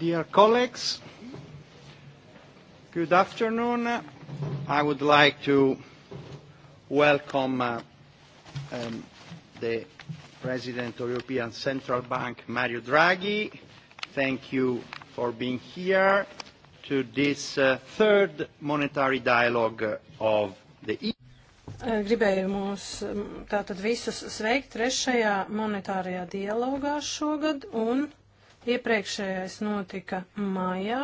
Dear colleagues, good afternoon. I would like to welcome uh, um, the President of European Central Bank, Mario Draghi. Thank you for being here to this uh, third monetary dialogue of the EU. Gribēju mūs tātad visus sveikt trešajā monetārajā dialogā šogad un Iepriekšējais notika maijā,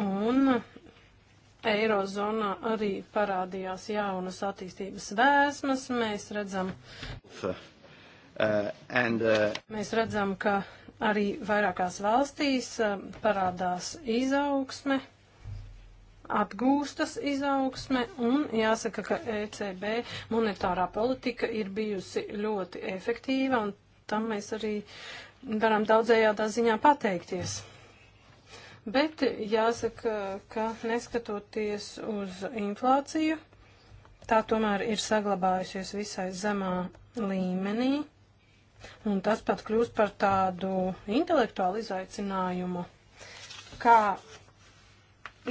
un Eirozonā arī parādījās jaunas attīstības vēsmas. Mēs redzam, uh, and, uh... mēs redzam ka arī vairākās valstīs uh, parādās izaugsme atgūstas izaugsme un jāsaka, ka ECB monetārā politika ir bijusi ļoti efektīva un tam mēs arī varam daudzējādā ziņā pateikties. Bet jāsaka, ka neskatoties uz inflāciju, tā tomēr ir saglabājusies visai zemā līmenī, un tas pat kļūst par tādu intelektuālu izaicinājumu, kā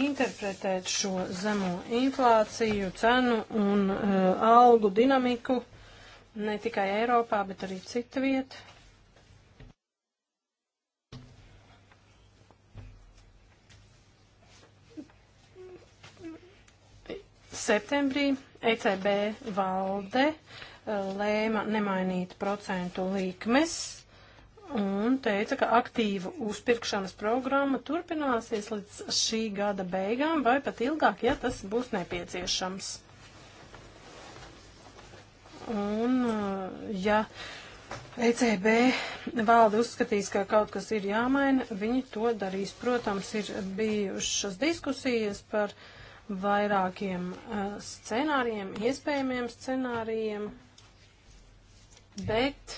interpretēt šo zemo inflāciju, cenu un uh, algu dinamiku ne tikai Eiropā, bet arī citu vietu. Septembrī ECB valde eh, lēma nemainīt procentu likmes un teica, ka aktīvu uzpirkšanas programma turpināsies līdz šī gada beigām vai pat ilgāk, ja tas būs nepieciešams. Un, eh, ja ECB valde uzskatīs, ka kaut kas ir jāmaina, viņi to darīs. Protams, ir bijušas diskusijas par uh, vairākiem eh, scenārijiem, iespējamiem scenārijiem, bet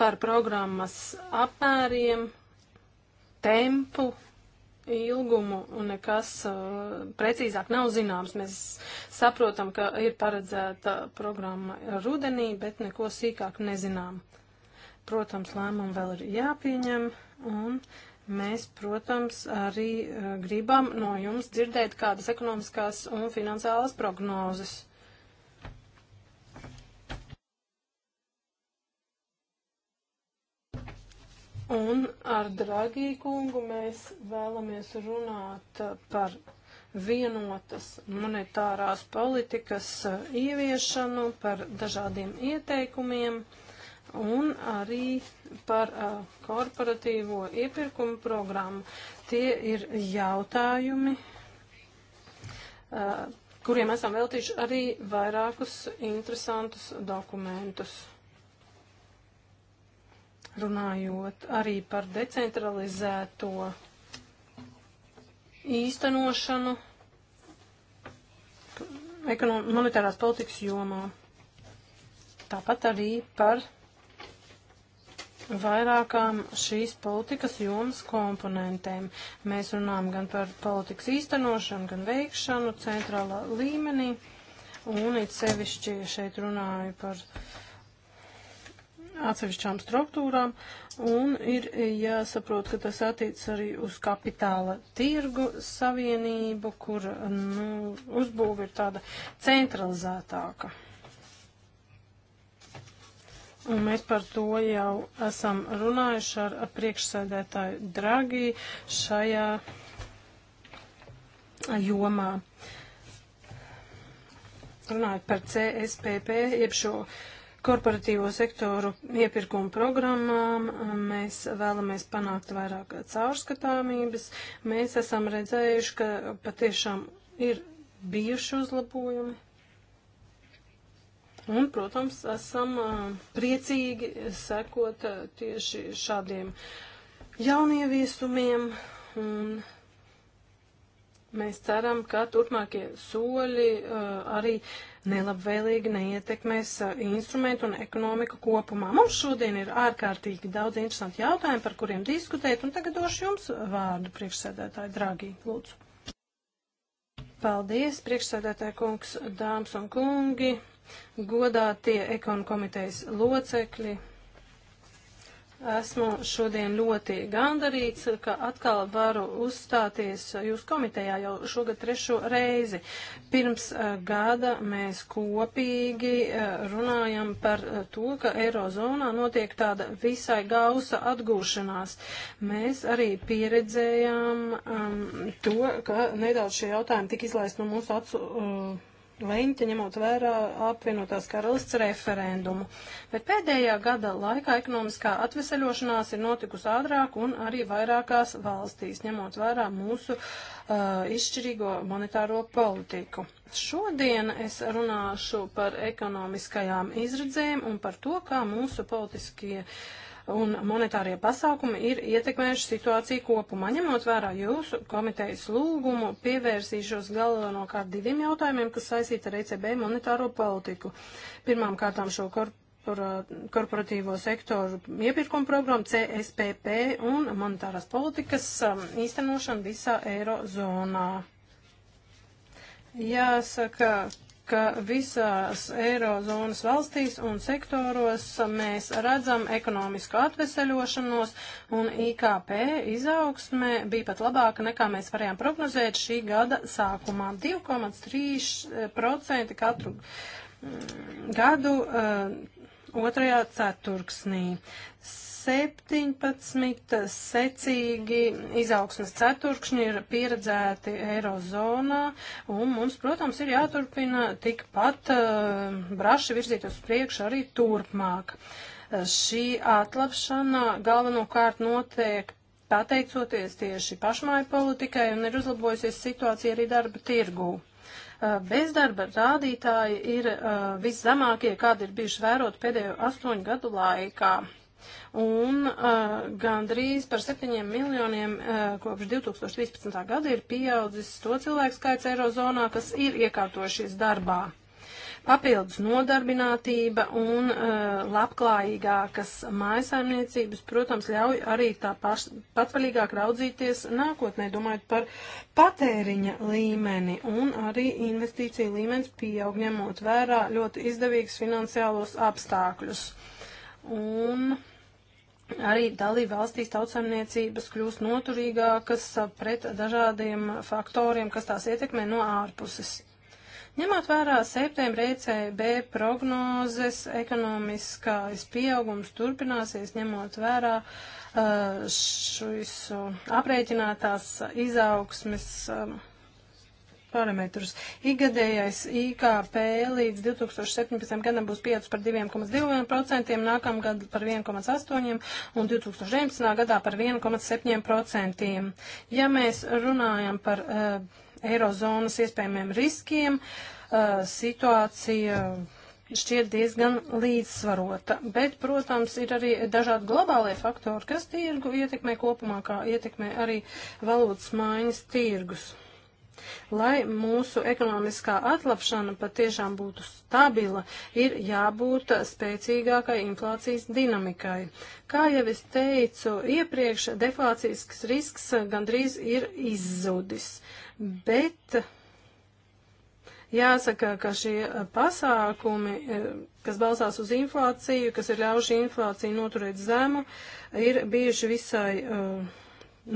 par programmas apmēriem, tempu, ilgumu un nekas uh, precīzāk nav zināms. Mēs saprotam, ka ir paredzēta programma rudenī, bet neko sīkāk nezinām. Protams, lēmumu vēl ir jāpieņem un uh, Mēs, protams, arī eh, gribam no jums dzirdēt kādas ekonomiskās un finansiālas prognozes. Un ar Dragī kungu mēs vēlamies runāt eh, par vienotas monetārās politikas eh, ieviešanu, par dažādiem ieteikumiem. Uh, un arī par uh, korporatīvo iepirkumu programmu. Tie ir jautājumi, uh, kuriem esam veltījuši arī vairākus interesantus dokumentus. Runājot arī par decentralizēto īstenošanu monetārās politikas jomā. Tāpat arī par vairākām šīs politikas jomas komponentēm. Mēs runājam gan par politikas īstenošanu, gan veikšanu centrālā līmenī, un it sevišķi šeit runāju par atsevišķām struktūrām, un ir jāsaprot, ka tas attiec arī uz kapitāla tirgu savienību, kur nu, uzbūve ir tāda centralizētāka. Un mēs par to jau esam runājuši ar priekšsēdētāju Dragī šajā jomā. Runājot par CSPP, jeb šo korporatīvo sektoru iepirkumu programmām, mēs vēlamies panākt vairāk caurskatāmības. Mēs esam redzējuši, ka patiešām ir bijuši uzlabojumi. Un, protams, esam priecīgi sekot tieši šādiem jaunieviesumiem un mēs ceram, ka turpmākie soļi uh, arī nelabvēlīgi neietekmēs uh, instrumentu un ekonomiku kopumā. Mums šodien ir ārkārtīgi daudz interesanti jautājumi, par kuriem diskutēt, un tagad došu jums vārdu priekšsēdētāji, dragi, lūdzu. Paldies, priekšsēdētāji kungs, dāmas un kungi godā tie ekonu komitejas locekļi. Esmu šodien ļoti gandarīts, ka atkal varu uzstāties jūs komitejā jau šogad trešo reizi. Pirms uh, gada mēs kopīgi uh, runājam par uh, to, ka Eirozonā notiek tāda visai gausa atgūšanās. Mēs arī pieredzējām um, to, ka nedaudz šie jautājumi tika izlaist no mūsu acu. Uh, leņķa, ņemot vērā apvienotās karalists referendumu. Bet pēdējā gada laikā ekonomiskā atveseļošanās ir notikusi ātrāk un arī vairākās valstīs, ņemot vērā mūsu uh, izšķirīgo monetāro politiku. Šodien es runāšu par ekonomiskajām izredzēm un par to, kā mūsu politiskie uh, un monetārie pasākumi ir ietekmējuši situāciju kopumā. Ņemot vērā jūsu komitejas lūgumu, pievērsīšos galvenokārt diviem jautājumiem, kas saistīti ar ECB monetāro politiku. Pirmām kārtām šo korporāciju korporatīvo sektoru iepirkuma programmu CSPP un monetārās politikas um, īstenošanu visā eirozonā. Jāsaka, ka visās Eirozonas valstīs un sektoros mēs redzam ekonomisko atveseļošanos un IKP izaugsme bija pat labāka nekā mēs varējām prognozēt šī gada sākumā. 2,3% eh, katru mm, gadu uh, otrajā ceturksnī. 17 secīgi izaugsmas ceturkšņi ir pieredzēti Eirozonā, un mums, protams, ir jāturpina tikpat uh, braši virzīt uz priekšu arī turpmāk. Uh, šī atlapšana galvenokārt notiek pateicoties tieši pašmāju politikai un ir uzlabojusies situācija arī darba tirgū eh, bezdarba rādītāji ir uh, viszemākie, kādi ir bijuši vērot pēdējo astoņu gadu laikā un uh, gandrīz par 7 miljoniem uh, kopš 2013. gada ir pieaudzis to cilvēku skaits Eirozonā, kas ir iekārtojušies darbā. Papildus nodarbinātība un uh, labklājīgākas mājasaimniecības, protams, ļauj arī tā paš, patvaļīgāk raudzīties nākotnē, domājot par patēriņa līmeni un arī investīciju līmenis pieaug ņemot vērā ļoti izdevīgus finansiālos apstākļus. Un arī dalība valstīs tautsaimniecības kļūst noturīgākas pret dažādiem faktoriem, kas tās ietekmē no ārpuses. Ņemot vērā septembra ECB prognozes, ekonomiskais pieaugums turpināsies, ņemot vērā uh, šīs uh, aprēķinātās izaugsmes um, parametrus. Igadējais IKP līdz 2017. gadam būs 5 par 2,2%, nākamgad par 1,8% un 2019. gadā par 1,7%. Ja mēs runājam par uh, eirozonas iespējamiem riskiem, uh, situācija. Uh, šķiet diezgan līdzsvarota. Bet, protams, ir arī dažādi globālie faktori, kas tirgu ietekmē kopumā, kā ietekmē arī valodas maiņas tirgus. Lai mūsu ekonomiskā atlapšana patiešām būtu stabila, ir jābūt spēcīgākai inflācijas dinamikai. Kā jau es teicu, iepriekš deflācijas risks gandrīz ir izzudis, bet jāsaka, ka šie pasākumi, e, kas balsās uz inflāciju, kas ir ļaujuši inflāciju noturēt zemu, ir bijuši visai uh,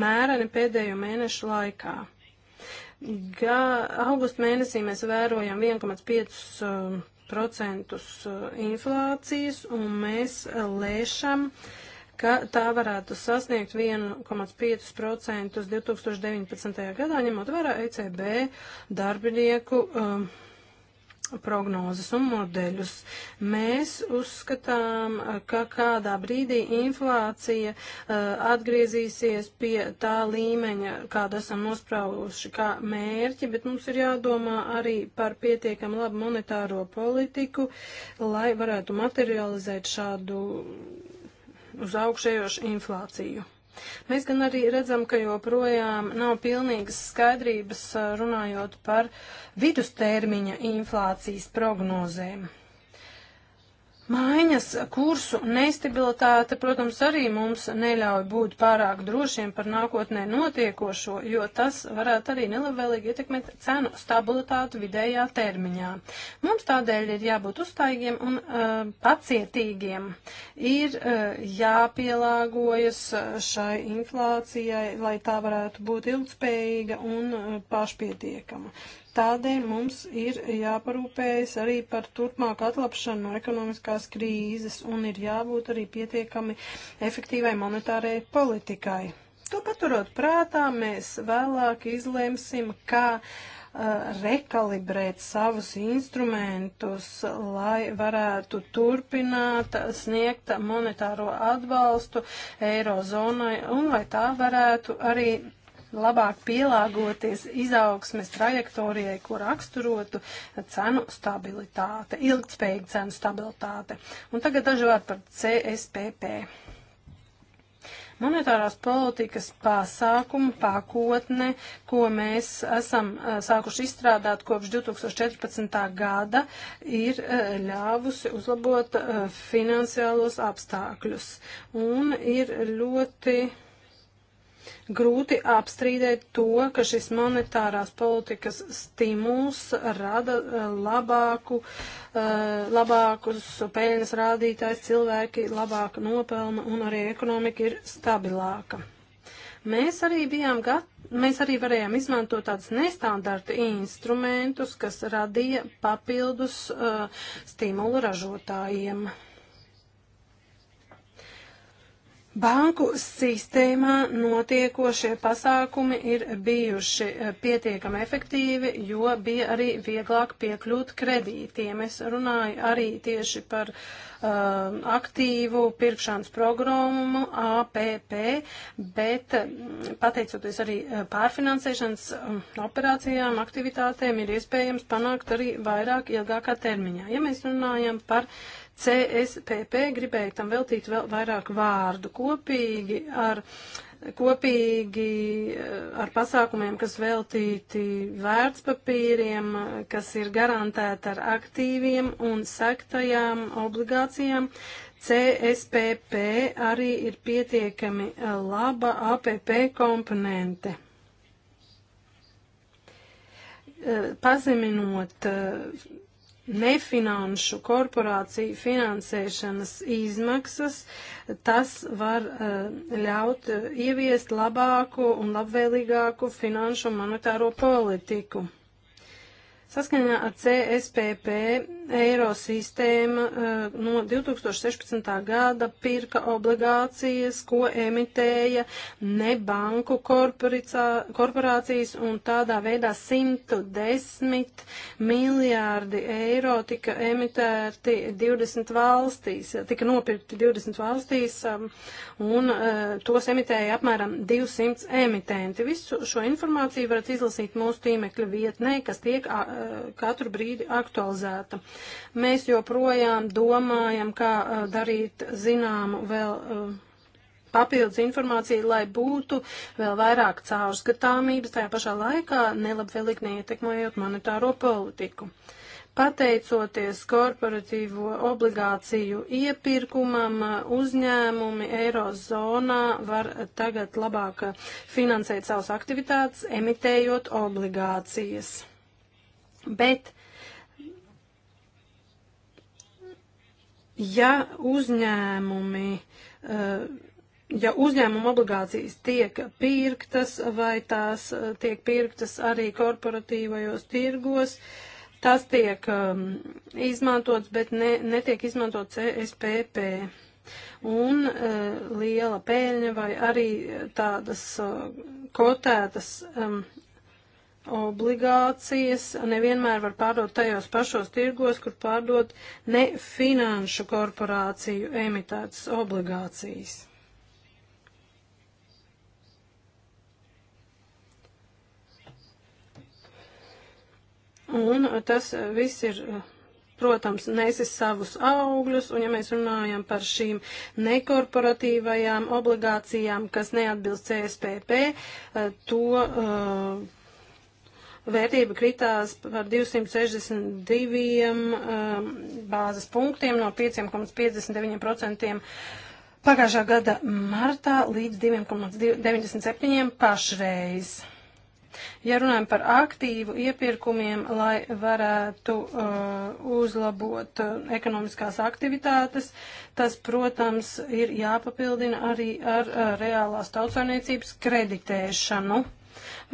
mēreni pēdējo mēnešu laikā. Gā, augusta mēnesī mēs vērojam 1,5% uh, uh, inflācijas un mēs uh, lēšam, ka tā varētu sasniegt 1,5% 2019. gadā, ņemot vērā ECB darbinieku. Um, prognozes un modeļus. Mēs uzskatām, ka kādā brīdī inflācija uh, atgriezīsies pie tā līmeņa, kādu esam nosprauguši kā mērķi, bet mums ir jādomā arī par pietiekam labu monetāro politiku, lai varētu materializēt šādu uz augšējošu inflāciju. Mēs gan arī redzam, ka joprojām nav pilnīgas skaidrības runājot par vidustermiņa inflācijas prognozēm. Mājas kursu nestabilitāte, protams, arī mums neļauj būt pārāk drošiem par nākotnē notiekošo, jo tas varētu arī nelabvēlīgi ietekmēt cenu stabilitāti vidējā termiņā. Mums tādēļ ir jābūt uzstājīgiem un uh, pacietīgiem. Ir uh, jāpielāgojas uh, šai inflācijai, lai tā varētu būt ilgspējīga un uh, pašpietiekama. Tādēļ mums ir jāparūpējas arī par turpmāku atlapšanu no ekonomiskās krīzes un ir jābūt arī pietiekami efektīvai monetārai politikai. To paturot prātā, mēs vēlāk izlemsim, kā uh, rekalibrēt savus instrumentus, lai varētu turpināt sniegt monetāro atbalstu Eirozonai un lai tā varētu arī labāk pielāgoties izaugsmes trajektorijai, ko raksturotu cenu stabilitāte, ilgtspējīga cenu stabilitāte. Un tagad daži vārdi par CSPP. Monetārās politikas pasākumu pakotne, ko mēs esam eh, sākuši izstrādāt kopš 2014. gada, ir eh, ļāvusi uzlabot eh, finansiālos apstākļus un ir ļoti Grūti apstrīdēt to, ka šis monetārās politikas stimuls rada eh, labāku, eh, labākus peļņas rādītājs, cilvēki labāk nopelna un arī ekonomika ir stabilāka. Mēs arī bijām gatavi mēs arī varējām izmantot tādus nestandarta instrumentus, kas radīja papildus uh, stimulu ražotājiem. Banku sistēmā notiekošie pasākumi ir bijuši eh, pietiekami efektīvi, jo bija arī vieglāk piekļūt kredītiem. Es runāju arī tieši par uh, aktīvu pirkšanas programmu APP, bet mm, pateicoties arī eh, pārfinansēšanas mm, operācijām, aktivitātēm, ir iespējams panākt arī vairāk ilgākā termiņā. Ja mēs runājam par uh, CSPP gribēja tam veltīt vēl vairāk vārdu kopīgi ar kopīgi eh, ar pasākumiem, kas veltīti vērtspapīriem, kas ir garantēti ar aktīviem un sektajām obligācijām, CSPP arī ir pietiekami eh, laba APP komponente. Eh, pazeminot nefinanšu korporāciju finansēšanas izmaksas, tas var eh, ļaut eh, ieviest labāku un labvēlīgāku finanšu un monetāro politiku. Saskaņā ar CSPP eiro sistēma eh, no 2016. gada pirka obligācijas, ko emitēja ne banku korporācijas, un tādā veidā 110 miljārdi eiro tika emitēti 20 valstīs, tika nopirkti 20 valstīs, um, un eh, tos emitēja apmēram 200 emitenti. Visu šo informāciju varat izlasīt mūsu tīmekļa vietnē, kas tiek eh, katru brīdi aktualizēta. Mēs joprojām domājam, kā uh, darīt zināmu vēl uh, papildus informāciju, lai būtu vēl vairāk caurskatāmības, tajā pašā laikā nelabvēlīgi neietekmējot monetāro politiku. Pateicoties korporatīvo obligāciju iepirkumam, uh, uzņēmumi Eirozonā var tagad labāk finansēt savas aktivitātes, emitējot obligācijas. Bet ja uzņēmumi. Uh, ja uzņēmuma obligācijas tiek pirktas vai tās eh, tiek pirktas arī korporatīvajos tirgos, tas tiek um, izmantots, bet ne, netiek izmantots SPP. Un uh, liela pēļņa vai arī tādas uh, kotētas um, obligācijas nevienmēr var pārdot tajos pašos tirgos, kur pārdot ne finanšu korporāciju emitētas obligācijas. Un tas viss ir, protams, nesis savus augļus, un ja mēs runājam par šīm nekorporatīvajām obligācijām, kas neatbilst CSPP, to uh, vērtība kritās par 262 um, bāzes punktiem no 5,59% pagājušā gada martā līdz 2,97% pašreiz. Ja runājam par aktīvu iepirkumiem, lai varētu uh, uzlabot uh, ekonomiskās aktivitātes, tas, protams, ir jāpapildina arī ar uh, reālās tautsainiecības kreditēšanu. Uh,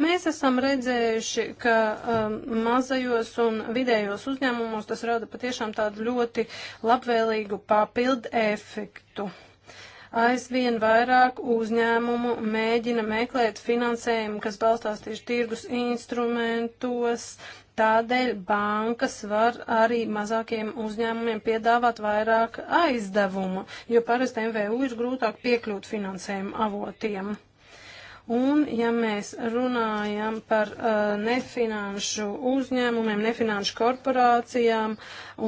Mēs esam redzējuši, ka um, mazajos un vidējos uzņēmumos tas rada patiešām tādu ļoti labvēlīgu papildu efektu. Aizvien vairāk uzņēmumu mēģina meklēt finansējumu, kas balstās tieši tirgus instrumentos, Tādēļ bankas var arī mazākiem uzņēmumiem piedāvāt vairāk aizdevumu, jo parasti MVU ir grūtāk piekļūt finansējuma avotiem. Un, ja mēs runājam par uh, nefinanšu uzņēmumiem, nefinanšu korporācijām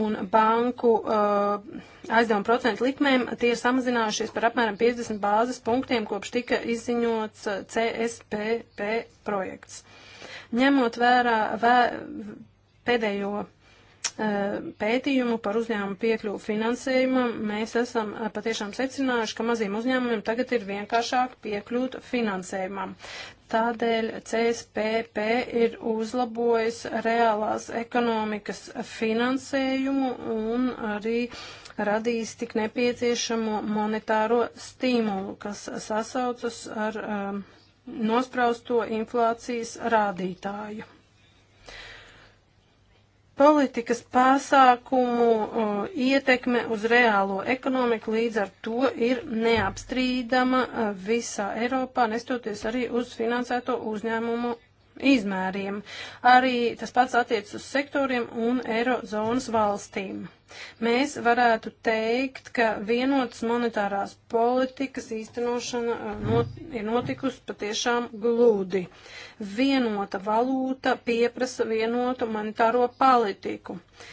un banku uh, aizdevuma procentu likmēm, tie ir samazinājušies par apmēram 50 bāzes punktiem, kopš tika izziņots uh, CSPP projekts. Ņemot vērā vē, pēdējo pētījumu par uzņēmumu piekļuvu finansējumam, mēs esam patiešām secinājuši, ka maziem uzņēmumiem tagad ir vienkāršāk piekļūt finansējumam. Tādēļ CSPP ir uzlabojis reālās ekonomikas finansējumu un arī radījis tik nepieciešamo monetāro stimulu, kas sasaucas ar um, nospraustu inflācijas rādītāju politikas pasākumu uh, ietekme uz reālo ekonomiku līdz ar to ir neapstrīdama uh, visā Eiropā, nestoties arī uz finansēto uzņēmumu izmēriem. Arī tas pats attiec uz sektoriem un eirozonas valstīm. Mēs varētu teikt, ka vienotas monetārās politikas īstenošana uh, not, ir notikusi patiešām glūdi. Vienota valūta pieprasa vienotu monetāro politiku. Uh,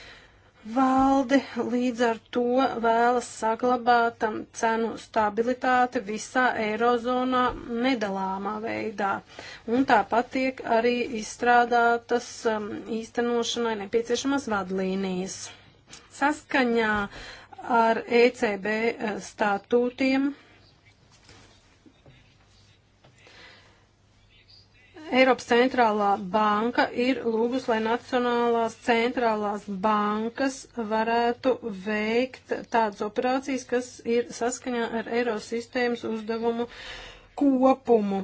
Valde līdz ar to vēlas saglabāt um, cenu stabilitāti visā eirozonā nedalāmā veidā. Un tāpat tiek arī izstrādātas um, īstenošanai nepieciešamas vadlīnijas. Saskaņā ar ECB uh, statūtiem Eiropas centrālā banka ir lūgus, lai nacionālās centrālās bankas varētu veikt tādas operācijas, kas ir saskaņā ar Eirosistēmas uzdevumu uh, kopumu.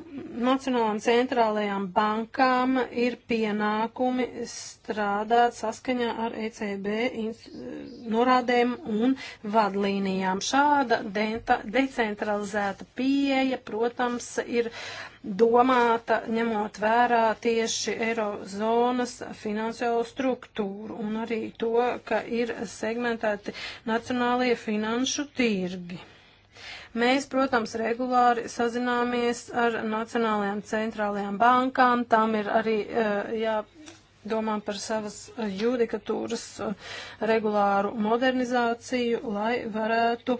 Nacionālām centrālajām bankām ir pienākumi strādāt saskaņā ar ECB norādēm un vadlīnijām. Šāda denta, decentralizēta pieeja, protams, ir domāta ņemot vērā tieši Eirozonas finansiālo struktūru un arī to, ka ir segmentēti nacionālie finanšu tirgi. Mēs, protams, regulāri sazināmies ar nacionālajām centrālajām bankām, tām ir arī eh, jā domā par savas judikatūras eh, regulāru modernizāciju, lai varētu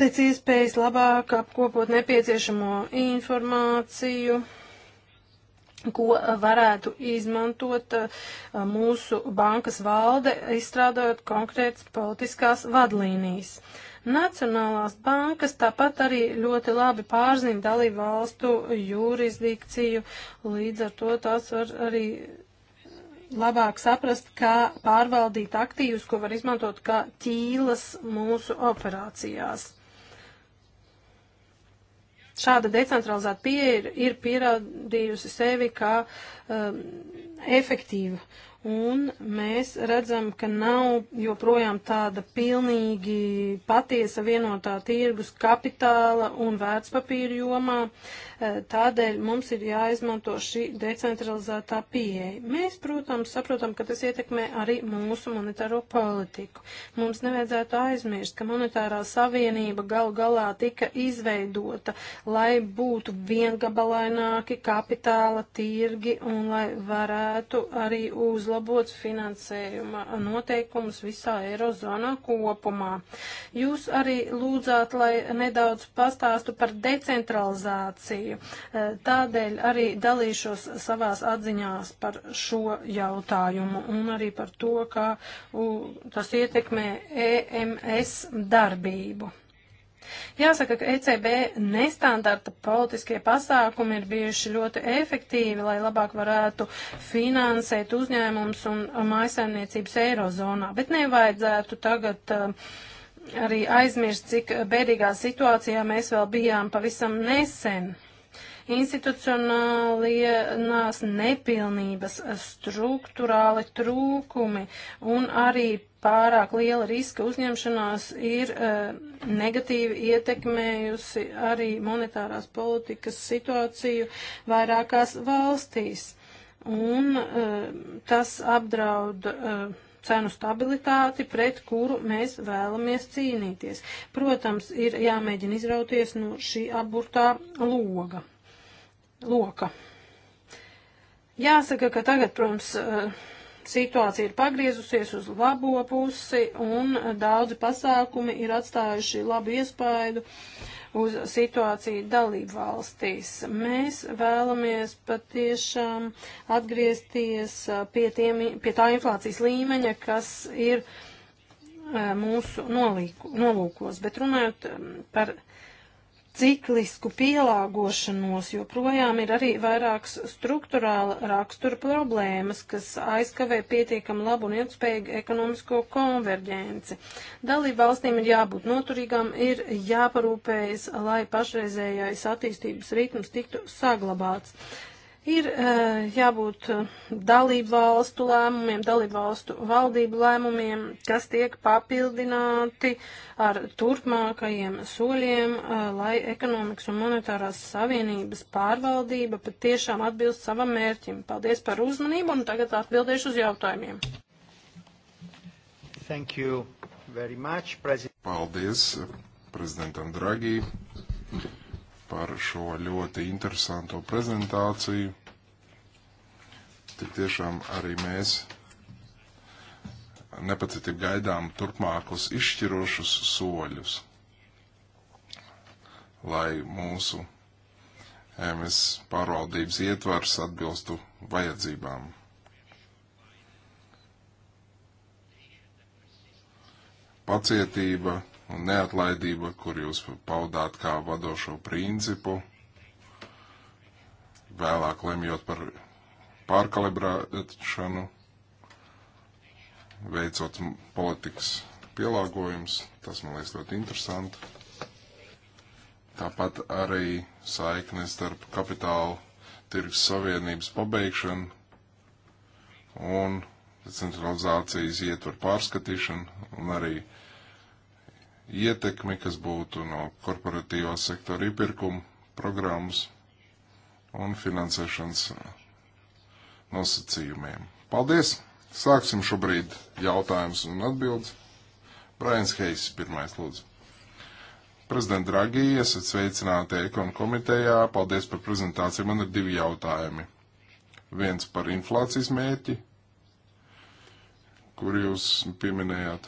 pēc iespējas labāk apkopot nepieciešamo informāciju, ko varētu izmantot eh, mūsu bankas valde, izstrādājot konkrētas politiskās vadlīnijas. Uh, Nacionālās bankas tāpat arī ļoti labi pārzina dalību valstu jurisdikciju, līdz ar to tās var arī labāk saprast, kā pārvaldīt aktīvus, ko var izmantot kā ķīlas mūsu operācijās. Šāda decentralizēta pieeja ir, ir pierādījusi sevi kā um, efektīva un mēs redzam, ka nav joprojām tāda pilnīgi patiesa vienotā tirgus kapitāla un vērtspapīra jomā. Eh, tādēļ mums ir jāizmanto šī decentralizētā pieeja. Mēs, protams, saprotam, ka tas ietekmē arī mūsu monetāro politiku. Mums nevajadzētu aizmirst, ka monetārā savienība gal galā tika izveidota, lai būtu viengabalaināki kapitāla tirgi un lai varētu arī uzlabot uzlabot finansējuma noteikumus visā Eirozonā kopumā. Jūs arī lūdzāt, lai nedaudz pastāstu par decentralizāciju. E, tādēļ arī dalīšos savās atziņās par šo jautājumu un arī par to, kā tas ietekmē EMS darbību. Jāsaka, ka ECB nestandarta politiskie pasākumi ir bijuši ļoti efektīvi, lai labāk varētu finansēt uzņēmums un mājasēmniecības eirozonā, bet nevajadzētu tagad uh, arī aizmirst, cik bēdīgā situācijā mēs vēl bijām pavisam nesen. Institucionālās nepilnības, struktūrāli trūkumi un arī pārāk liela riska uzņemšanās ir uh, negatīvi ietekmējusi arī monetārās politikas situāciju vairākās valstīs. Un uh, tas apdraud uh, cenu stabilitāti, pret kuru mēs vēlamies cīnīties. Protams, ir jāmēģina izrauties no šī aburtā loga. Loka. Jāsaka, ka tagad, protams, uh, situācija ir pagriezusies uz labo pusi un daudzi pasākumi ir atstājuši labu iespaidu uz situāciju dalību valstīs. Mēs vēlamies patiešām atgriezties uh, pie, tiem, pie tā inflācijas līmeņa, kas ir uh, mūsu nolīku, nolūkos. Bet runājot um, par ciklisku pielāgošanos, joprojām ir arī vairākas struktūrāla rakstura problēmas, kas aizkavē pietiekam labu un ilgspējīgu ekonomisko konverģenci. Dalību valstīm ir jābūt noturīgām, ir jāparūpējas, lai pašreizējais attīstības ritms tiktu saglabāts. Ir eh, jābūt eh, dalību valstu lēmumiem, dalību valstu valdību lēmumiem, kas tiek papildināti ar turpmākajiem soļiem, eh, lai ekonomikas un monetārās savienības pārvaldība patiešām atbilst savam mērķim. Paldies par uzmanību un tagad atbildēšu uz jautājumiem. Thank you very much, President. Paldies prezidentam Dragī par šo ļoti interesanto prezentāciju. Tik tiešām arī mēs nepacietību gaidām turpmākos izšķirošus soļus, lai mūsu MS pārvaldības ietvars atbilstu vajadzībām. Pacietība un neatlaidība, kur jūs paudāt kā vadošo principu, vēlāk lemjot par pārkalibrēšanu, veicot politikas pielāgojums. Tas man liekas ļoti interesanti. Tāpat arī saiknes starp kapitālu tirgus savienības pabeigšanu un decentralizācijas ietvaru pārskatīšanu un arī ietekmi, kas būtu no korporatīvā sektora iepirkuma programmas un finansēšanas uh, nosacījumiem. Paldies! Sāksim šobrīd jautājums un atbildes. Brains Heis pirmais lūdzu. Prezident Dragī, esat sveicināti Ekon komitejā. Paldies par prezentāciju. Man ir divi jautājumi. Viens par inflācijas mērķi, kur jūs pieminējāt,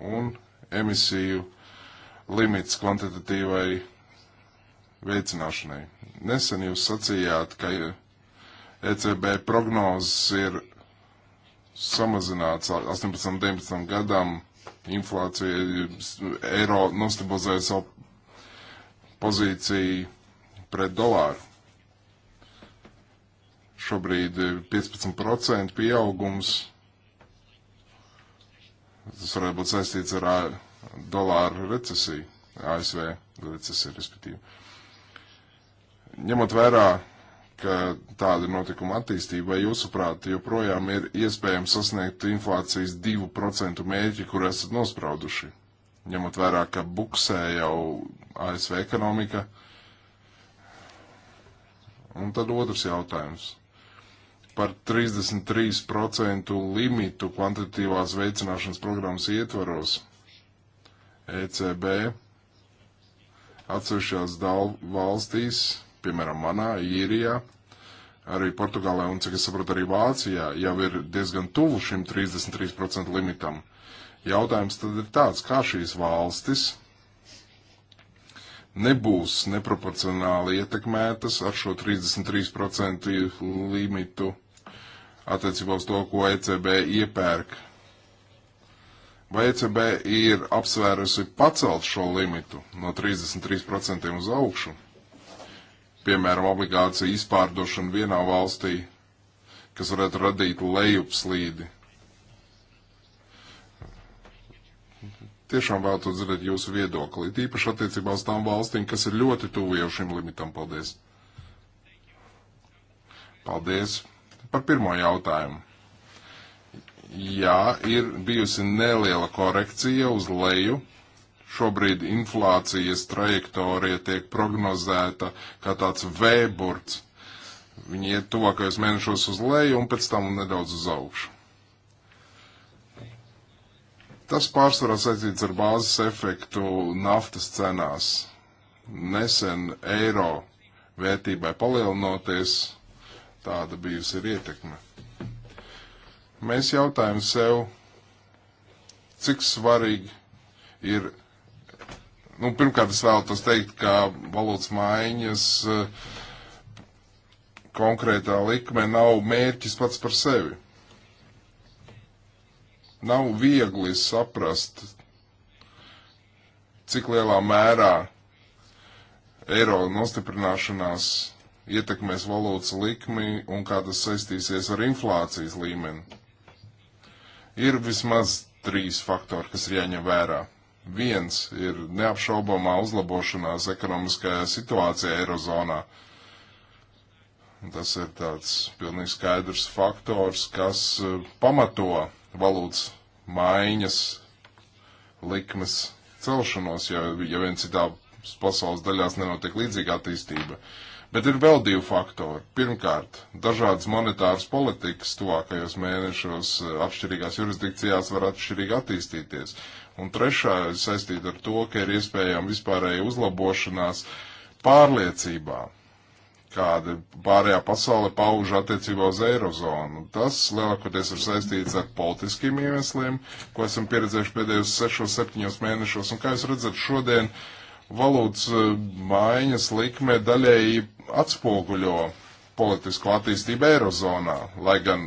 un emisiju limits kvantitatīvai veicināšanai. Nesen jūs sacījāt, ka ECB prognozes ir samazināts 18, 19 gadam, inflācija, eiro nostabilizēja savu pozīciju pret dolāru. Šobrīd 15% pieaugums. Tas varētu būt saistīts ar dolāru recesiju, ASV recesiju, respektīvi. Ņemot vērā, ka tāda ir notikuma attīstība, vai jūsuprāt, joprojām ir iespējams sasniegt inflācijas 2% mērķi, kur esat nosprauduši? Ņemot vērā, ka buksē jau ASV ekonomika. Un tad otrs jautājums par 33% limitu kvantitīvās veicināšanas programmas ietvaros. ECB atsevišķās valstīs, piemēram, manā, Īrijā, arī Portugālē un, cik es saprotu, arī Vācijā, jau ir diezgan tuvu šim 33% limitam. Jautājums tad ir tāds, kā šīs valstis nebūs neproporcionāli ietekmētas ar šo 33% limitu attiecībā uz to, ko ECB iepērk Vai ECB ir apsvērusi pacelt šo limitu no 33% uz augšu? Piemēram, obligācija izpārdošana vienā valstī, kas varētu radīt lejupslīdi. Tiešām vēl to dzirdēt jūsu viedokli, tīpaši attiecībā uz tām valstīm, kas ir ļoti tuvu jau šim limitam. Paldies! Paldies par pirmo jautājumu. Jā, ir bijusi neliela korekcija uz leju. Šobrīd inflācijas trajektorija tiek prognozēta kā tāds vēburts. Viņi iet tuvākajos mēnešos uz leju un pēc tam nedaudz uz augšu. Tas pārsvarā saistīts ar bāzes efektu naftas cenās. Nesen eiro vērtībai palielinoties, tāda bijusi ir ietekme. Mēs jautājam sev, cik svarīgi ir, nu, pirmkārt es vēlētos teikt, ka valūtas maiņas eh, konkrētā likme nav mērķis pats par sevi. Nav viegli saprast, cik lielā mērā eiro nostiprināšanās ietekmēs valūtas likmi un kā tas saistīsies ar inflācijas līmeni. Ir vismaz trīs faktori, kas ir jāņem vērā. Viens ir neapšaubamā uzlabošanās ekonomiskajā situācijā Eirozonā. Tas ir tāds pilnīgi skaidrs faktors, kas eh, pamato valūtas maiņas likmes celšanos, ja, ja vien citā pasaules daļās nenotiek līdzīga attīstība. Uh, Bet ir vēl divi faktori. Pirmkārt, dažādas monetāras politikas tuvākajos mēnešos eh, atšķirīgās jurisdikcijās var atšķirīgi attīstīties. Un trešā saistīta ar to, ka ir iespējama vispārēja uzlabošanās pārliecībā, kāda pārējā pasaule pauž attiecībā uz eirozonu. Tas lielākoties ir saistīts ar politiskiem iemesliem, ko esam pieredzējuši pēdējos 6-7 mēnešos. Un kā jūs redzat, šodien uh, valūtas eh, maiņas likme daļēji atspoguļo politisko attīstību Eirozonā, lai gan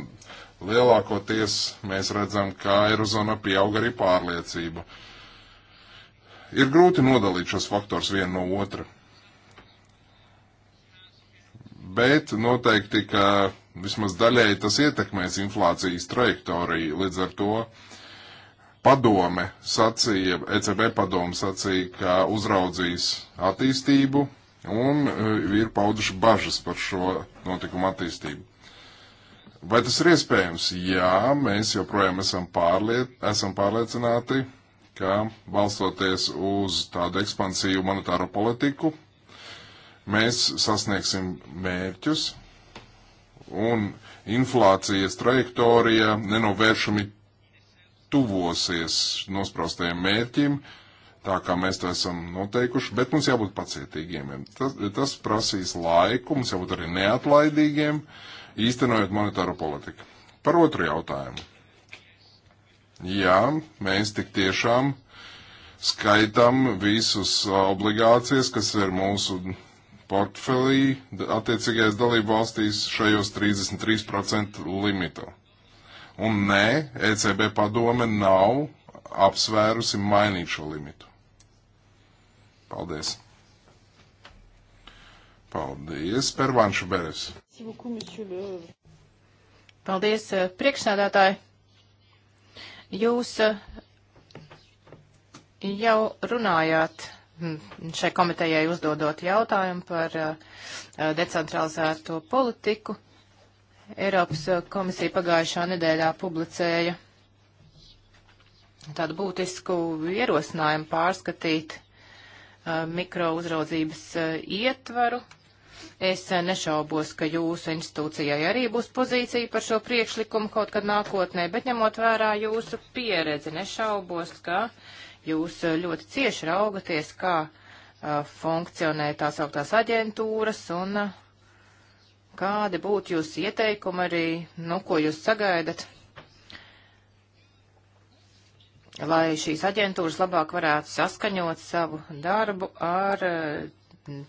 lielākoties mēs redzam, ka Eirozonā pieaug arī pārliecība. Ir grūti nodalīt šos faktors vienu no otra. Bet noteikti, ka vismaz daļēji tas ietekmēs inflācijas trajektoriju, līdz ar to uh, padome sacīja, ECB padome sacīja, ka uzraudzīs attīstību un e, ir pauduši bažas par šo notikumu attīstību. Vai tas ir iespējams? Jā, mēs joprojām esam, pārliet, esam pārliecināti, ka balstoties uz tādu ekspansīvu monetāro politiku, mēs sasniegsim mērķus un inflācijas trajektorija nenovēršami tuvosies nospraustajiem mērķim, tā kā mēs to esam noteikuši, bet mums jābūt pacietīgiem. Tas, tas prasīs laiku, mums jābūt arī neatlaidīgiem, īstenojot monetāro politiku. Par otru jautājumu. Jā, mēs tik tiešām skaitam visus obligācijas, kas ir mūsu portfelī attiecīgajās dalību valstīs šajos 33% limitu. Un nē, ECB padome nav apsvērusi mainīt šo limitu. Paldies. Paldies, Pervanša Beres. Paldies, eh, priekšsēdētāji. Jūs eh, jau runājāt hm, šai komitejai uzdodot jautājumu par eh, decentralizēto politiku. Eiropas eh, komisija pagājušā nedēļā publicēja tādu būtisku ierosinājumu pārskatīt uh, eh, mikrouzraudzības uh, eh, ietvaru. Es uh, nešaubos, ka jūsu institūcijai arī būs pozīcija par šo priekšlikumu kaut kad nākotnē, bet ņemot vērā jūsu pieredzi, nešaubos, ka jūs ļoti cieši raugaties, kā funkcionē tās augtās aģentūras un uh, kādi būtu jūsu ieteikumi arī, nu, ko jūs sagaidat, lai šīs aģentūras labāk varētu saskaņot savu darbu ar eh,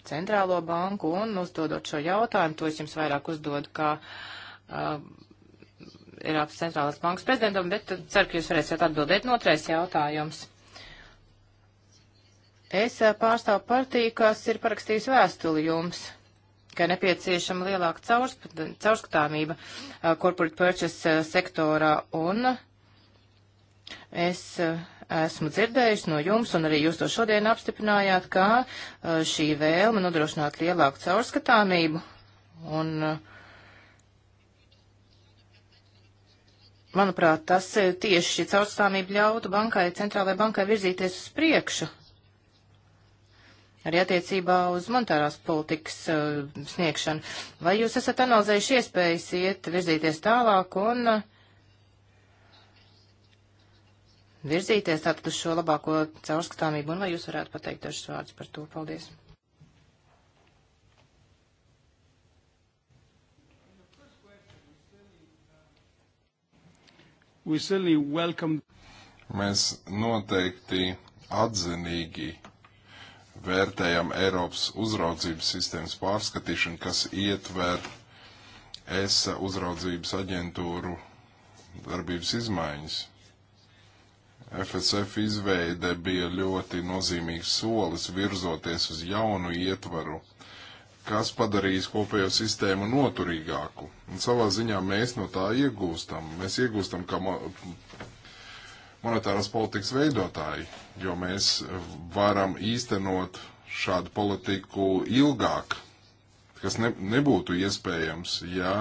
centrālo banku un uzdodot šo jautājumu, to es jums vairāk uzdodu kā uh, Eiropas centrālās bankas prezidentam, bet ceru, ka jūs varēsiet atbildēt notrais jautājums. Es eh, pārstāvu partiju, kas ir parakstījis vēstuli jums ka nepieciešama lielāka caurskatāmība uh, corporate purchase uh, sektorā un es uh, esmu dzirdējusi no jums, un arī jūs to šodien apstiprinājāt, kā šī vēlme nodrošināt lielāku caurskatāmību un uh, Manuprāt, tas tieši caurskatāmība ļautu bankai, centrālajai bankai virzīties uz priekšu, arī attiecībā uz monetārās politikas uh, sniegšanu. Vai jūs esat analizējuši iespējas iet virzīties tālāk un uh, virzīties tātad uz šo labāko caurskatāmību, un vai jūs varētu pateikt dažus vārdus par to? Paldies! Mēs noteikti atzinīgi vērtējam Eiropas uzraudzības sistēmas pārskatīšanu, kas ietver ESA uzraudzības aģentūru darbības izmaiņas. FSF izveide bija ļoti nozīmīgs solis virzoties uz jaunu ietvaru, kas padarīs kopējo sistēmu noturīgāku. Un savā ziņā mēs no tā iegūstam. Mēs iegūstam kā monetāras politikas veidotāji, jo mēs varam īstenot šādu politiku ilgāk, kas ne, nebūtu iespējams, ja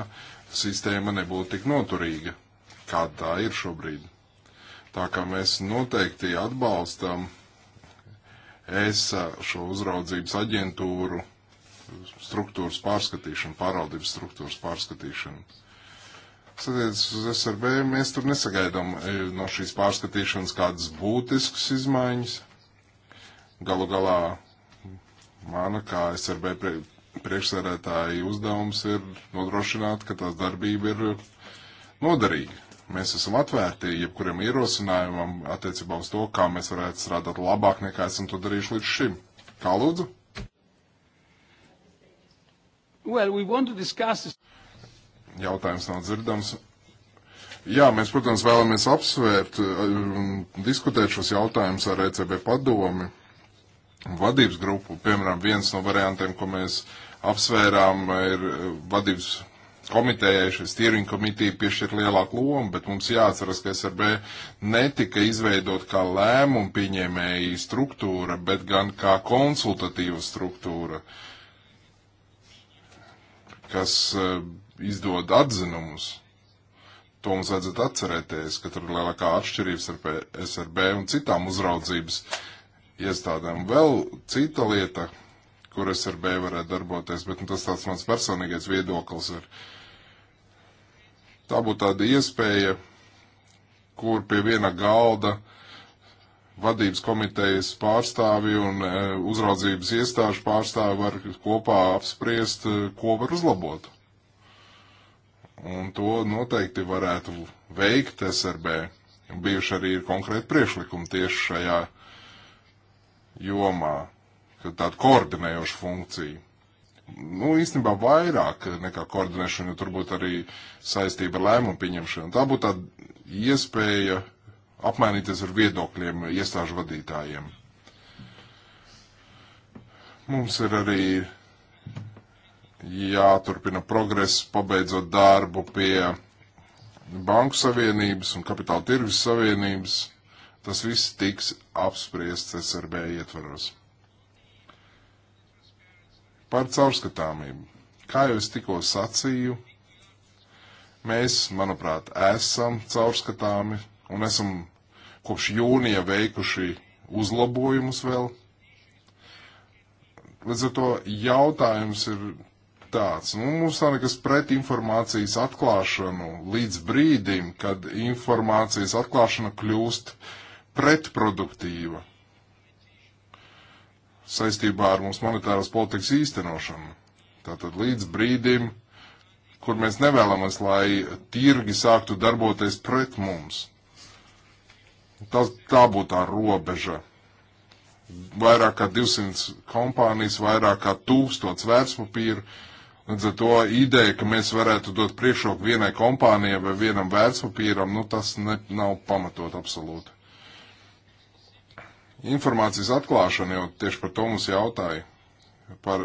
sistēma nebūtu tik noturīga, kāda tā ir šobrīd. Tā kā mēs noteikti atbalstam ESA šo uzraudzības aģentūru struktūras pārskatīšanu, pārvaldības struktūras pārskatīšanu kas attiecas uz SRB, mēs tur nesagaidām e, no šīs pārskatīšanas kādas būtiskas izmaiņas. Galu galā mana kā SRB priekšsēdētāja uzdevums ir nodrošināt, ka tās darbība ir noderīga. Mēs esam atvērti jebkuram ierosinājumam attiecībā uz to, kā mēs varētu strādāt labāk nekā esam to darījuši līdz šim. Kā lūdzu? Well, we Jautājums nav dzirdams. Jā, mēs, protams, vēlamies apsvērt eh, un diskutēt šos jautājumus ar ECB padomi vadības grupu. Piemēram, viens no variantiem, ko mēs apsvērām, ir eh, vadības komitējai, šis steering komitija piešķir lielāku lomu, bet mums jāatceras, ka SRB netika izveidot kā lēmumu pieņēmēji struktūra, bet gan kā konsultatīva struktūra, kas eh, izdod atzinumus. To mums vajadzētu atcerēties, ka tur ir lielākā atšķirība starp SRB un citām uzraudzības iestādēm. Vēl cita lieta, kur SRB varētu darboties, bet nu, tas tāds mans personīgais viedoklis ir. Tā būtu tāda iespēja, kur pie viena galda vadības komitejas pārstāvi un e, uzraudzības iestāžu pārstāvi var kopā apspriest, e, ko var uzlabot un to noteikti varētu veikt SRB. Bijuši arī ir konkrēti priešlikumi tieši šajā jomā, ka tāda koordinējoša funkcija. Nu, īstenībā vairāk nekā koordinēšana, jo tur būtu arī saistība ar lēmumu pieņemšanu. Tā būtu tāda iespēja apmainīties ar viedokļiem iestāžu vadītājiem. Mums ir arī jāturpina progress, pabeidzot darbu pie Banku Savienības un Kapitāla tirgus Savienības. Tas viss tiks apspriests SRB ietvaros. Par caurskatāmību. Kā jau es tikko sacīju, mēs, manuprāt, esam caurskatāmi un esam kopš jūnija veikuši uzlabojumus vēl. Līdz ar to jautājums ir tāds. Nu, mums nav nekas pret informācijas atklāšanu līdz brīdim, kad informācijas atklāšana kļūst pretproduktīva saistībā ar mūsu monetāras politikas īstenošanu. Tātad līdz brīdim, kur mēs nevēlamies, lai tirgi sāktu darboties pret mums. Tas, tā būtu tā robeža vairāk kā 200 kompānijas, vairāk kā 1000 vērtspapīru, Līdz ar to ideja, ka mēs varētu dot priekšroku vienai kompānijai vai vienam vērtspapīram, nu tas ne, nav pamatot absolūti. Informācijas atklāšana, jo tieši par to mums jautāja, par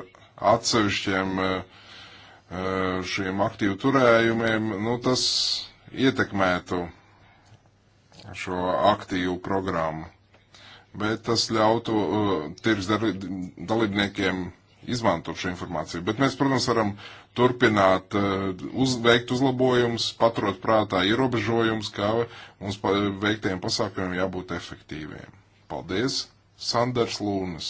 atsevišķiem e, e, šiem aktīvu turējumiem, nu tas ietekmētu šo aktīvu programmu. Bet tas ļautu uh, tirgus dalībniekiem izmanto šo informāciju. Bet mēs, protams, varam turpināt eh, uz, veikt uzlabojumus, paturot prātā ierobežojumus, kā mums pa, veiktiem pasākumiem jābūt efektīviem. Paldies, Sanders Lūnas.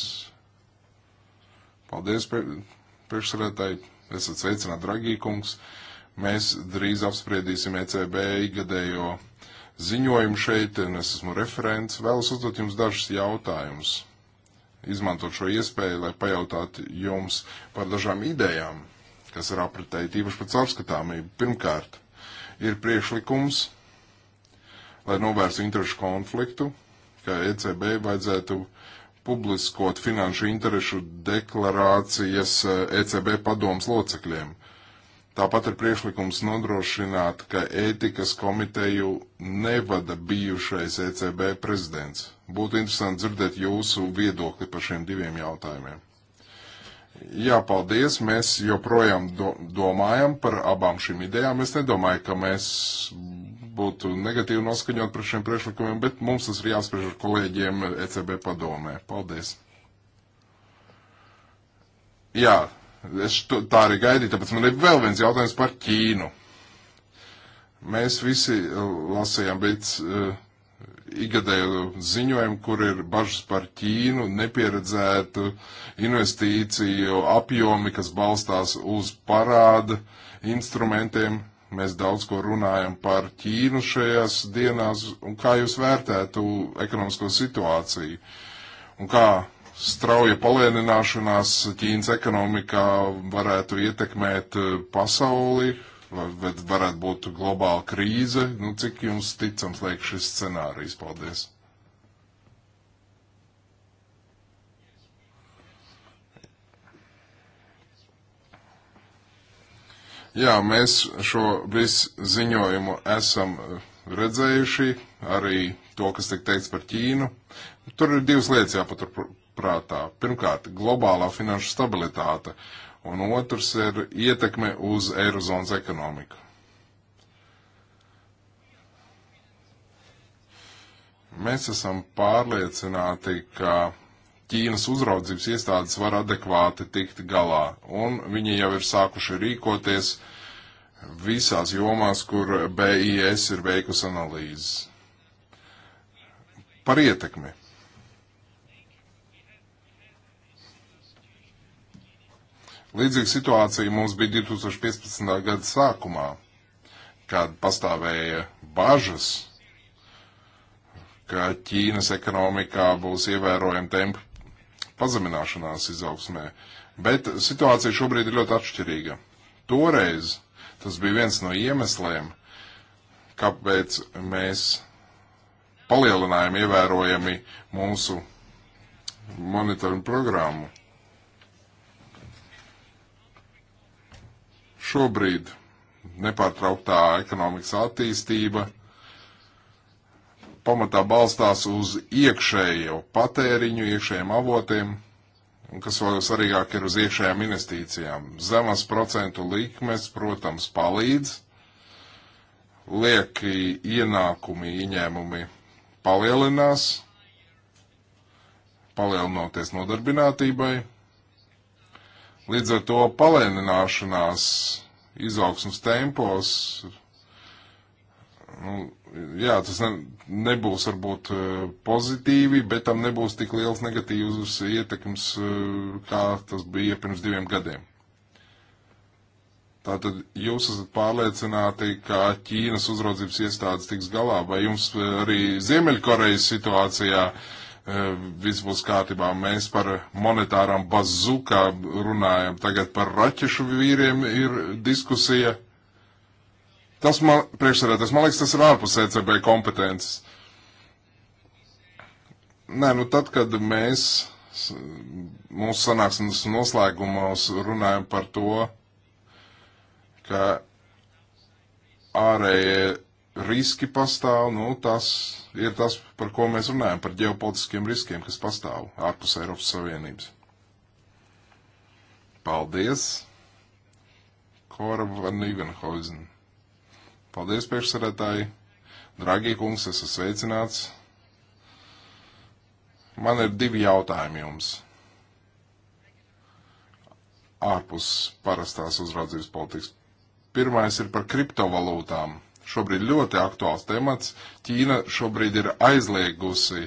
Paldies, priekšsarētāji. Esat sveicināti, Dragī kungs. Mēs drīz apspriedīsim ECB igadējo ziņojumu šeit, un es esmu referents. Vēlos uzdot jums dažus jautājumus izmantot šo iespēju, lai pajautātu jums par dažām idejām, kas ir apritēji, tīpaši par caurskatāmību. Pirmkārt, ir priekšlikums, lai novērstu interešu konfliktu, ka ECB vajadzētu publiskot finanšu interešu deklarācijas ECB eh, e padomas locekļiem. Tāpat ir priekšlikums nodrošināt, ka ētikas komiteju nevada bijušais ECB prezidents. Būtu interesanti dzirdēt jūsu viedokli par šiem diviem jautājumiem. Jā, paldies. Mēs joprojām do, domājam par abām šīm idejām. Es nedomāju, ka mēs būtu negatīvi noskaņot par šiem priekšlikumiem, bet mums tas ir jāspriež ar kolēģiem ECB padomē. Paldies. Jā, Es to, tā arī gaidīju, tāpēc man ir vēl viens jautājums par Ķīnu. Mēs visi uh, lasījām pēc uh, igadēju ziņojumu, kur ir bažas par Ķīnu, nepieredzētu investīciju apjomi, kas balstās uz parāda instrumentiem. Mēs daudz ko runājam par Ķīnu šajās dienās, un kā jūs vērtētu ekonomisko situāciju, un kā strauja palēnināšanās Ķīnas ekonomikā varētu ietekmēt eh, pasauli, var, varētu būt globāla krīze. Nu, cik jums ticams liek šis scenārijs? Paldies! Jā, mēs šo visu ziņojumu esam eh, redzējuši, arī to, kas tiek teikts par Ķīnu. Tur ir divas lietas jāpatur prātā. Pirmkārt, globālā finanšu stabilitāte, un otrs ir ietekme uz Eirozonas ekonomiku. Mēs esam pārliecināti, ka Ķīnas uzraudzības iestādes var adekvāti tikt galā, un viņi jau ir sākuši rīkoties visās jomās, kur BIS ir veikusi analīzes. Par ietekmi Līdzīga situācija mums bija 2015. gada sākumā, kad pastāvēja bažas, ka Ķīnas ekonomikā būs ievērojama tempa pazemināšanās izaugsmē. Bet situācija šobrīd ir ļoti atšķirīga. Toreiz tas bija viens no iemesliem, kāpēc mēs palielinājām ievērojami mūsu monitoringu programmu Šobrīd nepārtrauktā ekonomikas attīstība pamatā balstās uz iekšējo patēriņu, iekšējiem avotiem, un kas vēl svarīgāk ir uz iekšējām investīcijām. Zemas procentu likmes, protams, palīdz, lieki ienākumi, ieņēmumi palielinās, palielinoties nodarbinātībai. Līdz ar to palēnināšanās izaugsmas tempos, nu, jā, tas ne, nebūs varbūt e, pozitīvi, bet tam nebūs tik liels negatīvs ietekms, e, kā tas bija pirms diviem gadiem. Tātad jūs esat pārliecināti, ka Ķīnas uzraudzības iestādes tiks galā, vai jums e, arī Ziemeļkorejas situācijā uh, viss būs kārtībā. Mēs par monetāram bazukā runājam, tagad par raķešu vīriem ir diskusija. Tas man, priekšsarētājs, man liekas, tas ir ārpus ECB kompetences. Nē, nu tad, kad mēs mūsu sanāksmes noslēgumos runājam par to, ka ārējie riski pastāv, nu, tas ir tas, par ko mēs runājam, par ģeopolitiskiem riskiem, kas pastāv ārpus Eiropas Savienības. Paldies, Kora van Nivenhoizen. Paldies, priekšsarētāji. Dragie kungs, esat sveicināts. Man ir divi jautājumi jums. Ārpus parastās uzraudzības politikas. Pirmais ir par kriptovalūtām šobrīd ļoti aktuāls temats. Ķīna šobrīd ir aizliegusi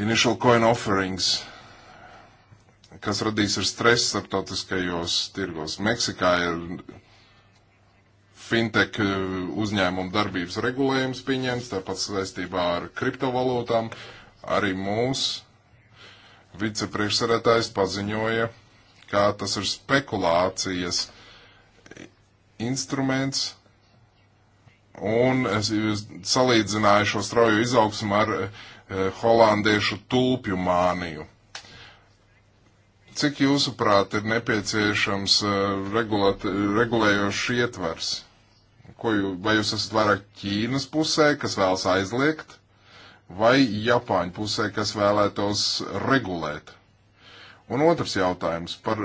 initial coin offerings, kas radīs ir stress starptautiskajos tirgos. Meksikā ir fintech eh, uzņēmumu darbības regulējums pieņemts, tāpat saistībā ar kriptovalūtām. Arī mūsu vicepriekšsarētājs paziņoja, kā tas ir spekulācijas instruments, un es salīdzināju šo straujo izaugsmu ar e, holandiešu tulpju māniju. Cik jūsuprāt ir nepieciešams e, eh, regulēt, regulējošs ietvers? Ko jū, vai jūs esat vairāk Ķīnas pusē, kas vēlas aizliegt, vai Japāņu pusē, kas vēlētos regulēt? Un otrs jautājums par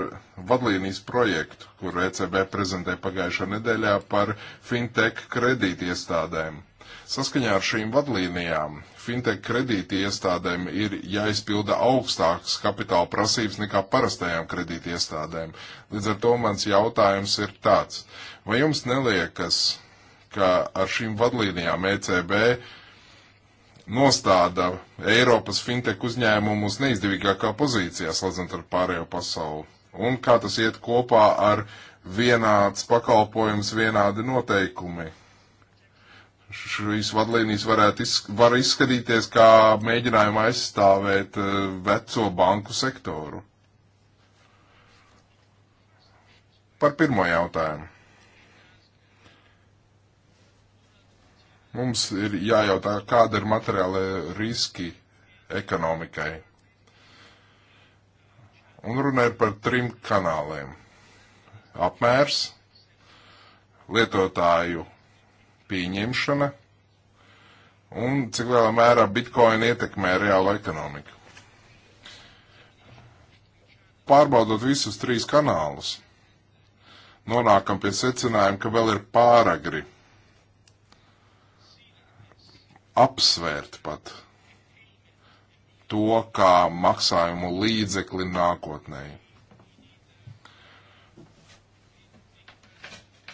vadlīnijas projektu, kur ECB prezentē pagājušā nedēļā par fintech kredīti iestādēm. Saskaņā ar šīm vadlīnijām fintech kredīti iestādēm ir jāizpilda augstākas kapitāla prasības nekā parastajām kredīti iestādēm. Līdz ar to mans jautājums ir tāds, vai jums neliekas, ka ar šīm vadlīnijām ECB nostāda Eiropas fintech uzņēmumus neizdevīgākā pozīcijā, salīdzinot ar pārējo pasauli. Un kā tas iet kopā ar vienāds pakalpojums, vienādi noteikumi. Šīs vadlīnijas varētu iz, var izskatīties kā mēģinājuma aizstāvēt eh, veco banku sektoru. Par pirmo jautājumu. Mums ir jājautā, kāda ir materiāla riski ekonomikai. Un runa ir par trim kanāliem. Apmērs, lietotāju pieņemšana un cik lielā mērā bitcoin ietekmē reālu ekonomiku. Pārbaudot visus trīs kanālus, nonākam pie secinājuma, ka vēl ir pāragri apsvērt pat to, kā maksājumu līdzekli nākotnēji.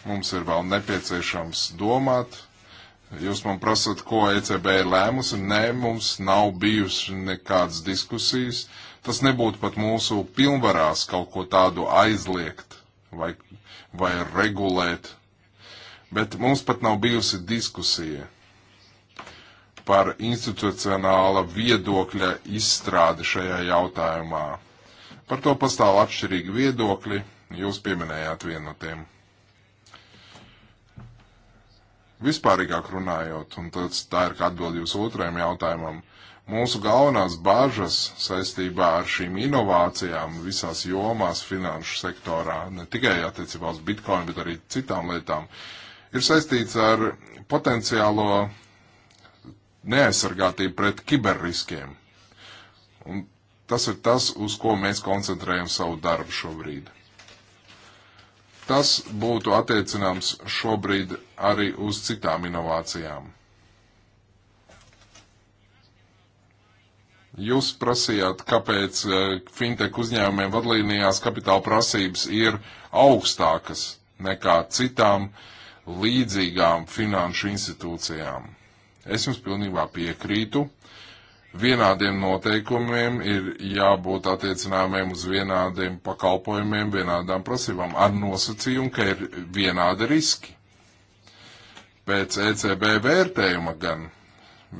Mums ir vēl nepieciešams domāt. Jūs man prasat, ko ECB ir lēmusi? Nē, mums nav bijusi nekādas diskusijas. Tas nebūtu pat mūsu pilnvarās kaut ko tādu aizliegt vai, vai regulēt. Bet mums pat nav bijusi diskusija par institucionāla viedokļa izstrādi šajā jautājumā. Par to pastāv atšķirīgi viedokļi, jūs pieminējāt vienu no tiem. Vispārīgāk runājot, un tas tā ir kā atbildi jūsu otrajam jautājumam, mūsu galvenās bāžas saistībā ar šīm inovācijām visās jomās finanšu sektorā, ne tikai attiecībā uz bitkoinu, bet arī citām lietām, ir saistīts ar potenciālo neaizsargātību pret kiberriskiem. Un tas ir tas, uz ko mēs koncentrējam savu darbu šobrīd. Tas būtu attiecināms šobrīd arī uz citām inovācijām. Jūs prasījāt, kāpēc eh, fintech uzņēmumiem vadlīnijās kapitāla prasības ir augstākas nekā citām līdzīgām finanšu institūcijām. Es jums pilnībā piekrītu. Vienādiem noteikumiem ir jābūt attiecinājumiem uz vienādiem pakalpojumiem, vienādām prasībām, ar nosacījumu, ka ir vienādi riski. Pēc ECB vērtējuma gan,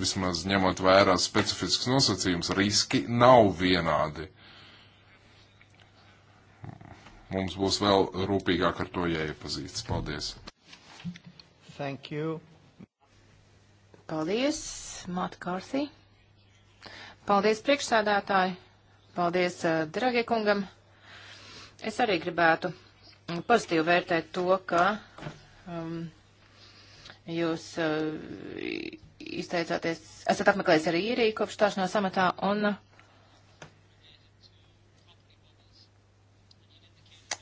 vismaz ņemot vērā specifisks nosacījums, riski nav vienādi mums būs vēl rūpīgāk ar to jāiepazīstas. Paldies! Thank you. Paldies, Mata Kārsī. Paldies, priekšsēdētāji. Paldies, eh, dragie kungam. Es arī gribētu mm, pozitīvi vērtēt to, ka um, jūs uh, izteicāties, esat apmeklējis arī īriju kopš stāšanās amatā un uh,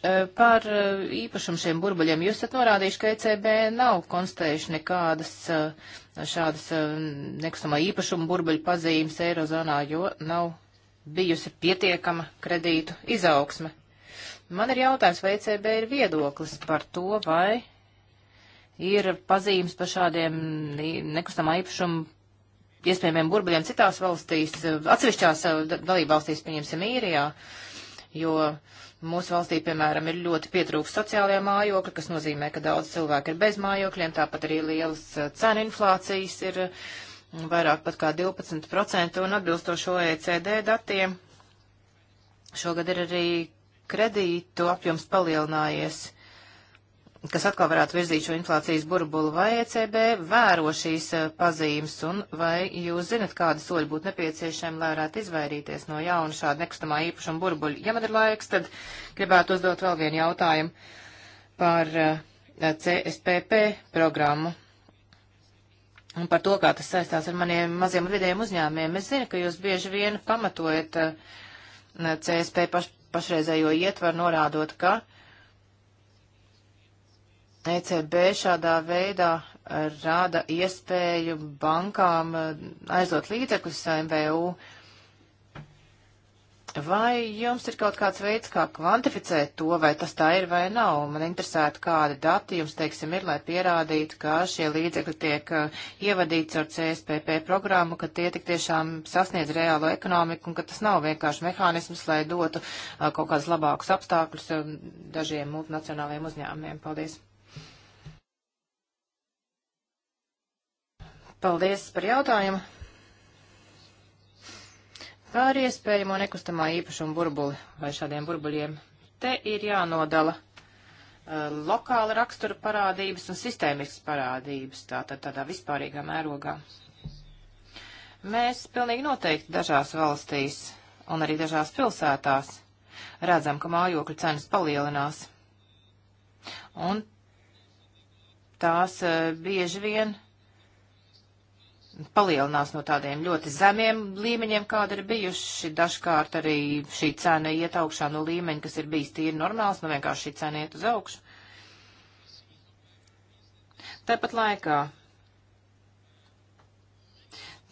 Eh, par eh, īpašumu šiem burbuļiem jūs esat norādījuši, ka ECB nav konstatējuši nekādas eh, šādas nekustamā īpašuma burbuļu pazīmes Eirozonā, jo nav bijusi pietiekama kredītu izaugsme. Man ir jautājums, vai ECB ir viedoklis par to, vai ir pazīmes par šādiem nekustamā īpašuma iespējamiem burbuļiem citās valstīs, atsevišķās dalībvalstīs, pieņemsim īrijā, jo uh, Mūsu valstī, piemēram, ir ļoti pietrūkst sociālajā mājokļa, kas nozīmē, ka daudz cilvēku ir bez mājokļiem, tāpat arī lielas uh, cenu inflācijas ir mm, vairāk pat kā 12% un atbilstošo ECD datiem. Šogad ir arī kredītu apjoms palielinājies kas atkal varētu virzīt šo inflācijas burbulu, vai ECB vēro šīs eh, pazīmes, un vai jūs zinat, kādi soļi būtu nepieciešami, lai varētu izvairīties no jauna šāda nekustamā īpašuma burbuļa? Ja man ir laiks, tad gribētu uzdot vēl vienu jautājumu par eh, CSPP programmu. Un par to, kā tas saistās ar maniem maziem un vidējiem uzņēmiem. Es zinu, ka jūs bieži vien pamatojat eh, CSP paš, pašreizējo ietvaru norādot, ka ECB šādā veidā rāda iespēju bankām eh, aizdot līdzekļus MVU. Vai jums ir kaut kāds veids, kā kvantificēt to, vai tas tā ir vai nav? Man interesētu, kādi dati jums, teiksim, ir, lai pierādītu, ka šie līdzekļi tiek eh, ievadīts ar CSPP programmu, ka tie tik tiešām sasniedz reālo ekonomiku un ka tas nav vienkārši mehānisms, lai dotu eh, kaut kādus labākus apstākļus dažiem multinacionālajiem uzņēmumiem. Paldies! Paldies par jautājumu. Par iespējamo nekustamā īpašuma burbuli vai šādiem burbuļiem. Te ir jānodala uh, lokāla rakstura parādības un sistēmiskas parādības, tātad tādā vispārīgā mērogā. Mēs pilnīgi noteikti dažās valstīs un arī dažās pilsētās redzam, ka mājokļu cenas palielinās. Un tās uh, bieži vien uh, palielinās no tādiem ļoti zemiem līmeņiem, kāda ir bijuši. Dažkārt arī šī cena iet augšā no līmeņa, kas ir bijis tīri normāls, nu vienkārši šī cena iet uz augšu. Tāpat laikā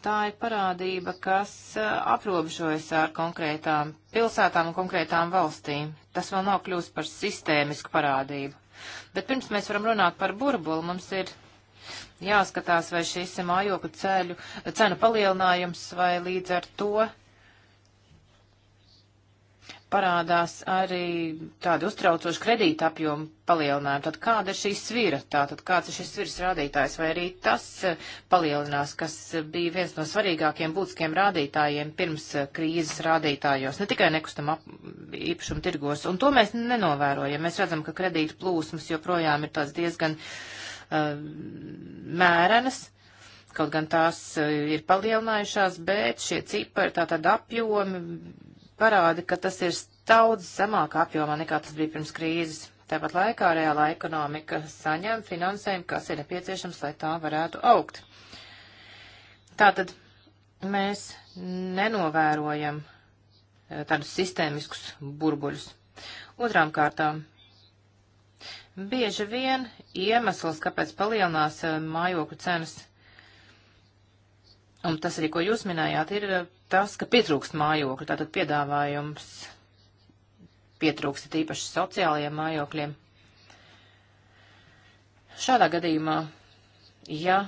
tā ir parādība, kas aprobežojas ar konkrētām pilsētām un konkrētām valstīm. Tas vēl nav kļūst par sistēmisku parādību. Bet pirms mēs varam runāt par burbuli, mums ir jāskatās, vai šis mājokļu ceļu cenu palielinājums vai līdz ar to parādās arī tādi uztraucoši kredīta apjomu palielinājumi. Tad kāda ir šī svira? Tātad kāds ir šis sviras rādītājs? Vai arī tas eh, palielinās, kas bija viens no svarīgākiem būtiskiem rādītājiem pirms eh, krīzes rādītājos, ne tikai nekustamā īpašuma tirgos? Un to mēs nenovērojam. Mēs redzam, ka kredīta plūsmas joprojām ir tāds diezgan uh, Um, mērenas, kaut gan tās uh, ir palielinājušās, bet šie cipari, tātad apjomi, parāda, ka tas ir daudz zemāka apjomā nekā tas bija pirms krīzes. Tāpat laikā reālā ekonomika saņem finansējumu, kas ir nepieciešams, lai tā varētu augt. Tātad mēs nenovērojam uh, tādus sistēmiskus burbuļus. Otrām kārtām Bieži vien iemesls, kāpēc palielinās eh, mājokļu cenas, un tas arī, ko jūs minējāt, ir eh, tas, ka pietrūkst mājokļu, tātad piedāvājums pietrūkst īpaši sociālajiem mājokļiem. Šādā gadījumā, ja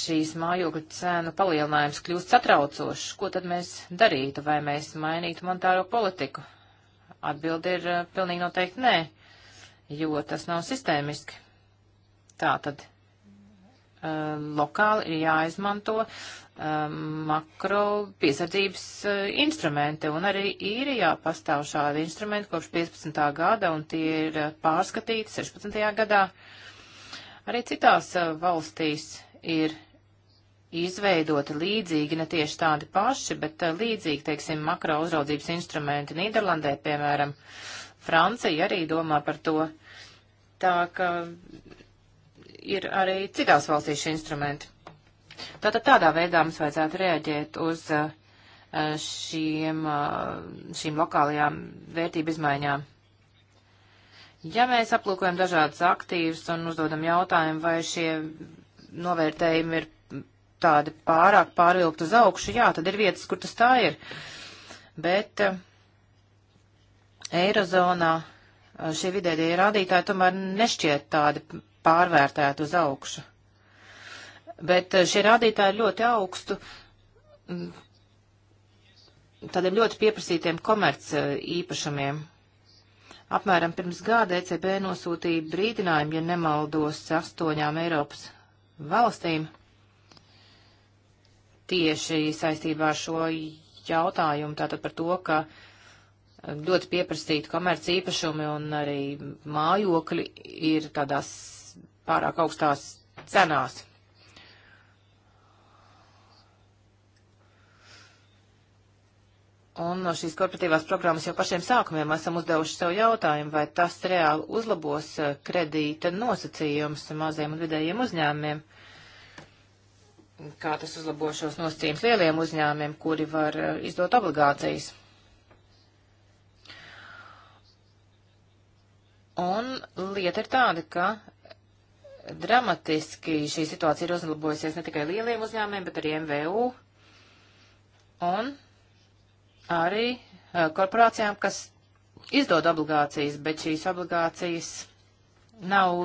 šīs mājokļu cēnu palielinājums kļūst satraucošs, ko tad mēs darītu, vai mēs mainītu monetāro politiku? Atbildi ir eh, pilnīgi noteikti nē jo tas nav sistēmiski. Tā tad uh, lokāli ir jāizmanto uh, makro piesardzības uh, instrumenti, un arī īrijā pastāv šādi instrumenti kopš 15. gada, un tie ir uh, pārskatīti 16. gadā. Arī citās uh, valstīs ir izveidoti līdzīgi, ne tieši tādi paši, bet uh, līdzīgi, teiksim, makro uzraudzības instrumenti Nīderlandē, piemēram. Uh, Francija arī domā par to. Tā ka ir arī citās valstīs šie instrumenti. Tātad tādā veidā mums vajadzētu reaģēt uz uh, šīm, uh, šīm lokālajām vērtību izmaiņām. Ja mēs aplūkojam dažādas aktīvas un uzdodam jautājumu, vai šie novērtējumi ir tādi pārāk pārvilkt uz augšu, jā, tad ir vietas, kur tas tā ir. Bet uh, Eirozonā šie vidēji rādītāji tomēr nešķiet tādi pārvērtēti uz augšu. Bet šie rādītāji ļoti augstu tādiem ļoti pieprasītiem komerc īpašumiem. Apmēram pirms gada ECB nosūtīja brīdinājumu, ja nemaldos, astoņām Eiropas valstīm tieši saistībā ar šo jautājumu, tātad par to, ka uh, ļoti pieprasīti komerci īpašumi un arī mājokļi ir tādās pārāk augstās cenās. Un no šīs korporatīvās programmas jau pašiem sākumiem esam uzdevuši sev jautājumu, vai tas reāli uzlabos eh, kredīta nosacījumus maziem un vidējiem uzņēmumiem, kā tas uzlabo šos nosacījumus lieliem uzņēmumiem, kuri var eh, izdot obligācijas. Un lieta ir tāda, ka dramatiski šī situācija ir uzlabojusies ne tikai lieliem uzņēmumiem, bet arī MVU un arī eh, korporācijām, kas izdod obligācijas, bet šīs obligācijas nav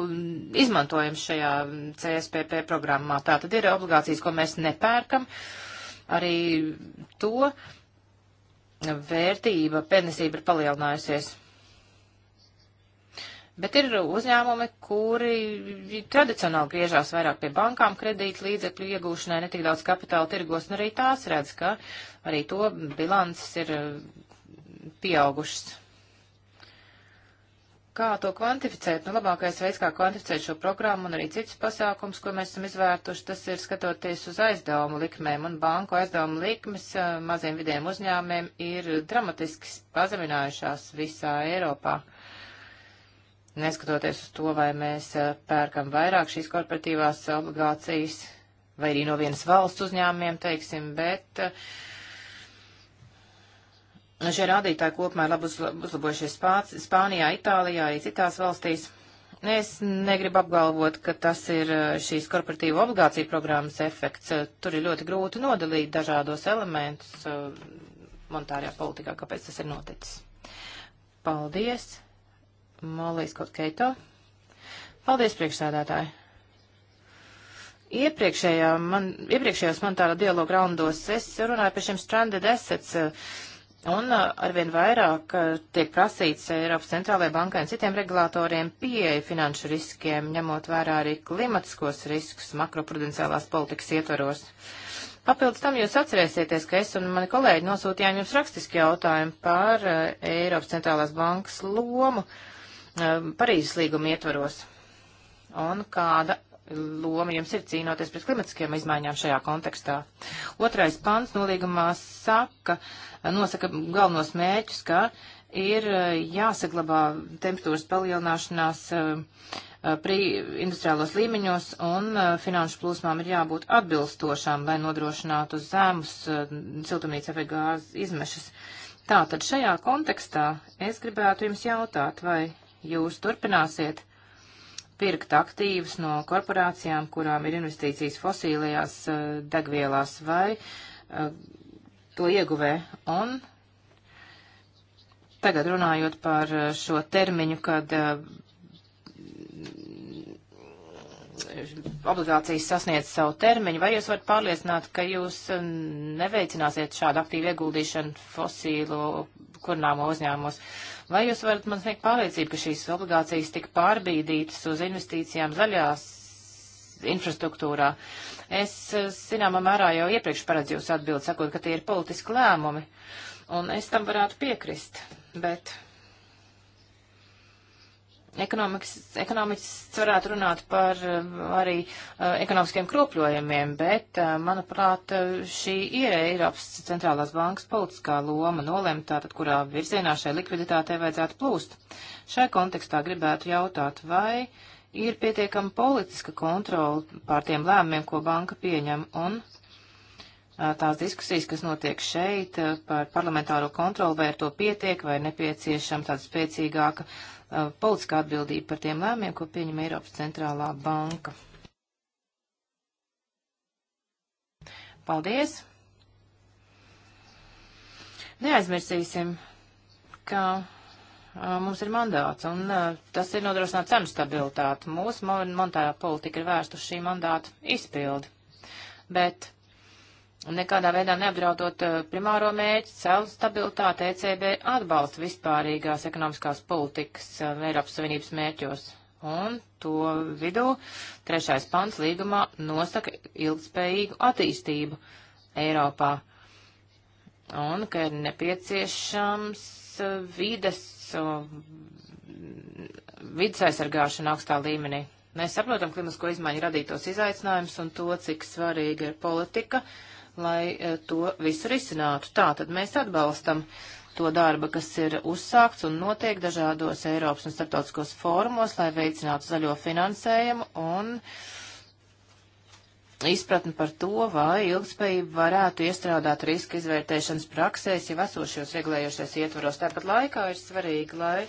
izmantojams šajā CSPP programmā. Tā tad ir obligācijas, ko mēs nepērkam. Arī to vērtība, pēdnesība ir palielinājusies. Bet ir uzņēmumi, kuri tradicionāli griežās vairāk pie bankām kredīt līdzekļu iegūšanai, netik daudz kapitāla tirgos, un arī tās redz, ka arī to bilances ir mm, pieaugušas. Kā to kvantificēt? Nu, labākais veids, kā kvantificēt šo programmu un arī citus pasākums, ko mēs esam izvērtuši, tas ir skatoties uz aizdevumu likmēm, un banku aizdevumu likmes eh, maziem vidiem uzņēmiem ir dramatiski pazeminājušās visā Eiropā neskatoties uz to, vai mēs eh, pērkam vairāk šīs korporatīvās obligācijas, vai arī no vienas valsts uzņēmumiem, teiksim, bet eh, šie rādītāji kopumā ir labi uzlabojušies Spānijā, Itālijā, arī citās valstīs. Es negribu apgalvot, ka tas ir eh, šīs korporatīvo obligāciju programmas efekts. Tur ir ļoti grūti nodalīt dažādos elementus monetārajā politikā, kāpēc tas ir noticis. Paldies! Molijas kaut Keito. Paldies, priekšsēdētāji. Iepriekšējā man, iepriekšējos man tādā dialoga raundos es runāju par šiem stranded assets. Un uh, arvien vairāk uh, tiek prasīts Eiropas centrālajai bankai un citiem regulātoriem pieeja finanšu riskiem, ņemot vērā arī klimatiskos riskus makroprudenciālās politikas ietvaros. Papildus tam jūs atcerēsieties, ka es un mani kolēģi nosūtījām jums rakstiski jautājumu par uh, Eiropas centrālās bankas lomu. Uh, Um, Parīzes līguma ietvaros? Un kāda loma jums ir cīnoties pret klimatiskajām izmaiņām šajā kontekstā. Otrais pants nolīgumā saka, nosaka galvenos mēķus, ka ir uh, jāsaglabā temperatūras palielināšanās uh, uh, pri industriālos līmeņos un finanšu plūsmām ir jābūt atbilstošām, lai nodrošinātu zemus siltumnīca vai gāzes izmešas. Tātad šajā kontekstā es gribētu jums jautāt, vai jūs turpināsiet pirkt aktīvus no korporācijām, kurām ir investīcijas fosīlajās eh, degvielās vai eh, to ieguvē. Un tagad runājot par eh, šo termiņu, kad obligācijas sasniedz savu termiņu, vai jūs varat pārliecināt, ka jūs neveicināsiet šādu aktīvu ieguldīšanu fosīlo kurināmo uzņēmumos? Uh, Vai jūs varat man sniegt pārliecību, ka šīs obligācijas tika pārbīdītas uz investīcijām zaļās infrastruktūrā? Es, eh, zināmā mērā, jau iepriekš paredzu jūs atbildi, sakot, ka tie ir politiski lēmumi, un es tam varētu piekrist, bet ekonomikas, ekonomikas varētu runāt par eh, arī eh, ekonomiskiem kropļojumiem, bet, eh, manuprāt, šī ir Eiropas centrālās bankas politiskā loma nolemt tātad, kurā virzienā šai likviditātei vajadzētu plūst. Šai kontekstā gribētu jautāt, vai ir pietiekama politiska kontrola pār tiem lēmumiem, ko banka pieņem, un tās diskusijas, kas notiek šeit par parlamentāro kontroli, vai ar to pietiek, vai nepieciešama tāda spēcīgāka uh, Uh, politiskā atbildība par tiem lēmiem, ko pieņem Eiropas centrālā banka. Paldies! Neaizmirsīsim, ka uh, mums ir mandāts, un uh, tas ir nodrošināt cenu stabilitāti. Mūsu monetārā politika ir vērsta uz šī mandāta izpildi. Bet nekādā veidā neapdraudot eh, primāro mērķi, celu stabilitāti, ECB atbalsta vispārīgās ekonomiskās politikas eh, Eiropas Savienības mērķos. Un to vidū trešais pants līgumā nosaka ilgspējīgu attīstību Eiropā. Un ka ir nepieciešams eh, vides, vides aizsargāšana augstā līmenī. Mēs saprotam klimatisko izmaiņu radītos izaicinājumus un to, cik svarīga ir politika, uh, lai e, to visu risinātu. Tā tad mēs atbalstam to darba, kas ir uzsākts un notiek dažādos Eiropas un starptautiskos fórumos, lai veicinātu zaļo finansējumu un izpratni par to, vai ilgspējība varētu iestrādāt riska izvērtēšanas praksēs, ja esošos regulējošais ietvaros. Tāpat laikā ir svarīgi, lai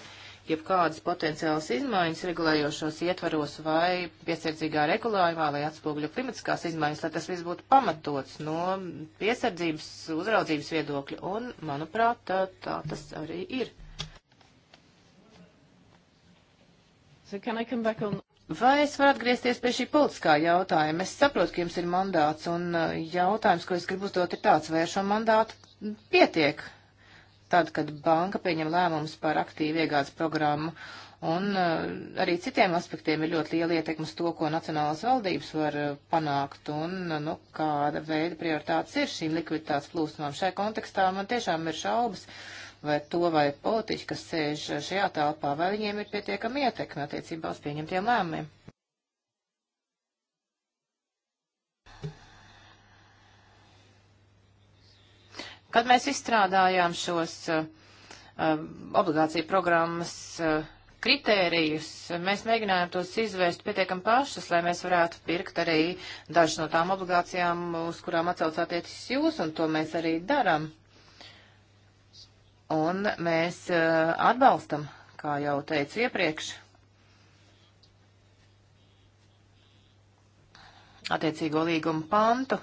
jebkādas potenciālas izmaiņas regulējošos ietvaros vai piesardzīgā regulējumā, lai atspūgļu klimatiskās izmaiņas, lai tas viss būtu pamatots no piesardzības uzraudzības viedokļa. Un, manuprāt, tā, tā tas arī ir. So on... Vai es varu atgriezties pie šī politiskā jautājuma? Es saprotu, ka jums ir mandāts, un uh, jautājums, ko es gribu uzdot, ir tāds, vai ar šo mandātu pietiek, tad, kad banka pieņem lēmumus par aktīvu iegādes programmu. Un eh, arī citiem aspektiem ir ļoti liela ietekme uz to, ko nacionālās valdības var eh, panākt un eh, nu, kāda veida prioritātes ir šīm likviditātes plūsmām. Šai kontekstā man tiešām ir šaubas, vai to vai politiķi, kas sēž šajā telpā, vai viņiem ir pietiekama ietekme attiecībā uz pieņemtiem lēmumiem. Kad mēs izstrādājām šos uh, um, obligāciju programmas uh, kritērijus, mēs mēģinājām tos izvērst pietiekam pašus, lai mēs varētu pirkt arī dažas no tām obligācijām, uz kurām atcaucāties jūs, un to mēs arī daram. Un mēs uh, atbalstam, kā jau teicu iepriekš, attiecīgo līguma pantu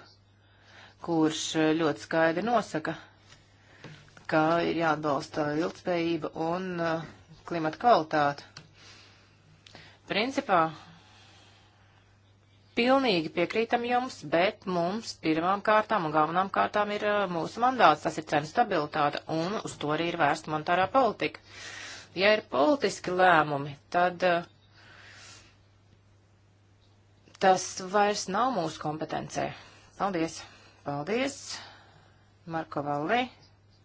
kurš eh, ļoti skaidri nosaka, ka ir jāatbalsta ilgspējība un eh, klimata kvalitāte. Principā Pilnīgi piekrītam jums, bet mums pirmām kārtām un galvenām kārtām ir eh, mūsu mandāts, tas ir cenu stabilitāte, un uz to arī ir vērsta monetārā politika. Ja ir politiski lēmumi, tad tas vairs nav mūsu kompetencē. Paldies! Paldies, Marko Valli.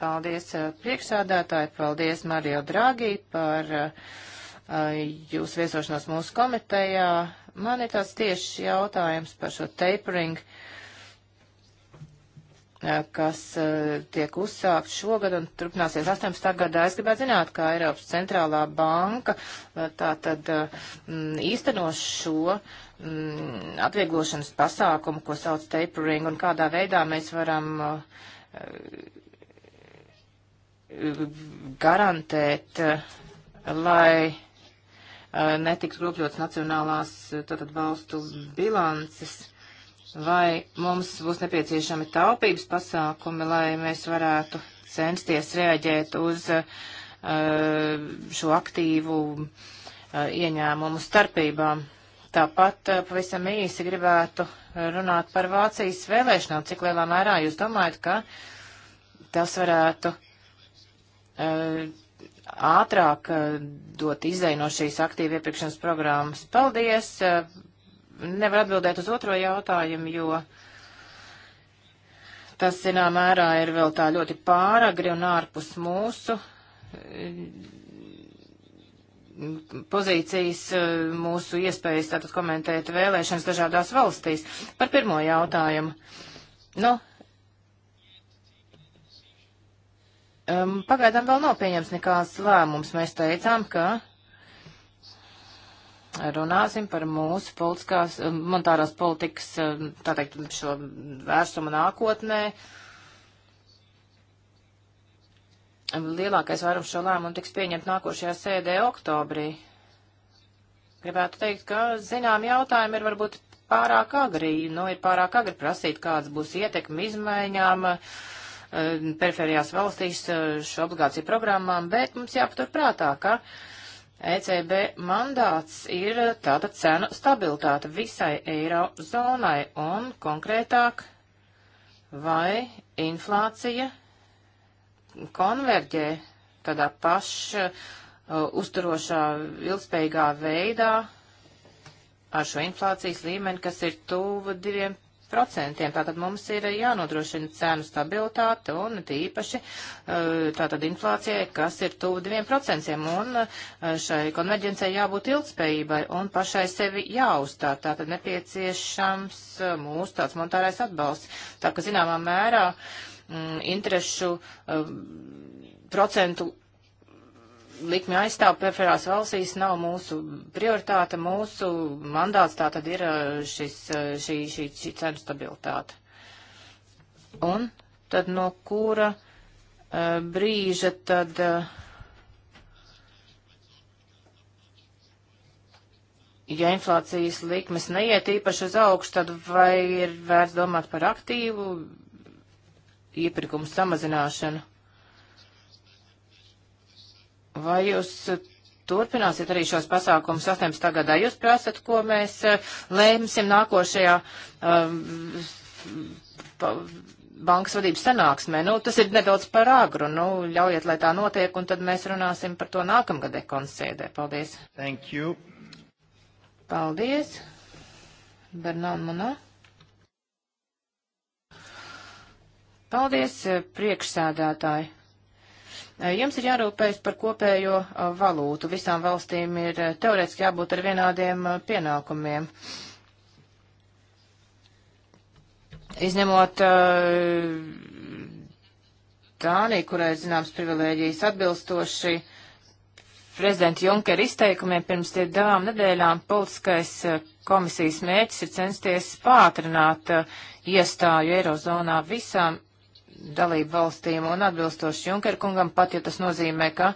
Paldies eh, priekšsādātāji, paldies Mario Draghi par eh, jūsu viesošanos mūsu komitejā. Man ir tāds tieši jautājums par šo tapering. Uh, kas tiek uzsākts šogad un turpināsies 18. gadā. Es gribētu zināt, kā Eiropas centrālā banka tā tad īstenos šo atvieglošanas pasākumu, ko sauc tapering, un kādā veidā mēs varam garantēt, lai netiks grūpļots nacionālās tātad valstu bilances vai mums būs nepieciešami taupības pasākumi, lai mēs varētu censties reaģēt uz uh, šo aktīvu uh, ieņēmumu starpībām. Tāpat uh, pavisam īsi gribētu runāt par Vācijas vēlēšanām, cik lielā mērā jūs domājat, ka tas varētu uh, ātrāk uh, dot izdeju no šīs aktīvi iepirkšanas programmas. Paldies! Uh, nevar atbildēt uz otro jautājumu, jo tas, zinām, mērā ir vēl tā ļoti pāragri un ārpus mūsu eh, pozīcijas, eh, mūsu iespējas tātad komentēt vēlēšanas dažādās valstīs. Par pirmo jautājumu. Nu, um, pagaidām vēl nav pieņems nekāds lēmums. Mēs teicām, ka runāsim par mūsu politiskās, eh, monetārās politikas, eh, tā teikt, šo vērsumu nākotnē. Lielākais vairums šo lēmumu tiks pieņemt nākošajā sēdē oktobrī. Gribētu teikt, ka zinām jautājumi ir varbūt pārāk agri, nu ir pārāk agri prasīt, kāds būs ietekmi izmaiņām eh, periferijās valstīs šo obligāciju programmām, bet mums jāpatur prātā, ka uh, ECB mandāts ir eh, tāda cenu stabilitāte visai eiro zonai un konkrētāk, vai inflācija konverģē tādā paša uh, uzturošā, ilgspējīgā veidā ar šo inflācijas līmeni, kas ir tuva diviem procentiem. Tātad mums ir jānodrošina cēnu stabilitāte un tīpaši eh, tātad inflācijai, kas ir tuvu diviem procentiem. Un eh, šai konverģencei jābūt ilgspējībai un pašai sevi jāuzstā. Tātad nepieciešams eh, mūsu tāds monetārais atbalsts. Tā ka zināmā mērā m, mm, interešu m, procentu likmi aizstāv preferās valstīs nav mūsu prioritāte, mūsu mandāts tā tad ir uh, šis, uh, šī, šī, šī cenu stabilitāte. Un tad no kura uh, brīža tad. Uh, ja inflācijas likmes neiet īpaši uz augšu, tad vai ir vērts domāt par aktīvu iepirkumu samazināšanu? Vai jūs eh, turpināsiet arī šos pasākumus 18. gadā? Jūs prasat, ko mēs eh, lēmsim nākošajā um, pa, bankas vadības sanāksmē. Nu, tas ir nedaudz par agru. Nu, ļaujiet, lai tā notiek, un tad mēs runāsim par to nākamgad ekonas sēdē. Paldies. Thank you. Paldies. Bernard Munā. Paldies, eh, priekšsēdētāji. Eh, jums ir jārūpējas par kopējo eh, valūtu. Visām valstīm ir eh, teorētiski jābūt ar vienādiem pienākumiem. Izņemot Dāniju, kurai zināms privilēģijas atbilstoši prezidenta Junkera izteikumiem pirms tie divām nedēļām politiskais komisijas mērķis ir censties pātrināt iestāju Eirozonā visām dalību valstīm un atbilstoši Junkerkungam, pat ja tas nozīmē, ka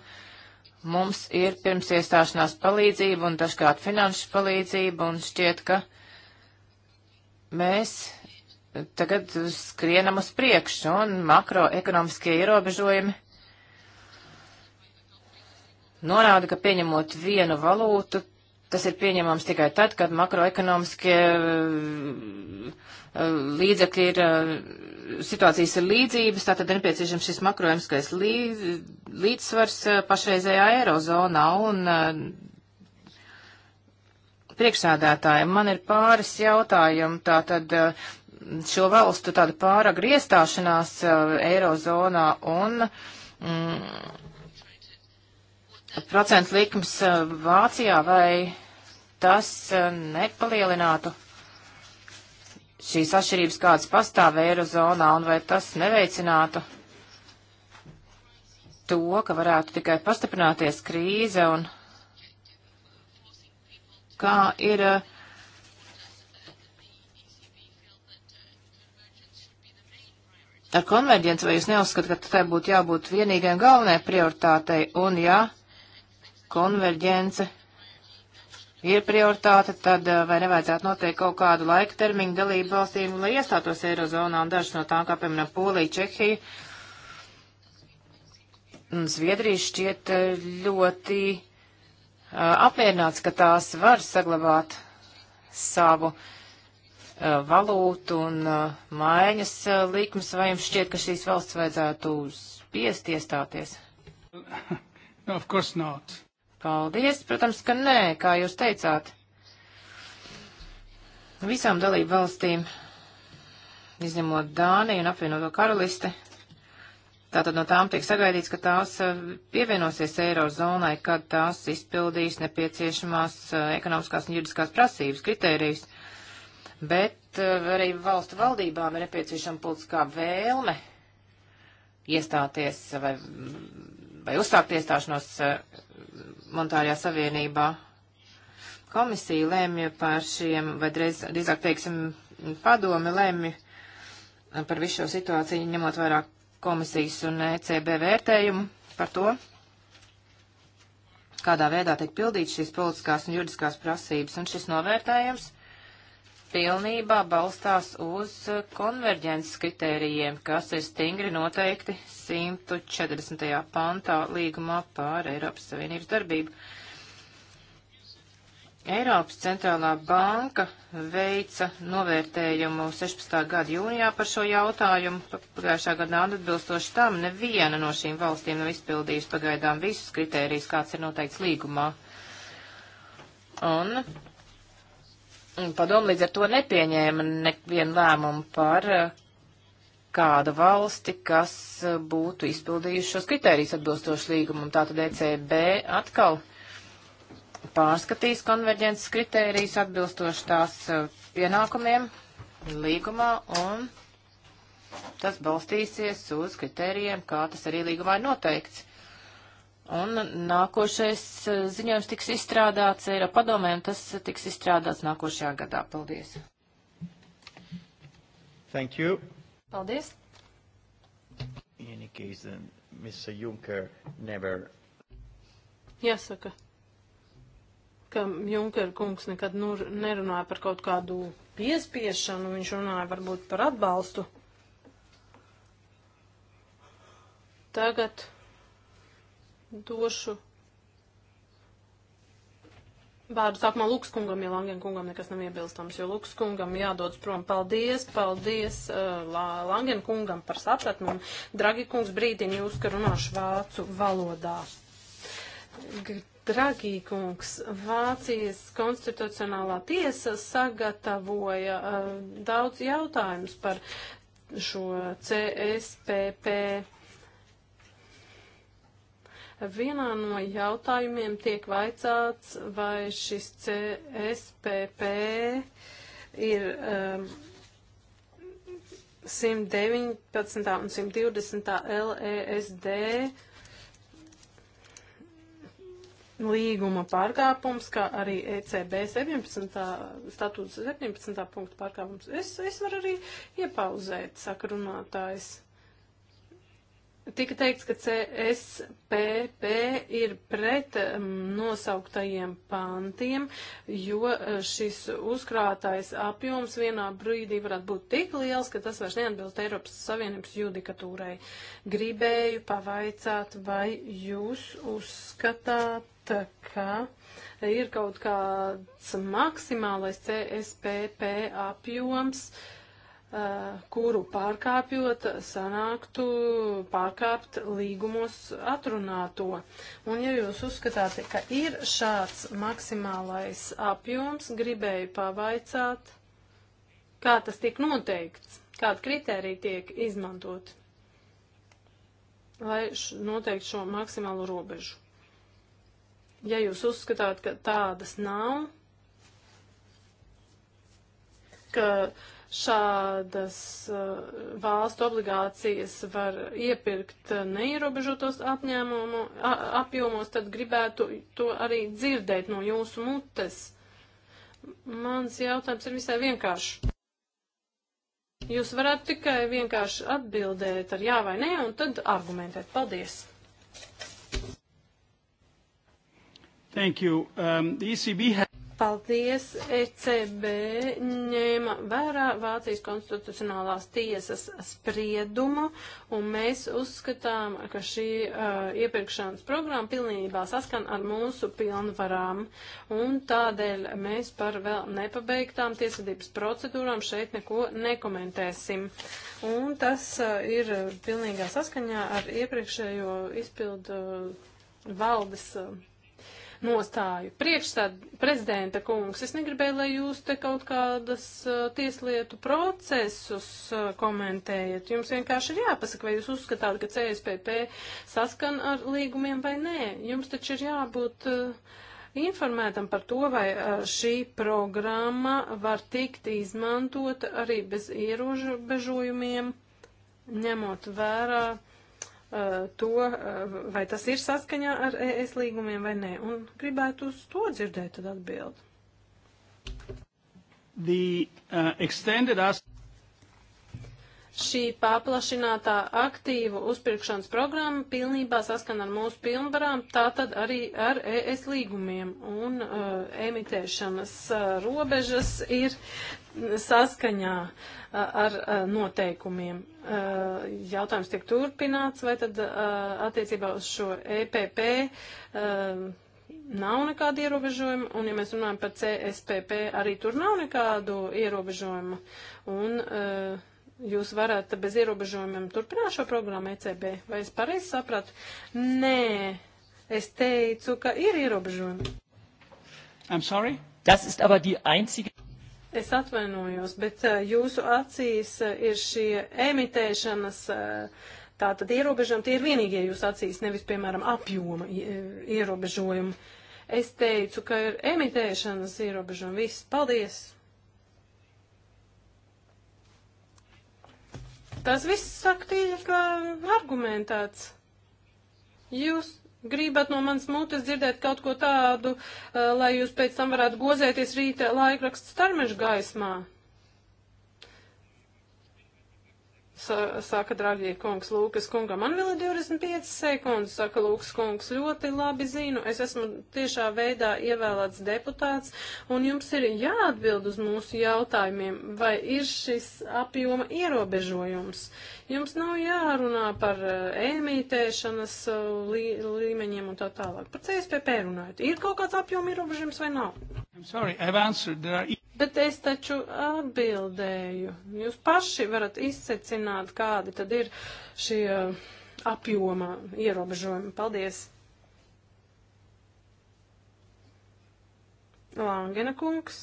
mums ir pirms iestāšanās palīdzība un dažkārt finanšu palīdzība un šķiet, ka mēs tagad skrienam uz priekšu un makroekonomiskie ierobežojumi norāda, ka pieņemot vienu valūtu, Tas ir pieņemams tikai tad, kad makroekonomiskie eh, līdzekļi ir, eh, situācijas ir līdzības, tātad ir nepieciešams šis makroekonomiskais līdz, līdzsvars eh, pašreizējā eirozonā un priekšsādātājiem. Man ir pāris jautājumu, tātad šo valstu tāda pāragri iestāšanās eirozonā un. Mm, procentu likums Vācijā vai tas eh, nepalielinātu šīs atšķirības, kādas pastāv Eirozonā, un vai tas neveicinātu to, ka varētu tikai pastiprināties krīze un kā ir eh, ar konverģenci, vai jūs neuzskatāt, ka tai būtu jābūt vienīgai un galvenai prioritātei, un ja konverģence ir prioritāte, tad eh, vai nevajadzētu noteikt kaut kādu laika termiņu dalību valstīm, lai iestātos Eirozonā un dažas no tām, kā piemēram Polija, Čehija un Zviedrija šķiet eh, ļoti uh, apmierināts, ka tās var saglabāt savu uh, valūtu un uh, maiņas likmes, vai jums šķiet, ka šīs valsts vajadzētu spiest iestāties? No, of course not. Paldies, protams, ka nē, kā jūs teicāt. Visām dalību valstīm, izņemot Dāniju un apvienoto karalisti, Tātad no tām tiek sagaidīts, ka tās eh, pievienosies eirozonai, kad tās izpildīs nepieciešamās eh, ekonomiskās un juridiskās prasības kritērijas. Bet eh, arī valstu valdībām ir nepieciešama politiskā vēlme iestāties vai, vai uzsākt iestāšanos monetārajā savienībā. Komisija lēmja par šiem, vai drīz, drīzāk teiksim, padomi lēmja par visu šo situāciju, ņemot vairāk komisijas un ECB vērtējumu par to, kādā veidā tiek pildīts šīs politiskās un juridiskās prasības, un šis novērtējums – pilnībā balstās uz konverģences kritērijiem, kas ir stingri noteikti 140. pantā līgumā pār Eiropas Savienības darbību. Eiropas centrālā banka veica novērtējumu 16. gada jūnijā par šo jautājumu. Pagājušā gadā atbilstoši tam neviena no šīm valstīm nav izpildījusi pagaidām visus kritērijus, kāds ir noteikts līgumā. Un Padomu līdz ar to nepieņēma nevienu lēmumu par eh, kādu valsti, kas eh, būtu izpildījuši šos kritērijus atbilstoši līgumam. Tātad ECB atkal pārskatīs konverģences kritērijus atbilstoši tās pienākumiem eh, līgumā un tas balstīsies uz kritērijiem, kā tas arī līgumā ir noteikts. Un nākošais eh, ziņojums tiks izstrādāts Eiropa padomē, un tas tiks izstrādāts nākošajā gadā. Paldies. Thank you. Paldies. In any case, then, Mr. Juncker never. Jāsaka, ka Junker kungs nekad nu, nerunāja par kaut kādu piespiešanu, viņš runāja varbūt par atbalstu. Tagad došu vārdu sākumā Lukskungam, ja Langenkungam nekas nav iebilstams, jo Lukskungam jādodas prom. Paldies, paldies uh, Langenkungam par sapratni un, dragi kungs, brīdini jūs, ka runāšu vācu valodā. Dragī kungs, Vācijas konstitucionālā tiesa sagatavoja uh, daudz jautājumus par šo CSPP Vienā no jautājumiem tiek vaicāts, vai šis CSPP ir um, 119. un 120. LESD līguma pārkāpums, kā arī ECB 17. statūtas 17. punktu pārkāpums. Es, es varu arī iepauzēt, saka runātājs. Tika teikts, ka CSPP ir pret um, nosauktajiem pantiem, jo uh, šis uzkrātais apjoms vienā brīdī varētu būt tik liels, ka tas vairs neatbilst Eiropas Savienības judikatūrai. Gribēju pavaicāt, vai jūs uzskatāt, ka ir kaut kāds maksimālais CSPP apjoms. Uh, Eh, kuru pārkāpjot sanāktu pārkāpt līgumos atrunāto. Un ja jūs uzskatāt, ka ir šāds maksimālais apjoms, gribēju pavaicāt, kā tas tiek noteikts, kāda kriterija tiek izmantot, lai noteiktu šo maksimālo robežu. Ja jūs uzskatāt, ka tādas nav, ka uh, Šādas eh, valstu obligācijas var iepirkt neierobežotos apņēmumu, apjomos, tad gribētu to arī dzirdēt no jūsu mutes. Mans jautājums ir visai vienkāršs. Jūs varat tikai vienkārši atbildēt ar jā vai nē, un tad argumentēt. Paldies! Thank you. Um, the ECB has... Paldies, ECB ņēma vērā Vācijas konstitucionālās tiesas spriedumu, un mēs uzskatām, ka šī uh, iepirkšanas programma pilnībā saskan ar mūsu pilnvarām, un tādēļ mēs par vēl nepabeigtām tiesvedības procedūrām šeit neko nekomentēsim. Un tas uh, ir pilnīgā saskaņā ar iepriekšējo izpildu valdes. Uh, nostāju. Priekšstād prezidenta kungs, es negribēju, lai jūs te kaut kādas uh, tieslietu procesus uh, komentējat. Jums vienkārši ir jāpasaka, vai jūs uzskatāt, ka CSPP saskan ar līgumiem vai nē. Jums taču ir jābūt. Uh, informētam par to, vai uh, šī programma var tikt izmantota arī bez ierobežojumiem, ņemot vērā Uh, to, uh, vai tas ir saskaņā ar ES līgumiem vai nē, un gribētu uz to dzirdēt tad atbildi. The, uh, extended us šī paplašinātā aktīvu uzpirkšanas programma pilnībā saskana ar mūsu pilnvarām, tātad arī ar ES līgumiem. Un uh, emitēšanas uh, robežas ir saskaņā ar noteikumiem. Jautājums tiek turpināts, vai tad attiecībā uz šo EPP nav nekāda ierobežojuma, un ja mēs runājam par CSPP, arī tur nav nekādu ierobežojumu, un uh, jūs varat bez ierobežojumiem turpināt šo programmu ECB, vai es pareizi sapratu? Nē, es teicu, ka ir ierobežojumi. I'm sorry? Das ist aber die einzige. Es atvainojos, bet eh, jūsu acīs eh, ir šie emitēšanas eh, tātad ierobežojumi, tie ir vienīgie jūsu acīs, nevis, piemēram, apjoma ierobežojumi. Es teicu, ka ir emitēšanas ierobežojumi. Viss, paldies! Tas viss saka tīri, ka argumentēts. Jūs gribat no manas mutes dzirdēt kaut ko tādu, eh, lai jūs pēc tam varētu gozēties rīta laikraksts starmežu gaismā. saka, dragie kungs, Lūkas kunga, man vēl ir 25 sekundes, saka Lūkas kungs, ļoti labi zinu, es esmu tiešā veidā ievēlēts deputāts, un jums ir jāatbild uz mūsu jautājumiem, vai ir šis apjoma ierobežojums. Jums nav jārunā par ēmītēšanas eh, eh, lī, līmeņiem un tā tālāk. Par CSPP runājot, ir kaut kāds apjoma ierobežojums vai nav? I'm sorry, I've answered. There uh, are... Bet es taču atbildēju. Jūs paši varat izsecināt, kādi tad ir šie apjoma ierobežojumi. Paldies! Langena kungs.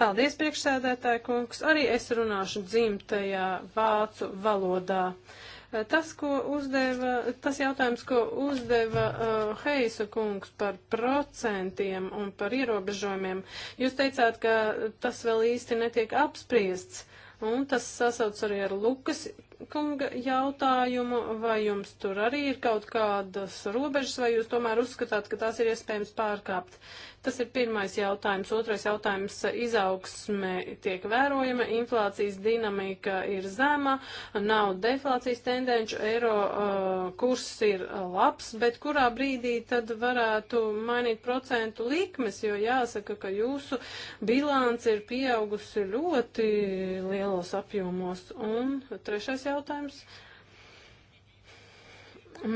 Paldies, priekšsēdētāja kungs. Arī es runāšu dzimtajā vācu valodā. Uh, Tas, ko uzdeva, tas jautājums, ko uzdeva uh, Heisa kungs par procentiem un par ierobežojumiem, jūs teicāt, ka tas vēl īsti netiek apspriests, un tas sasauc arī ar Lukas kunga jautājumu, vai jums tur arī ir kaut kādas robežas, vai jūs tomēr uzskatāt, ka tās ir iespējams pārkāpt. Tas ir pirmais jautājums. Otrais jautājums - izaugsme tiek vērojama, inflācijas dinamika ir zema, nav deflācijas tendenču, eiro uh, kurs ir labs, bet kurā brīdī tad varētu mainīt procentu likmes, jo jāsaka, ka jūsu bilāns ir pieaugusi ļoti lielos apjomos. Un trešais jautājums -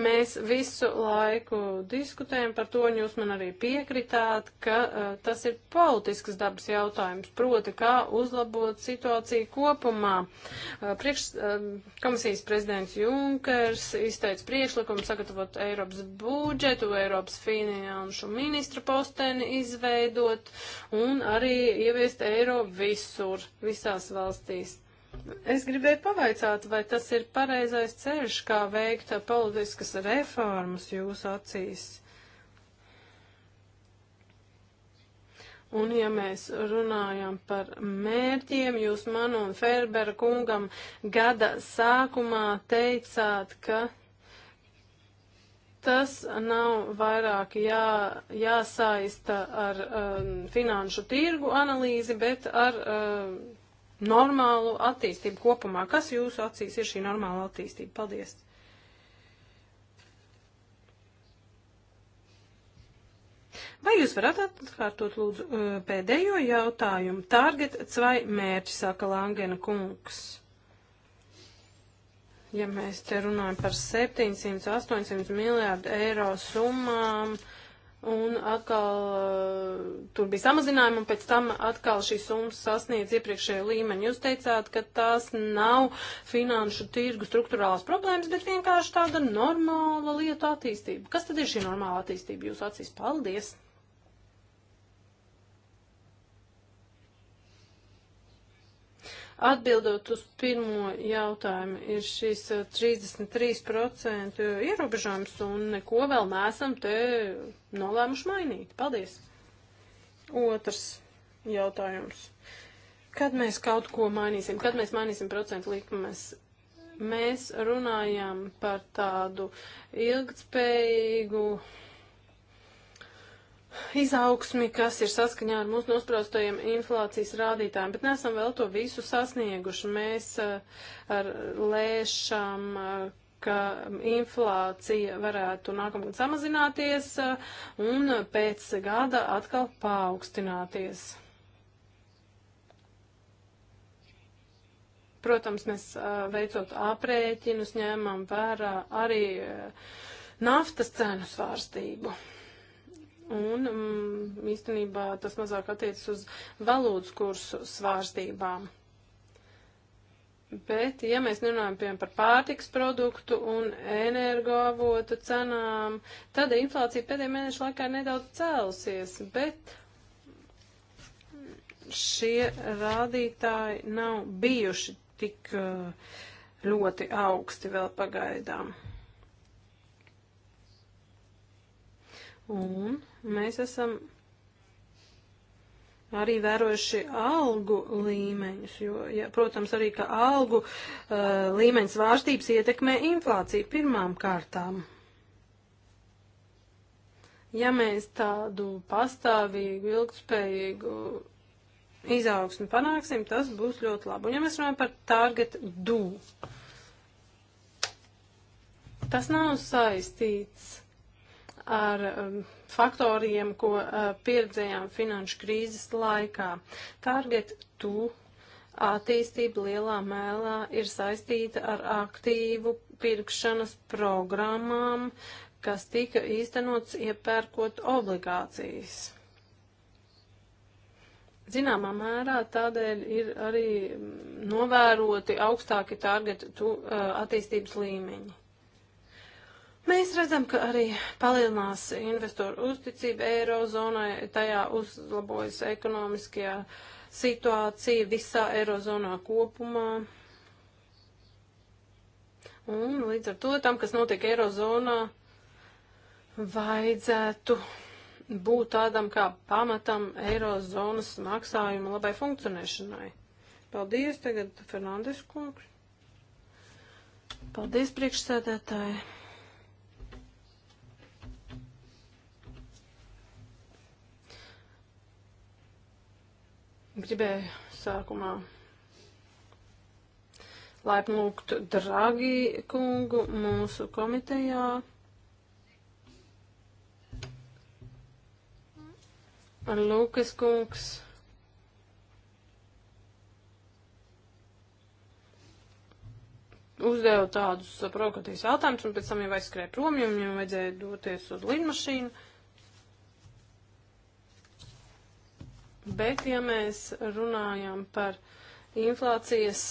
Mēs visu laiku diskutējam par to, un jūs man arī piekritāt, ka uh, tas ir politisks dabas jautājums, proti, kā uzlabot situāciju kopumā. Uh, priekš, uh, komisijas prezidents Junkers izteica priekšlikumu sagatavot Eiropas budžetu, Eiropas finanšu ministra posteni izveidot un arī ieviest eiro visur, visās valstīs. Es gribēju pavaicāt, vai tas ir pareizais ceļš, kā veikt politiskas reformas jūsu acīs. Un ja mēs runājam par mērķiem, jūs man un Ferbera kungam gada sākumā teicāt, ka tas nav vairāk jā, jāsaista ar um, finanšu tirgu analīzi, bet ar um, normālu attīstību kopumā. Kas jūsu acīs ir šī normāla attīstība? Paldies! Vai jūs varat atkārtot lūdzu eh, pēdējo jautājumu? Targets vai mērķis, saka Langena kungs. Ja mēs te runājam par 700, 800 miljārdu eiro summām, uh, Un atkal uh, tur bija samazinājumi, un pēc tam atkal šī summa sasniedz iepriekšējo līmeni. Jūs teicāt, ka tās nav finanšu tirgu struktūrālās problēmas, bet vienkārši tāda normāla lieta attīstība. Kas tad ir šī normāla attīstība? Jūs acīs paldies! Atbildot uz pirmo jautājumu, ir šīs eh, 33% ierobežojums un neko vēl neesam te nolēmuši mainīt. Paldies! Otrs jautājums. Kad mēs kaut ko mainīsim, kad mēs mainīsim procentu likmes, mēs runājam par tādu ilgtspējīgu izaugsmi, kas ir saskaņā ar mūsu nospraustajiem inflācijas rādītājiem, bet nesam vēl to visu sasnieguši. Mēs eh, ar lēšam, eh, ka inflācija varētu nākamgad samazināties eh, un pēc gada atkal paaugstināties. Protams, mēs veicot aprēķinus ņēmām vērā arī naftas cenu svārstību un mm, īstenībā tas mazāk attiecas uz valūtas kursu svārstībām. Bet, ja mēs runājam piemēram par pārtiks produktu un energoavotu cenām, tad inflācija pēdējā mēneša laikā ir nedaudz cēlusies, bet šie rādītāji nav bijuši tik eh, ļoti augsti vēl pagaidām. Un mēs esam arī vērojuši algu līmeņus, jo, ja, protams, arī, ka algu uh, līmeņs vārstības ietekmē inflāciju pirmām kārtām. Ja mēs tādu pastāvīgu, ilgspējīgu izaugsmi panāksim, tas būs ļoti labi. Un ja mēs runājam par target do, tas nav saistīts ar um, faktoriem, ko uh, pieredzējām finanšu krīzes laikā. Target 2 attīstība lielā mēlā ir saistīta ar aktīvu pirkšanas programmām, kas tika īstenots iepērkot obligācijas. Zināmā mērā tādēļ ir arī novēroti augstāki target tu, uh, attīstības līmeņi. Mēs redzam, ka arī palielinās investoru uzticība Eirozonai, tajā uzlabojas ekonomiskajā situācija visā Eirozonā kopumā. Un līdz ar to tam, kas notiek Eirozonā, vajadzētu būt tādam kā pamatam Eirozonas maksājuma labai funkcionēšanai. Paldies tagad, Fernandes kungs. Paldies, priekšsēdētāji. Gribēju sākumā laipni lūgt Dragi kungu mūsu komitejā. Lūkas kungs. Uzdevu tādus provokatīvus jautājumus, un pēc tam jau aizskrēja prom, jo viņam vajadzēja doties uz lidmašīnu. Bet, ja mēs runājam par inflācijas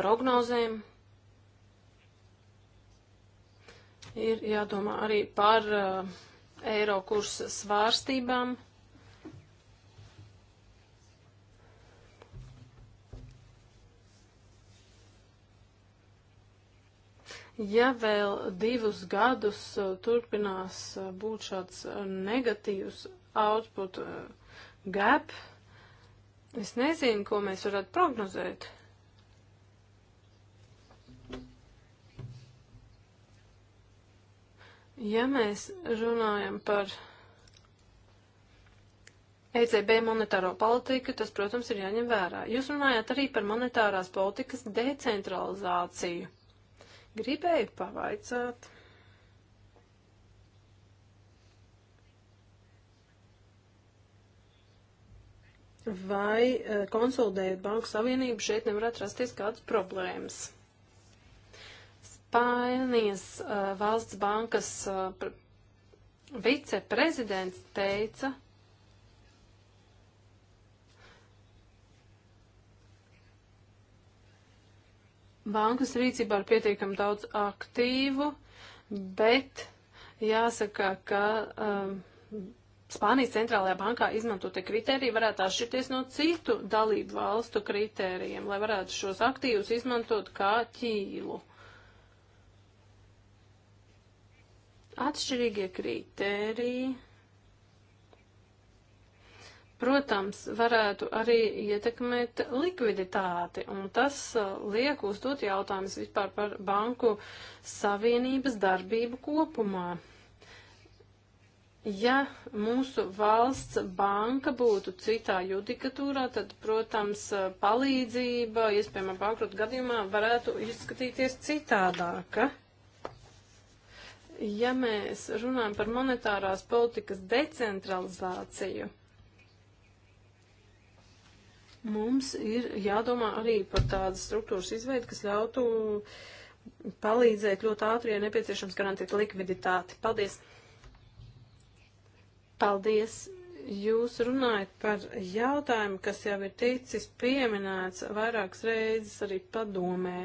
prognozēm, ir jādomā arī par eiro kursa svārstībām. ja vēl divus gadus turpinās būt šāds negatīvs output uh, gap. Es nezinu, ko mēs varētu prognozēt. Ja mēs runājam par ECB monetāro politiku, tas, protams, ir jāņem vērā. Jūs runājāt arī par monetārās politikas decentralizāciju. Gribēju pavaicāt. vai eh, konsolidējot Banku Savienību šeit nevar atrasties kādas problēmas. Spānijas uh, valsts bankas uh, viceprezidents teica, Bankas rīcībā ir pietiekami daudz aktīvu, bet jāsaka, ka um, uh, Spānijas centrālajā bankā izmantotie kriteriji varētu atšķirties no citu dalību valstu kritērijiem, lai varētu šos aktīvus izmantot kā ķīlu. Atšķirīgie kritēriji, protams, varētu arī ietekmēt likviditāti, un tas uh, liek uzdot jautājumus vispār par banku savienības darbību kopumā. Ja mūsu valsts banka būtu citā judikatūrā, tad, protams, palīdzība, iespējama bankrota gadījumā, varētu izskatīties citādāka. Ja mēs runājam par monetārās politikas decentralizāciju, mums ir jādomā arī par tādas struktūras izveidu, kas ļautu palīdzēt ļoti ātri, ja nepieciešams, garantēt likviditāti. Paldies! Paldies! Jūs runājat par jautājumu, kas jau ir ticis pieminēts vairākas reizes arī padomē.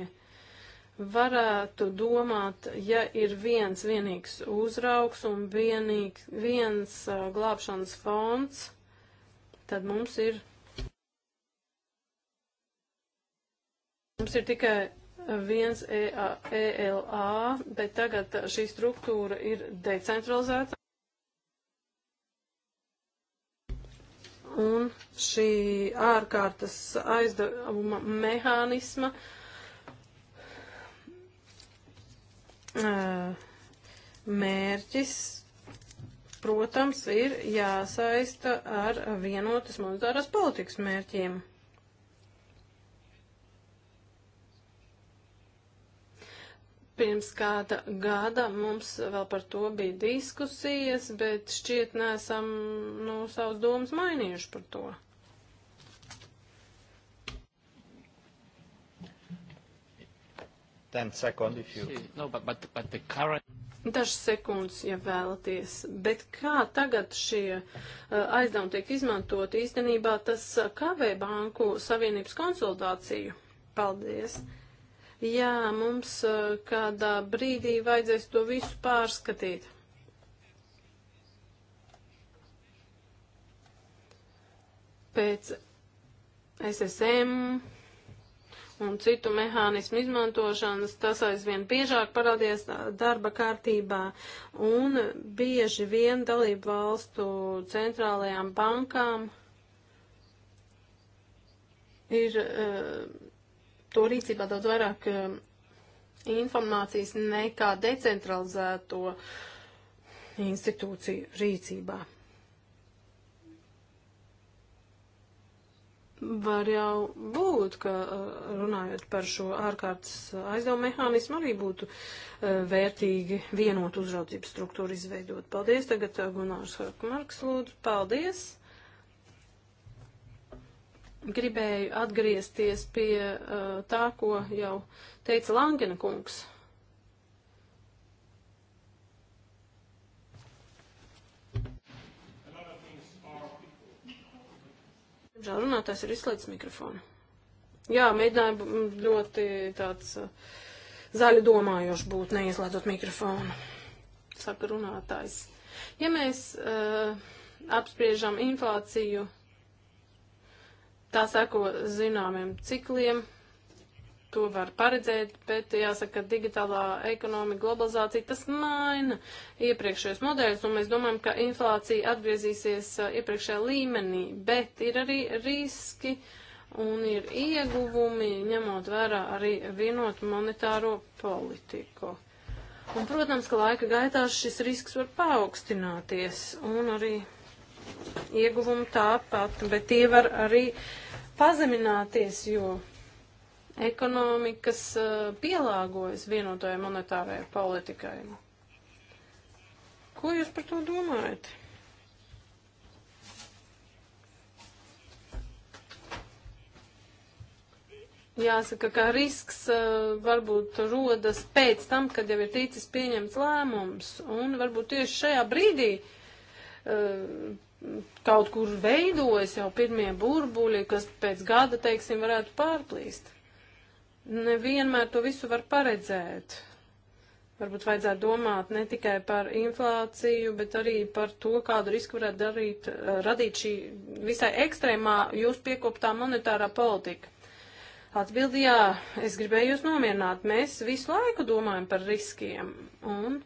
Varētu domāt, ja ir viens vienīgs uzraugs un vienīg, viens uh, glābšanas fonds, tad mums ir, mums ir tikai viens ELA, e bet tagad šī struktūra ir decentralizēta. un šī ārkārtas aizdevuma mehānisma mērķis, protams, ir jāsaista ar vienotas monetāras politikas mērķiem. Pirms kāda gada mums vēl par to bija diskusijas, bet šķiet nesam nu, savus domas mainījuši par to. Second, you... no, but, but, but current... Dažas sekundes, ja vēlaties, bet kā tagad šie uh, aizdevumi tiek izmantoti, īstenībā tas uh, kavē banku savienības konsultāciju. Paldies! Mm. Jā, mums kādā brīdī vajadzēs to visu pārskatīt. Pēc SSM un citu mehānismu izmantošanas, tas aizvien biežāk parādījās darba kārtībā, un bieži vien dalību valstu centrālajām bankām ir uh, to rīcībā daudz vairāk eh, informācijas nekā decentralizēto institūciju rīcībā. Var jau būt, ka eh, runājot par šo ārkārtas aizdevumu mehānismu, arī būtu eh, vērtīgi vienot uzraudzības struktūru izveidot. Paldies, tagad Gunārs Harkmarks lūdzu. Paldies! gribēju atgriezties pie uh, tā, ko jau teica Langena kungs. Žēl runātājs ir izslēdzis mikrofonu. Jā, mēģināju ļoti tāds uh, zaļu domājošs būt, neizslēdzot mikrofonu. Saka runātājs. Ja mēs uh, apspriežam inflāciju Tā sako zināmiem cikliem, to var paredzēt, bet jāsaka, ka digitālā ekonomika, globalizācija tas maina iepriekšējos modeļus, un mēs domājam, ka inflācija atgriezīsies uh, iepriekšējā līmenī, bet ir arī riski un ir ieguvumi, ņemot vērā arī vienot monetāro politiku. Un, protams, ka laika gaitā šis risks var paaugstināties un arī ieguvumi tāpat, bet tie var arī pazemināties, jo ekonomikas eh, pielāgojas vienotajai monetārajai politikai. Ko jūs par to domājat? Jāsaka, ka risks uh, varbūt rodas pēc tam, kad jau ir ticis pieņemts lēmums, un varbūt tieši šajā brīdī uh, kaut kur veidojas jau pirmie burbuļi, kas pēc gada, teiksim, varētu pārplīst. Nevienmēr to visu var paredzēt. Varbūt vajadzētu domāt ne tikai par inflāciju, bet arī par to, kādu risku varētu darīt, radīt šī visai ekstrēmā jūs piekoptā monetārā politika. Atbildi jā, es gribēju jūs nomierināt. Mēs visu laiku domājam par riskiem. Un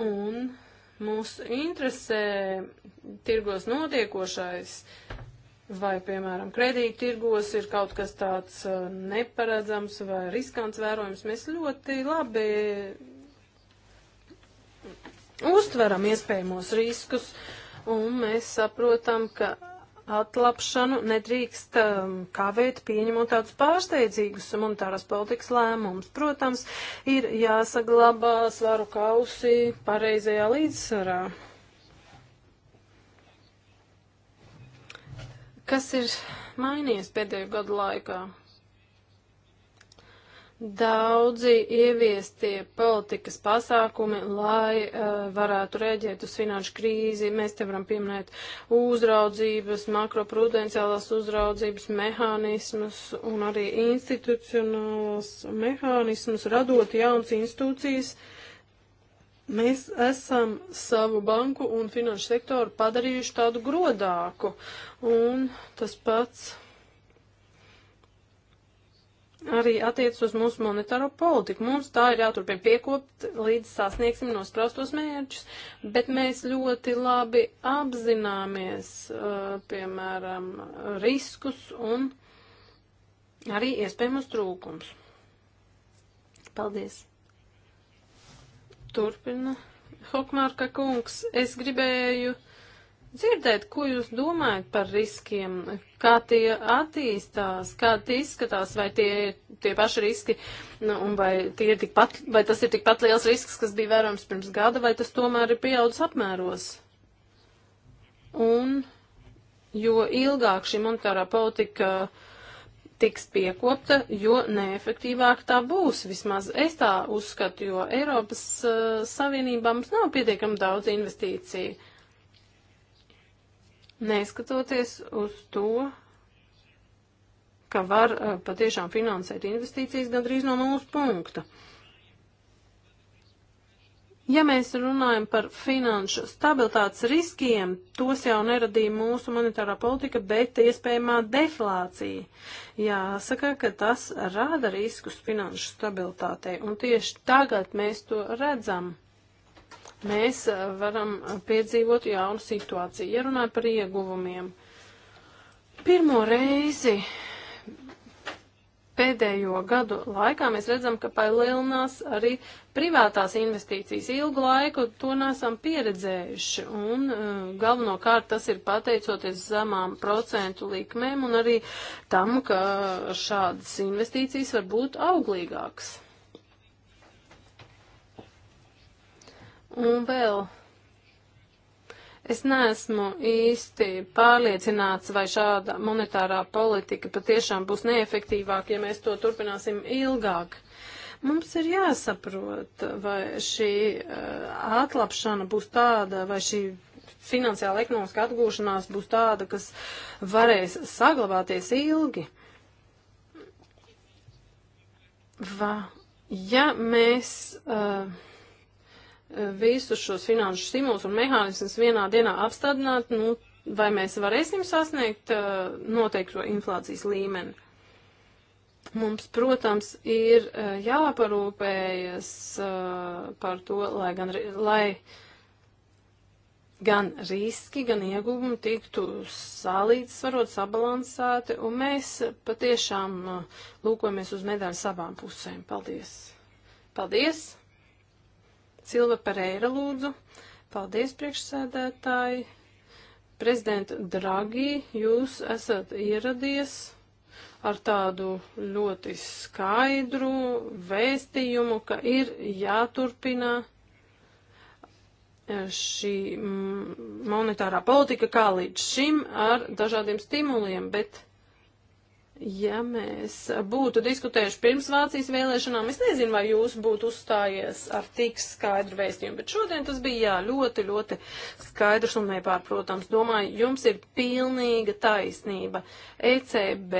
Un mūs interesē tirgos notiekošais, vai, piemēram, kredīt tirgos ir kaut kas tāds uh, neparedzams vai riskants vērojums. Mēs ļoti labi uztveram iespējamos riskus, un mēs saprotam, ka atlapšanu nedrīkst um, kavēt pieņemot tādus pārsteidzīgus monetārās politikas lēmumus. Protams, ir jāsaglabā svaru kausi pareizajā līdzsvarā. Kas ir mainījies pēdējo gadu laikā? daudzi ieviestie politikas pasākumi, lai uh, varētu rēģēt uz finanšu krīzi. Mēs te varam pieminēt uzraudzības, makroprudenciālās uzraudzības mehānismus un arī institucionālās mehānismus, radot jaunas institūcijas. Mēs esam savu banku un finanšu sektoru padarījuši tādu grodāku, un tas pats arī attiecas uz mūsu monetāro politiku. Mums tā ir jāturpina piekopt, līdz sasniegsim nospraustos mērķus, bet mēs ļoti labi apzināmies, eh, piemēram, riskus un arī iespējamos trūkums. Paldies! Turpina Hokmārka kungs. Es gribēju dzirdēt, ko jūs domājat par riskiem, kā tie attīstās, kā tie izskatās, vai tie ir tie paši riski, nu, un vai, tie ir tikpat, vai tas ir tikpat liels risks, kas bija vērojams pirms gada, vai tas tomēr ir pieaudzis apmēros. Un jo ilgāk šī monetārā politika tiks piekopta, jo neefektīvāk tā būs. Vismaz es tā uzskatu, jo Eiropas uh, Savienībā mums nav pietiekami daudz investīciju neskatoties uz to, ka var eh, patiešām finansēt investīcijas gandrīz no nulles punkta. Ja mēs runājam par finanšu stabilitātes riskiem, tos jau neradīja mūsu monetārā politika, bet iespējamā deflācija. Jāsaka, ka tas rada riskus finanšu stabilitātei, un tieši tagad mēs to redzam mēs varam piedzīvot jaunu situāciju. Ja runāju par ieguvumiem, pirmo reizi pēdējo gadu laikā mēs redzam, ka palielinās arī privātās investīcijas. Ilgu laiku to nesam pieredzējuši, un uh, galvenokārt tas ir pateicoties zemām procentu likmēm un arī tam, ka šādas investīcijas var būt auglīgākas. Un vēl. Es neesmu īsti pārliecināts, vai šāda monetārā politika patiešām būs neefektīvāka, ja mēs to turpināsim ilgāk. Mums ir jāsaprot, vai šī uh, atlapšana būs tāda, vai šī finansiāla ekonomiska atgūšanās būs tāda, kas varēs saglabāties ilgi. Va, ja mēs. Uh, visus šos finanšu stimulus un mehānismus vienā dienā apstādināt, nu, vai mēs varēsim sasniegt uh, noteikto inflācijas līmeni. Mums, protams, ir uh, jāparūpējas uh, par to, lai gan, lai gan riski, gan ieguvumi tiktu salīdzsvarot, sabalansēti, un mēs patiešām uh, lūkojamies uz medaļu abām pusēm. Paldies! Paldies! Silva Pereira lūdzu. Paldies, priekšsēdētāji. Prezident Dragi, jūs esat ieradies ar tādu ļoti skaidru vēstījumu, ka ir jāturpina šī mm, monetārā politika kā līdz šim ar dažādiem stimuliem, bet Ja mēs būtu diskutējuši pirms Vācijas vēlēšanām, es nezinu, vai jūs būtu uzstājies ar tik skaidru vēstījumu, bet šodien tas bija jā, ļoti, ļoti skaidrs un nepārprotams. Domāju, jums ir pilnīga taisnība. ECB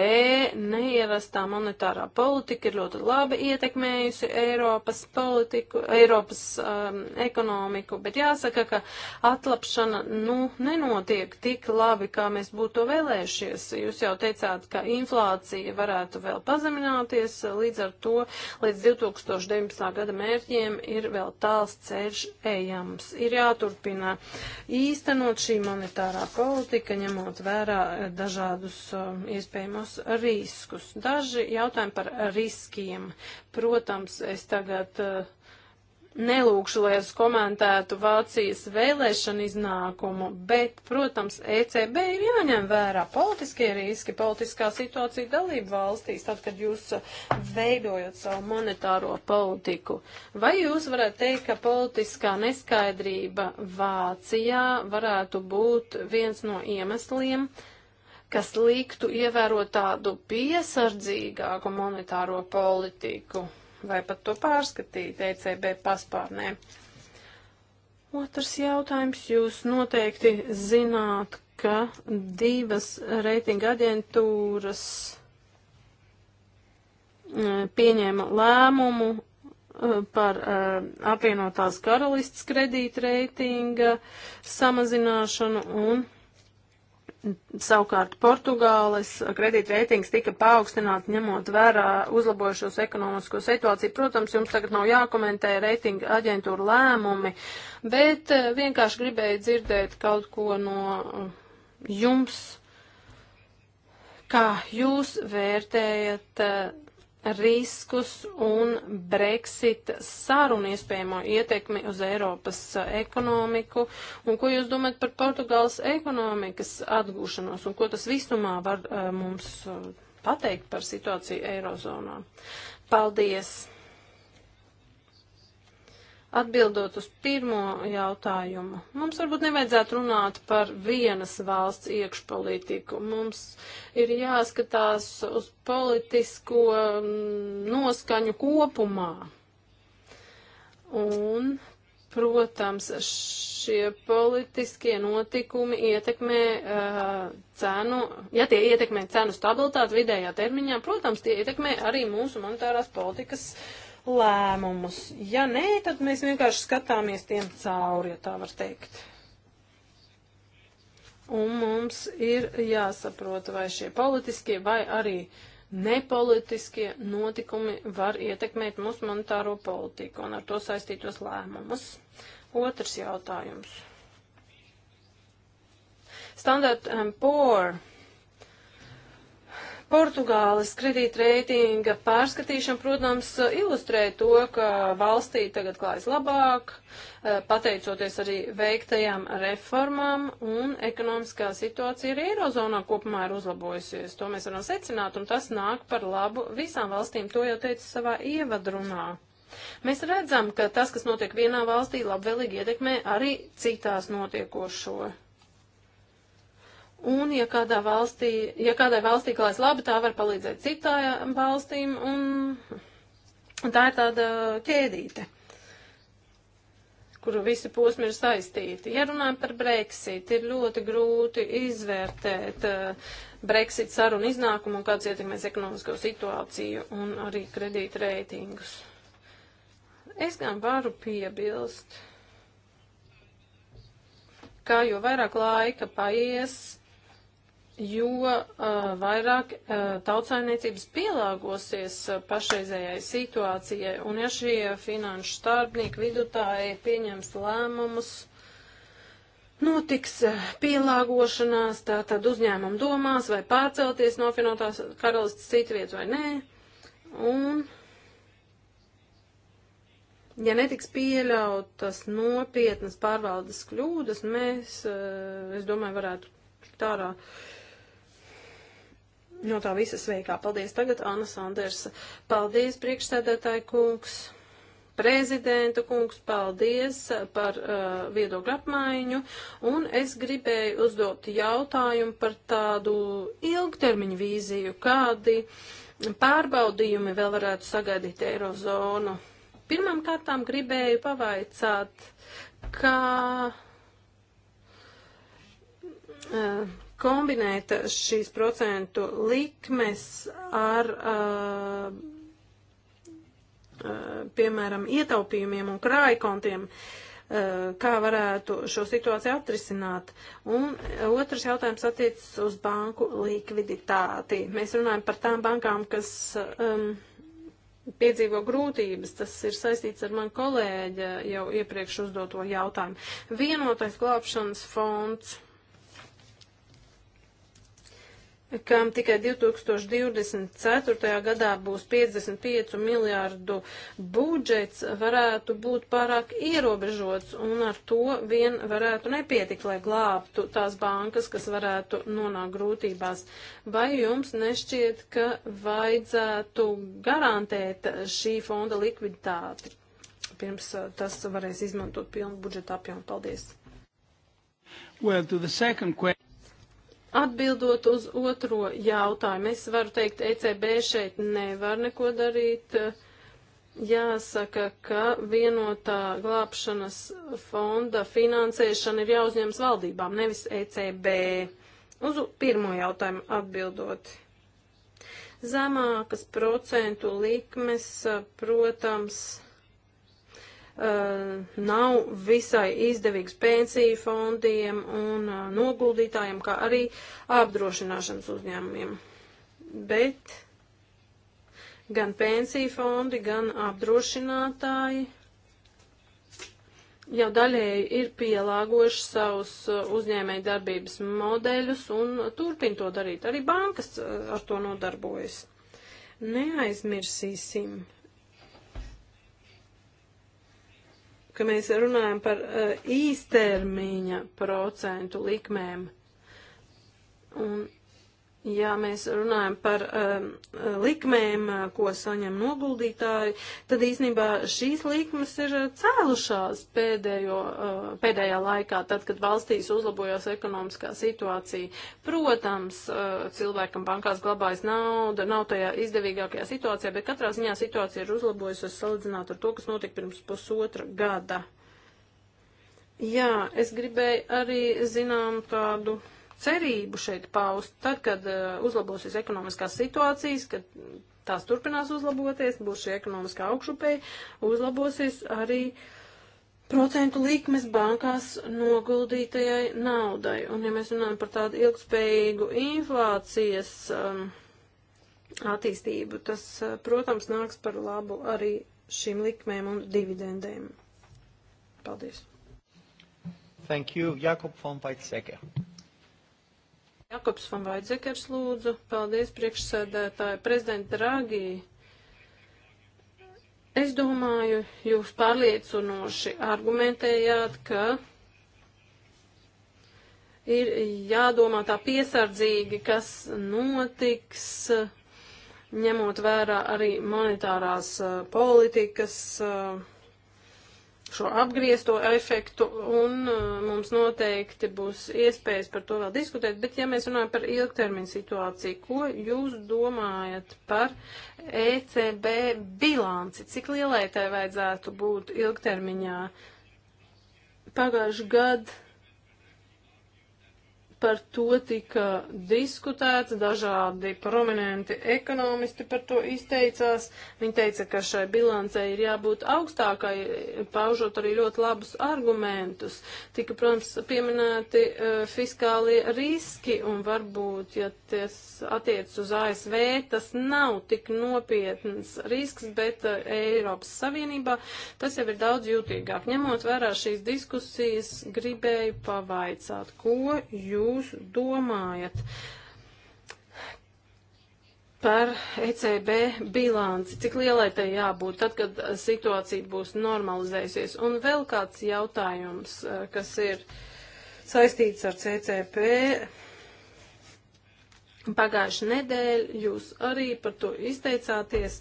neierastā monetārā politika ir ļoti labi ietekmējusi Eiropas politiku, Eiropas um, ekonomiku, bet jāsaka, ka atlapšana, nu, nenotiek tik labi, kā mēs būtu vēlējušies. Jūs jau teicāt, ka inflācija inflācija varētu vēl pazemināties, līdz ar to līdz 2019. gada mērķiem ir vēl tāls ceļš ejams. Ir jāturpina īstenot šī monetārā politika, ņemot vērā eh, dažādus eh, iespējamos riskus. Daži jautājumi par riskiem. Protams, es tagad uh, Nelūkšu, lai es komentētu Vācijas vēlēšanu iznākumu, bet, protams, ECB ir jāņem vērā politiskie riski, politiskā situācija dalību valstīs, tad, kad jūs uh, veidojat savu monetāro politiku. Vai jūs varētu teikt, ka politiskā neskaidrība Vācijā varētu būt viens no iemesliem, kas liktu ievērot tādu piesardzīgāku monetāro politiku? vai pat to pārskatīt ECB paspārnē. Otrs jautājums. Jūs noteikti zināt, ka divas reitinga aģentūras e, pieņēma lēmumu e, par uh, apvienotās karalists kredītreitinga samazināšanu un Savukārt Portugāles kredītreitings tika paaugstināts ņemot vērā uzlabojušos ekonomisko situāciju. Protams, jums tagad nav jākomentē reitinga aģentūra lēmumi, bet eh, vienkārši gribēju dzirdēt kaut ko no eh, jums, kā jūs vērtējat eh, riskus un Brexit sarunu iespējamo ietekmi uz Eiropas uh, ekonomiku, un ko jūs domājat par Portugāles ekonomikas atgūšanos, un ko tas visumā var uh, mums uh, pateikt par situāciju Eirozonā. Paldies! Atbildot uz pirmo jautājumu, mums varbūt nevajadzētu runāt par vienas valsts iekšpolitiku. Mums ir jāskatās uz politisko noskaņu kopumā. Un, protams, šie politiskie notikumi ietekmē uh, cenu, ja tie ietekmē cenu stabilitāti vidējā termiņā, protams, tie ietekmē arī mūsu monetārās politikas uh, lēmumus. Ja nē, tad mēs vienkārši skatāmies tiem cauri, ja tā var teikt. Un mums ir jāsaprot, vai šie politiskie vai arī nepolitiskie notikumi var ietekmēt mūsu monetāro politiku un ar to saistītos lēmumus. Otrs jautājums. Standard Poor Portugāles kredītreitinga pārskatīšana, protams, ilustrē to, ka valstī tagad klājas labāk, eh, pateicoties arī veiktajām reformām, un ekonomiskā situācija arī Eirozonā kopumā ir uzlabojusies. To mēs varam secināt, un tas nāk par labu visām valstīm, to jau teicu savā ievadrunā. Mēs redzam, ka tas, kas notiek vienā valstī, labvēlīgi ietekmē arī citās notiekošo. Un, ja, kādā valstī, ja kādai valstī klājas labi, tā var palīdzēt citām valstīm, un tā ir tāda ķēdīte, kuru visi posmi ir saistīti. Ja runājam par Brexit, ir ļoti grūti izvērtēt uh, Brexit sarunu iznākumu un kāds ietekmēs ekonomisko situāciju un arī kredīta reitingus. Es gan varu piebilst, ka jo vairāk laika paies, jo uh, vairāk uh, tautsainiecības pielāgosies uh, pašreizējai situācijai, un ja šie finanšu starpnieki vidutāji pieņems lēmumus, notiks uh, pielāgošanās, tātad uzņēmumu domās, vai pārcelties no finotās karalistas citviet vai nē, un ja netiks pieļautas nopietnas pārvaldes kļūdas, mēs, es domāju, varētu tikt ārā no tā visa sveikā. Paldies tagad, Anna Sandersa. Paldies, priekšsēdētāji kungs, prezidenta kungs, paldies par uh, viedokļu apmaiņu. Un es gribēju uzdot jautājumu par tādu ilgtermiņu vīziju, kādi pārbaudījumi vēl varētu sagaidīt Eirozonu. Pirmam kārtām gribēju pavaicāt, kā. Uh, kombinēt šīs procentu likmes ar, uh, uh, piemēram, ietaupījumiem un krājkontiem. Uh, kā varētu šo situāciju atrisināt. Un otrs jautājums attiecas uz banku likviditāti. Mēs runājam par tām bankām, kas um, piedzīvo grūtības. Tas ir saistīts ar manu kolēģi jau iepriekš uzdoto jautājumu. Vienotais glābšanas fonds kam tikai 2024. gadā būs 55 miljārdu budžets, varētu būt pārāk ierobežots, un ar to vien varētu nepietikt, lai glābtu tās bankas, kas varētu nonākt grūtībās. Vai jums nešķiet, ka vajadzētu garantēt šī fonda likviditāti, pirms uh, tas varēs izmantot pilnu budžeta apjomu? Paldies! Well, to the second question. Atbildot uz otro jautājumu, es varu teikt, ECB šeit nevar neko darīt. Jāsaka, ka vienotā glābšanas fonda finansēšana ir jāuzņems valdībām, nevis ECB. Uz pirmo jautājumu atbildot zemākas procentu likmes, protams, Uh, nav visai izdevīgs pensiju fondiem un uh, noguldītājiem, kā arī apdrošināšanas uzņēmumiem. Bet gan pensiju fondi, gan apdrošinātāji jau daļēji ir pielāgojuši savus uh, uzņēmēju darbības modeļus un turpin to darīt. Arī bankas ar to nodarbojas. Neaizmirsīsim, ka mēs runājam par uh, īstermiņa procentu likmēm. Un Ja mēs runājam par um, likmēm, uh, ko saņem noguldītāji, tad īsnībā šīs likmes ir uh, cēlušās pēdējo, uh, pēdējā laikā, tad, kad valstīs uzlabojās ekonomiskā situācija. Protams, uh, cilvēkam bankās glabājas nauda, nav tajā izdevīgākajā situācijā, bet katrā ziņā situācija ir uzlabojusies salīdzināt ar to, kas notika pirms pusotra gada. Jā, es gribēju arī zinām tādu cerību šeit paust, tad, kad eh, uzlabosies ekonomiskās situācijas, kad tās turpinās uzlaboties, būs šī ekonomiskā augšupēja, uzlabosies arī procentu likmes bankās noguldītajai naudai. Un ja mēs runājam par tādu ilgspējīgu inflācijas um, attīstību, tas, eh, protams, nāks par labu arī šīm likmēm un dividendēm. Paldies. Thank you, Jakob von Weizsäcker. Jakobs van Vaidzekers lūdzu. Paldies priekšsēdētāji. Prezidenta Rāgī. Es domāju, jūs pārliecinoši argumentējāt, ka ir jādomā tā piesardzīgi, kas notiks, ņemot vērā arī monetārās eh, politikas. Uh, šo apgriezto efektu, un uh, mums noteikti būs iespējas par to vēl diskutēt, bet ja mēs runājam par ilgtermiņu situāciju, ko jūs domājat par ECB bilanci, cik lielai tai vajadzētu būt ilgtermiņā? Pagājuši gadu par to tika diskutēts, dažādi prominenti ekonomisti par to izteicās. Viņi teica, ka šai bilancei ir jābūt augstākai, paužot arī ļoti labus argumentus. Tika, protams, pieminēti uh, fiskālie riski, un varbūt, ja tas attiec uz ASV, tas nav tik nopietns risks, bet uh, Eiropas Savienībā tas jau ir daudz jūtīgāk. Ņemot vērā šīs diskusijas, gribēju pavaicāt, ko jūs jūs domājat par ECB bilanci, cik lielai tai jābūt tad, kad situācija būs normalizējusies. Un vēl kāds jautājums, eh, kas ir saistīts ar CCP. Pagājuši nedēļu jūs arī par to izteicāties.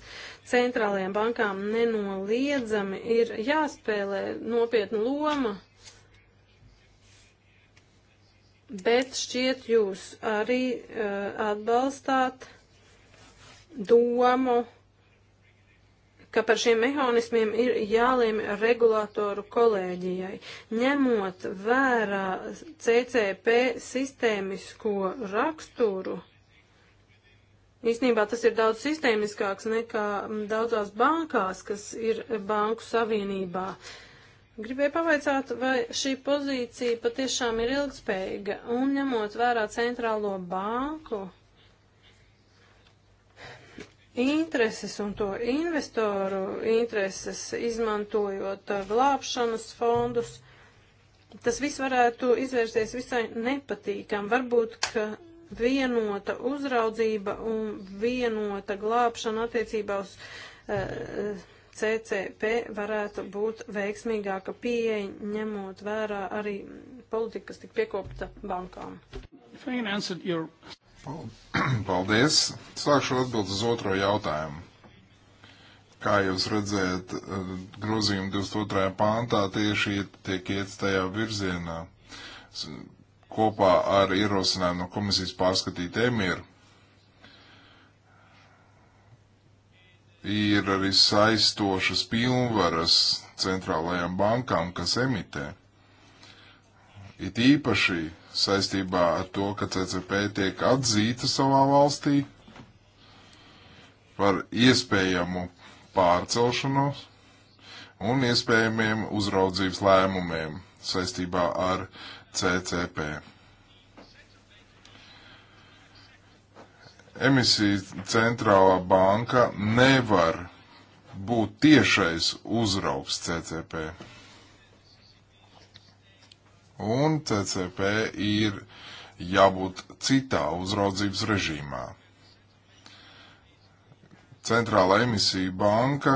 Centrālajām bankām nenoliedzami ir jāspēlē nopietna loma bet šķiet jūs arī uh, atbalstāt domu, ka par šiem mehānismiem ir jāliem regulātoru kolēģijai, ņemot vērā CCP sistēmisko raksturu. Īsnībā tas ir daudz sistēmiskāks nekā daudzās bankās, kas ir banku savienībā. Uh, Gribēju pavaicāt, vai šī pozīcija patiešām ir ilgspējīga un ņemot vērā centrālo banku intereses un to investoru intereses, izmantojot uh, glābšanas fondus, tas viss varētu izvērsties visai nepatīkam. Varbūt, ka vienota uzraudzība un vienota glābšana attiecībā uz. Uh, uh CCP varētu būt veiksmīgāka pieeja, ņemot vērā arī politiku, kas tik piekopta bankām? Your... Paldies. Sākšu atbildes uz otro jautājumu. Kā jūs redzējat, eh, grozījuma 22. pāntā tieši tiek iet tajā virzienā kopā ar ierosinājumu no komisijas pārskatīt emīru ir arī saistošas pilnvaras centrālajām bankām, kas emitē. It īpaši saistībā ar to, ka CCP tiek atzīta savā valstī par iespējamu pārcelšanos un iespējamiem uzraudzības lēmumiem saistībā ar CCP. emisiju centrālā banka nevar būt tiešais uzraugs CCP. Un CCP ir jābūt citā uzraudzības režīmā. Centrāla emisija banka,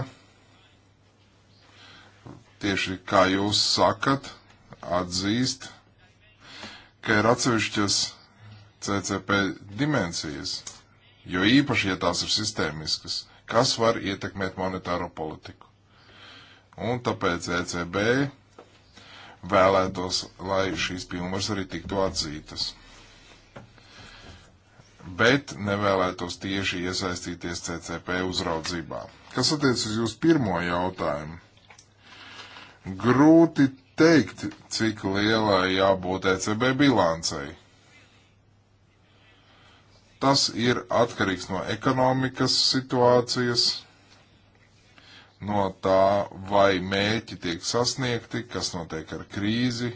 tieši kā jūs sakat, atzīst, ka ir atsevišķas CCP dimensijas jo īpaši, ja tās ir sistēmiskas, kas var ietekmēt monetāro politiku. Un tāpēc ECB vēlētos, lai šīs pilnvaras arī tiktu atzītas. Bet nevēlētos tieši iesaistīties CCP uzraudzībā. Kas attiecas uz jūsu pirmo jautājumu? Grūti teikt, cik lielai jābūt ECB bilancei Tas ir atkarīgs no ekonomikas situācijas, no tā, vai mērķi tiek sasniegti, kas notiek ar krīzi.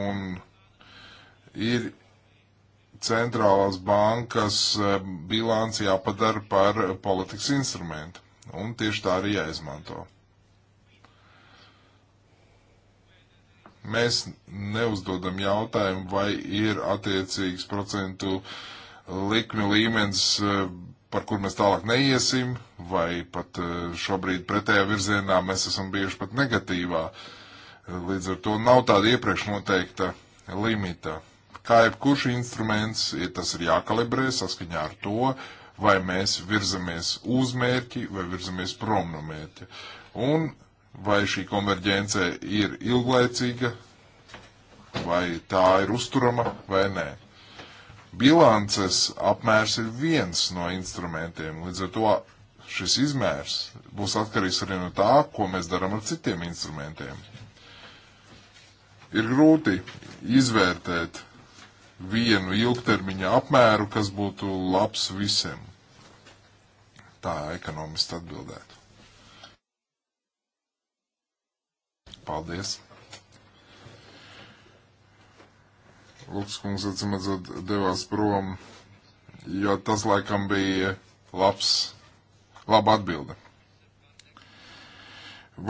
Un ir centrālās bankas eh, bilāns jāpadara par politikas instrumentu. Un tieši tā arī jāizmanto. Mēs neuzdodam jautājumu, vai ir attiecīgs procentu likmi līmenis, e, par kur mēs tālāk neiesim, vai pat e, šobrīd pretējā virzienā mēs esam bijuši pat negatīvā. E, līdz ar to nav tāda iepriekš noteikta limita. Kā jebkurš instruments, tas ir jākalibrē saskaņā ar to, vai mēs virzamies uz mērķi vai virzamies prom no mērķa. Un vai šī konverģence ir ilglaicīga, vai tā ir uzturama, vai nē. Bilances apmērs ir viens no instrumentiem, līdz ar to šis izmērs būs atkarīgs arī no tā, ko mēs darām ar citiem instrumentiem. Ir grūti izvērtēt vienu ilgtermiņa apmēru, kas būtu labs visiem. Tā ekonomista atbildē. Paldies! Lūks kungs atsimedzot devās prom, jo tas laikam bija labs, laba atbilde.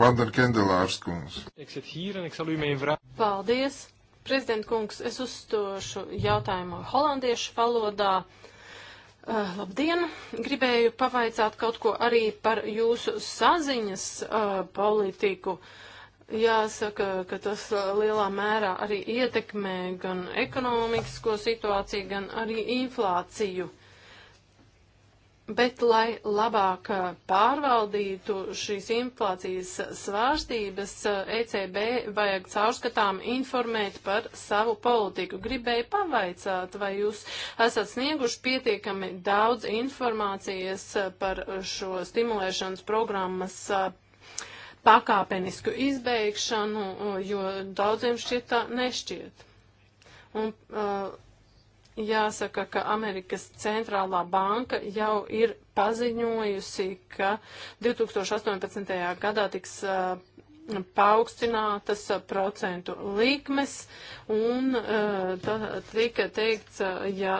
Vandar Kendelārs kungs. Paldies, prezident kungs. Es uzstošu jautājumu holandiešu valodā. Uh, labdien! Gribēju pavaicāt kaut ko arī par jūsu saziņas uh, politiku. Uh, Jāsaka, ka tas uh, lielā mērā arī ietekmē gan ekonomisko situāciju, gan arī inflāciju. Bet, lai labāk uh, pārvaldītu šīs inflācijas svārstības, uh, ECB vajag caurskatām informēt par savu politiku. Gribēju pavaicāt, vai jūs esat snieguši pietiekami daudz informācijas par šo stimulēšanas programmas pakāpenisku izbeigšanu, jo daudziem šķiet tā nešķiet. Un, uh, jāsaka, ka Amerikas centrālā banka jau ir paziņojusi, ka 2018. gadā tiks uh, paaugstinātas procentu likmes un uh, tika teikts, ja,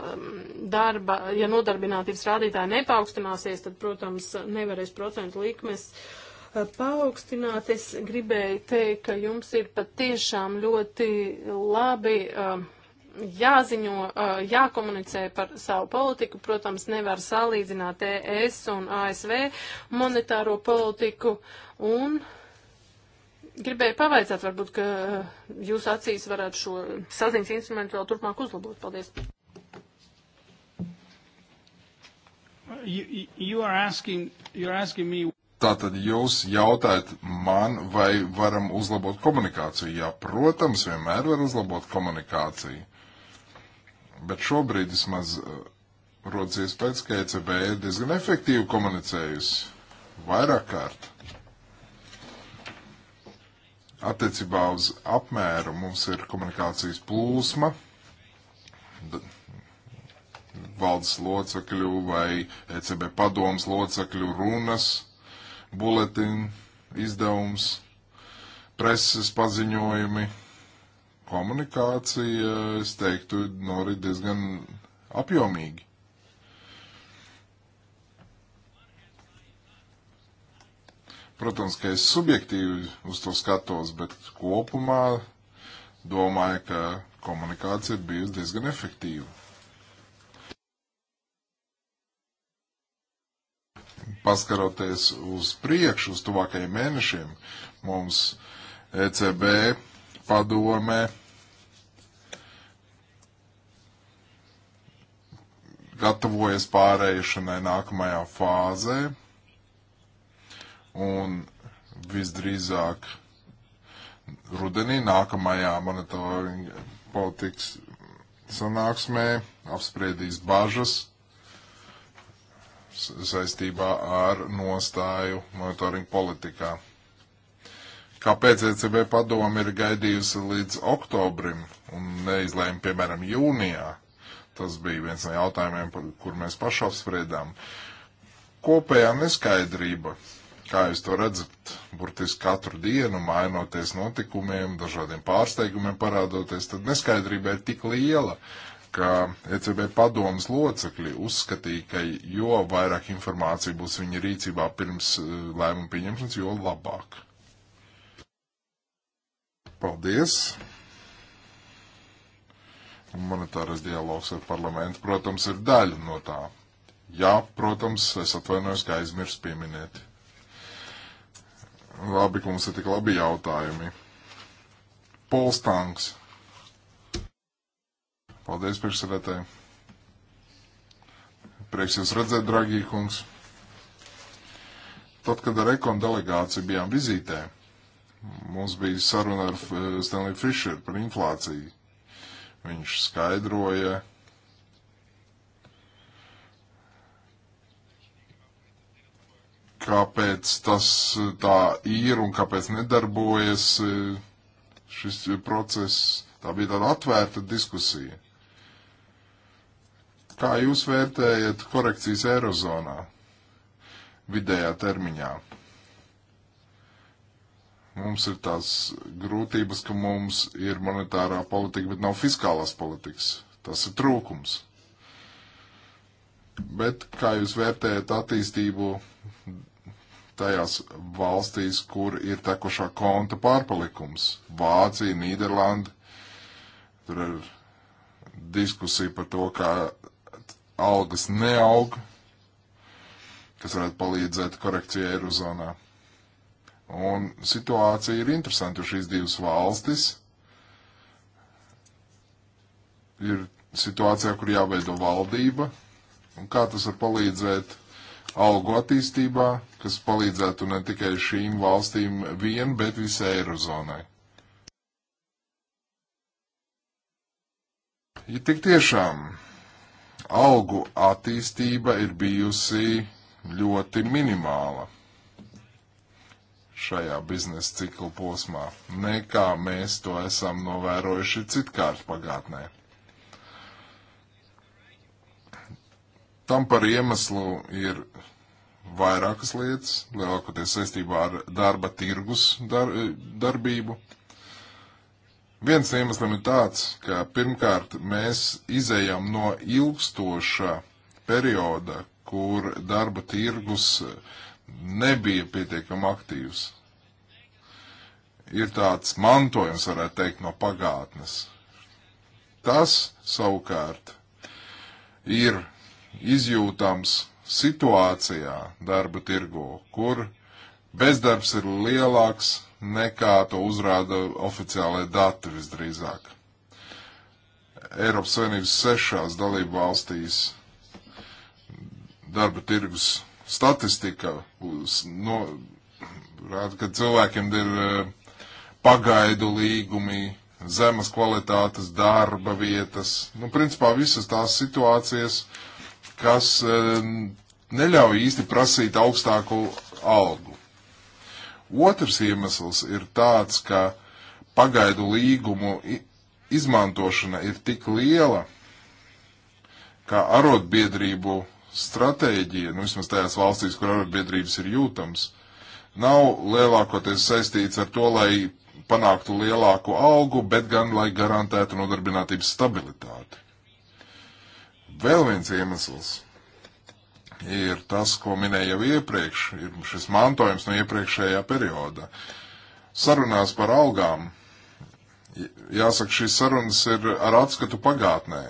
darba, ja nodarbinātības rādītāji nepaaugstināsies, tad, protams, nevarēs procentu likmes uh, paaugstināt. Es gribēju teikt, ka jums ir patiešām ļoti labi. Um, uh, jāziņo, jākomunicē par savu politiku. Protams, nevar salīdzināt ES un ASV monetāro politiku. Un gribēju pavaicāt, varbūt, ka uh, jūs acīs varētu šo saziņas instrumentu vēl turpmāk uzlabot. Paldies. You, you are asking, you are asking me... Tātad jūs jautājat man, vai varam uzlabot komunikāciju. Jā, protams, vienmēr var uzlabot komunikāciju. Bet šobrīd vismaz eh, rodas iespējas, ka ECB ir diezgan efektīvi komunicējusi vairāk kārt. Attiecībā uz apmēru mums ir komunikācijas plūsma valdes locekļu vai ECB padomas locekļu runas buletin izdevums, preses paziņojumi, komunikācija, es teiktu, norit diezgan apjomīgi. Protams, ka es subjektīvi uz to skatos, bet kopumā domāju, ka komunikācija ir bijusi diezgan efektīva. paskaroties uz priekšu, uz tuvākajiem mēnešiem, mums ECB padomē gatavojas pārējušanai nākamajā fāzē un visdrīzāk rudenī nākamajā monetāra politikas sanāksmē apspriedīs bažas saistībā ar nostāju monitoringu politikā. Kāpēc ECB padoma ir gaidījusi līdz oktobrim un neizlēma, piemēram, jūnijā? Tas bija viens no jautājumiem, kur mēs paši apspriedām. Kopējā neskaidrība, kā jūs to redzat, burtiski katru dienu mainoties notikumiem, dažādiem pārsteigumiem parādoties, tad neskaidrība ir tik liela, uh, ka ECB padomas locekļi uzskatīja, ka jo vairāk informācija būs viņa rīcībā pirms eh, lēmuma pieņemšanas, jo labāk. Paldies! Monetārais dialogs ar parlamentu, protams, ir daļa no tā. Jā, protams, es atvainojos, ka aizmirsu pieminēt. Labi, ka mums ir tik labi jautājumi. Polstāns Paldies, priekšsēdētāji. Prieks jūs redzēt, dragī kungs. Tad, kad ar ekonu delegāciju bijām vizītē, mums bija saruna ar eh, Stanley Fisher par inflāciju. Viņš skaidroja, kāpēc tas eh, tā ir un kāpēc nedarbojas eh, šis process. Tā bija tāda atvērta diskusija. Kā jūs vērtējat korekcijas Eirozonā vidējā termiņā? Mums ir tās grūtības, ka mums ir monetārā politika, bet nav fiskālās politikas. Tas ir trūkums. Bet kā jūs vērtējat attīstību tajās valstīs, kur ir tekošā konta pārpalikums? Vācija, Nīderlanda, tur ir diskusija par to, kā algas neaug, kas varētu palīdzēt korekcijai Eirozonā. Un situācija ir interesanta, jo šīs divas valstis ir situācijā, kur jāveido valdība, un kā tas var palīdzēt algu attīstībā, kas palīdzētu ne tikai šīm valstīm vien, bet visai Eirozonai. Ja tik tiešām algu attīstība ir bijusi ļoti minimāla šajā biznesa cikla posmā, nekā mēs to esam novērojuši citkārt pagātnē. Tam par iemeslu ir vairākas lietas, lielākoties saistībā ar darba tirgus dar, darbību. Viens iemesls ir tāds, ka pirmkārt mēs izējām no ilgstoša perioda, kur darba tirgus nebija pietiekami aktīvs. Ir tāds mantojums, varētu teikt, no pagātnes. Tas savukārt ir izjūtams situācijā darba tirgo, kur bezdarbs ir lielāks, nekā to uzrāda oficiālai dati visdrīzāk. Eiropas Savienības sešās dalību valstīs darba tirgus statistika no, rāda, ka cilvēkiem ir eh, pagaidu līgumi, zemes kvalitātes darba vietas. Nu, principā visas tās situācijas, kas eh, neļauj īsti prasīt augstāku algu. Otrs iemesls ir tāds, ka pagaidu līgumu izmantošana ir tik liela, ka arotbiedrību stratēģija, nu vismaz tajās valstīs, kur arotbiedrības ir jūtams, nav lielākoties saistīts ar to, lai panāktu lielāku algu, bet gan, lai garantētu nodarbinātības stabilitāti. Vēl viens iemesls ir tas, ko minēju jau iepriekš, ir šis mantojums no iepriekšējā perioda. Sarunās par algām. Jāsaka, šīs sarunas ir ar atskatu pagātnē.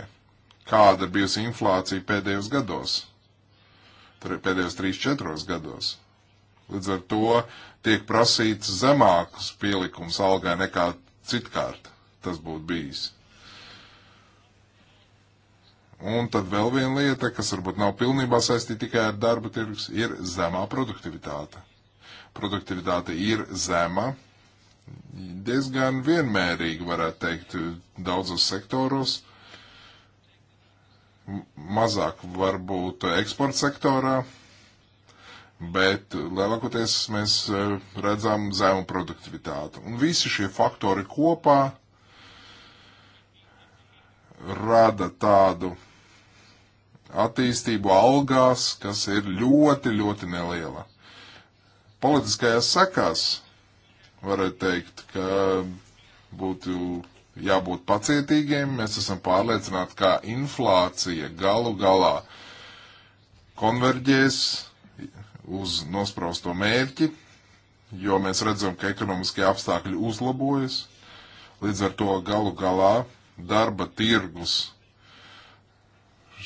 Kāda ir bijusi inflācija pēdējos gados? Pēdējos 3-4 gados. Līdz ar to tiek prasīts zemāks pielikums algai nekā citkārt tas būtu bijis. Un tad vēl viena lieta, kas varbūt nav pilnībā saistīta tikai ar darba tirgus, ir zemā produktivitāte. Produktivitāte ir zema, diezgan vienmērīga, varētu teikt, daudzos sektoros. Mazāk varbūt eksporta sektorā, bet lielākoties mēs e, redzam zemu produktivitāti. Un visi šie faktori kopā rada tādu attīstību algās, kas ir ļoti, ļoti neliela. Politiskajās sakās varētu teikt, ka būtu jābūt pacietīgiem. Mēs esam pārliecināti, ka inflācija galu galā konverģēs uz nospraustu mērķi, jo mēs redzam, ka ekonomiskie apstākļi uzlabojas. Līdz ar to galu galā darba tirgus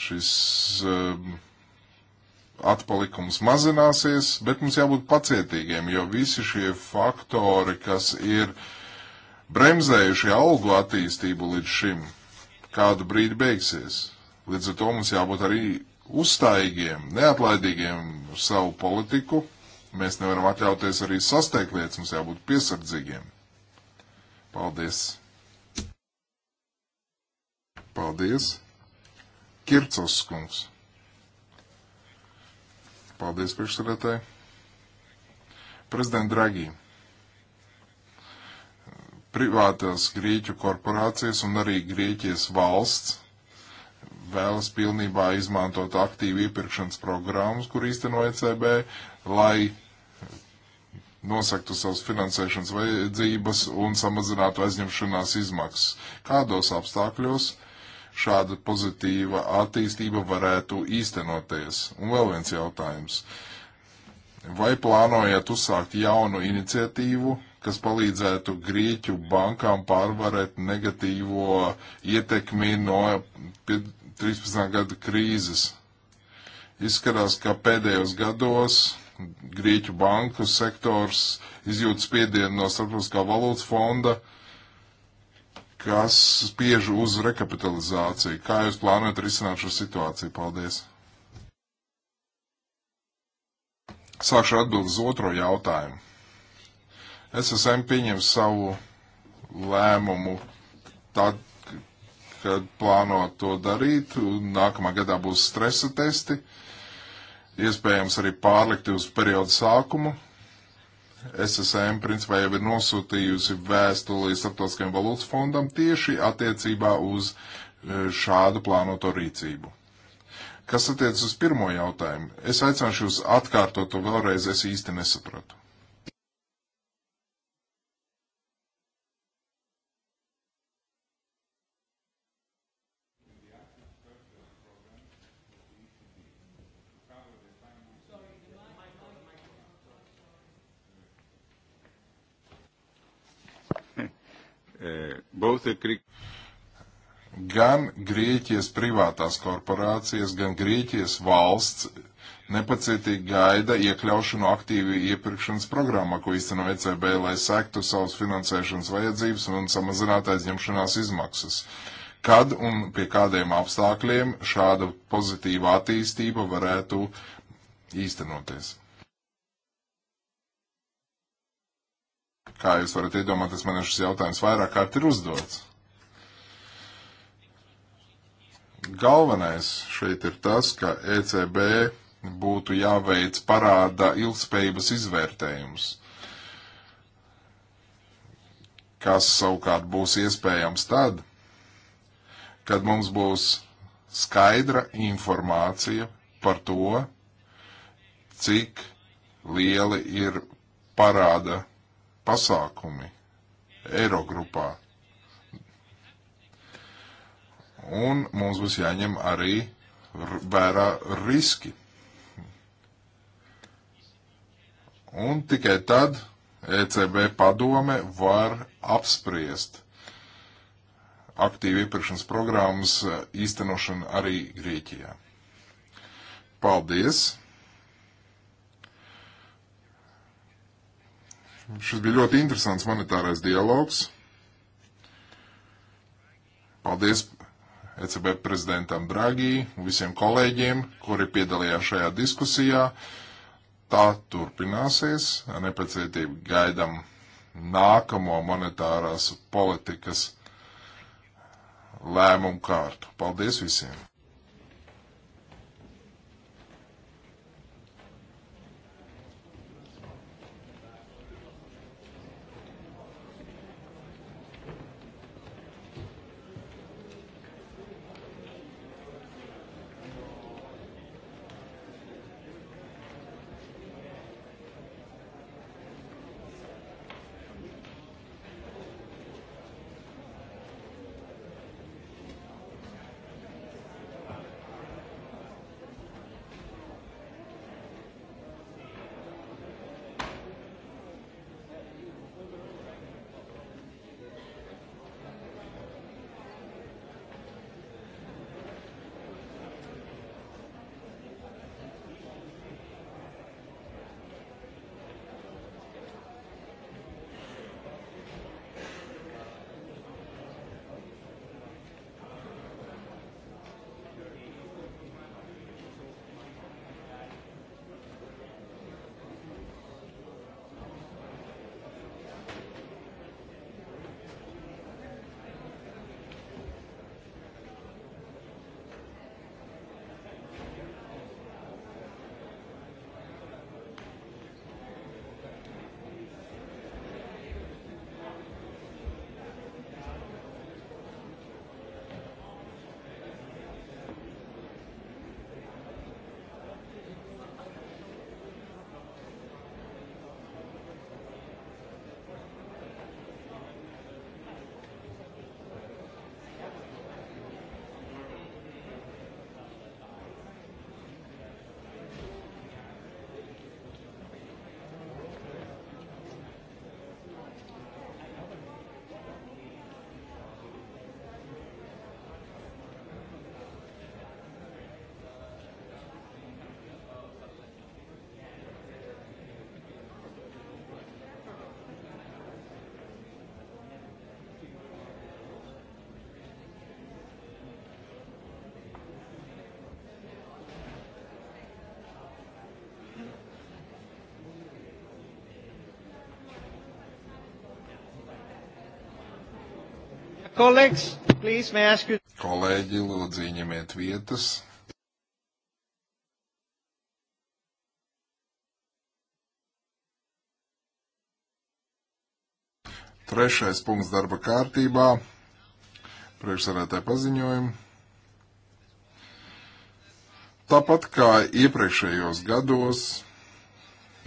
šis um, atpalikums mazināsies, bet mums jābūt pacietīgiem, jo visi šie faktori, kas ir bremzējuši algu attīstību līdz šim, kādu brīdi beigsies. Līdz ar to mums jābūt arī uzstājīgiem, neatlaidīgiem uz savu politiku. Mēs nevaram atļauties arī sasteigt lietas, mums jābūt piesardzīgiem. Paldies! Paldies! Kircos kungs. Paldies priekšsarētāji. Prezident Dragī. Privātās Grieķu korporācijas un arī Grieķijas valsts vēlas pilnībā izmantot aktīvu iepirkšanas programmas, kur īsteno ECB, lai nosaktu savas finansēšanas vajadzības un samazinātu aizņemšanās izmaksas. Kādos apstākļos? Uh, šāda pozitīva attīstība varētu īstenoties. Un vēl viens jautājums. Vai plānojat uzsākt jaunu iniciatīvu, kas palīdzētu Grieķu bankām pārvarēt negatīvo ietekmi no 13. gada krīzes? Izskatās, ka pēdējos gados Grieķu banku sektors izjūt spiedienu no Starptautiskā valūtas fonda, uh, kas spiež uz rekapitalizāciju. Kā jūs plānojat risināt šo situāciju? Paldies! Sākšu atbildes otro jautājumu. SSM pieņem savu lēmumu tad, kad plāno to darīt. Nākamā gadā būs stresa testi, iespējams arī pārlikti uz periodu sākumu. SSM principā jau ir nosūtījusi vēstuli Startautiskajam valūtas fondam tieši attiecībā uz e, šādu plānoto rīcību. Kas attiec uz pirmo jautājumu? Es aicināšu jūs atkārtot to vēlreiz, es īsti nesapratu. ļoti krik. Gan Grieķijas privātās korporācijas, gan Grieķijas valsts nepacietīgi gaida iekļaušanu aktīvi iepirkšanas programmā, ko īsteno ECB, lai sektu savus finansēšanas vajadzības un samazinātu aizņemšanās izmaksas. Kad un pie kādiem apstākļiem šāda pozitīva attīstība varētu īstenoties? Kā jūs varat iedomāties, man šis jautājums vairāk kārt ir uzdots. Galvenais šeit ir tas, ka ECB būtu jāveic parāda ilgspējības izvērtējums, kas savukārt būs iespējams tad, kad mums būs skaidra informācija par to, cik lieli ir parāda pasākumi Eirogrupā. Un mums būs jāņem arī vērā riski. Un tikai tad ECB padome var apspriest aktīvu iepirkšanas programmas e, īstenošanu arī Grieķijā. Paldies! Šis bija ļoti interesants monetārais dialogs. Paldies ECB prezidentam Bragī un visiem kolēģiem, kuri piedalījās šajā diskusijā. Tā turpināsies. Ar nepacietību gaidam nākamo monetārās politikas lēmumu kārtu. Paldies visiem! Colleagues, please, may I ask you... Kolēģi, lūdzu, ieņemiet vietas. Trešais punkts darba kārtībā. Priekšsarētāji paziņojumi. Tāpat kā iepriekšējos gados,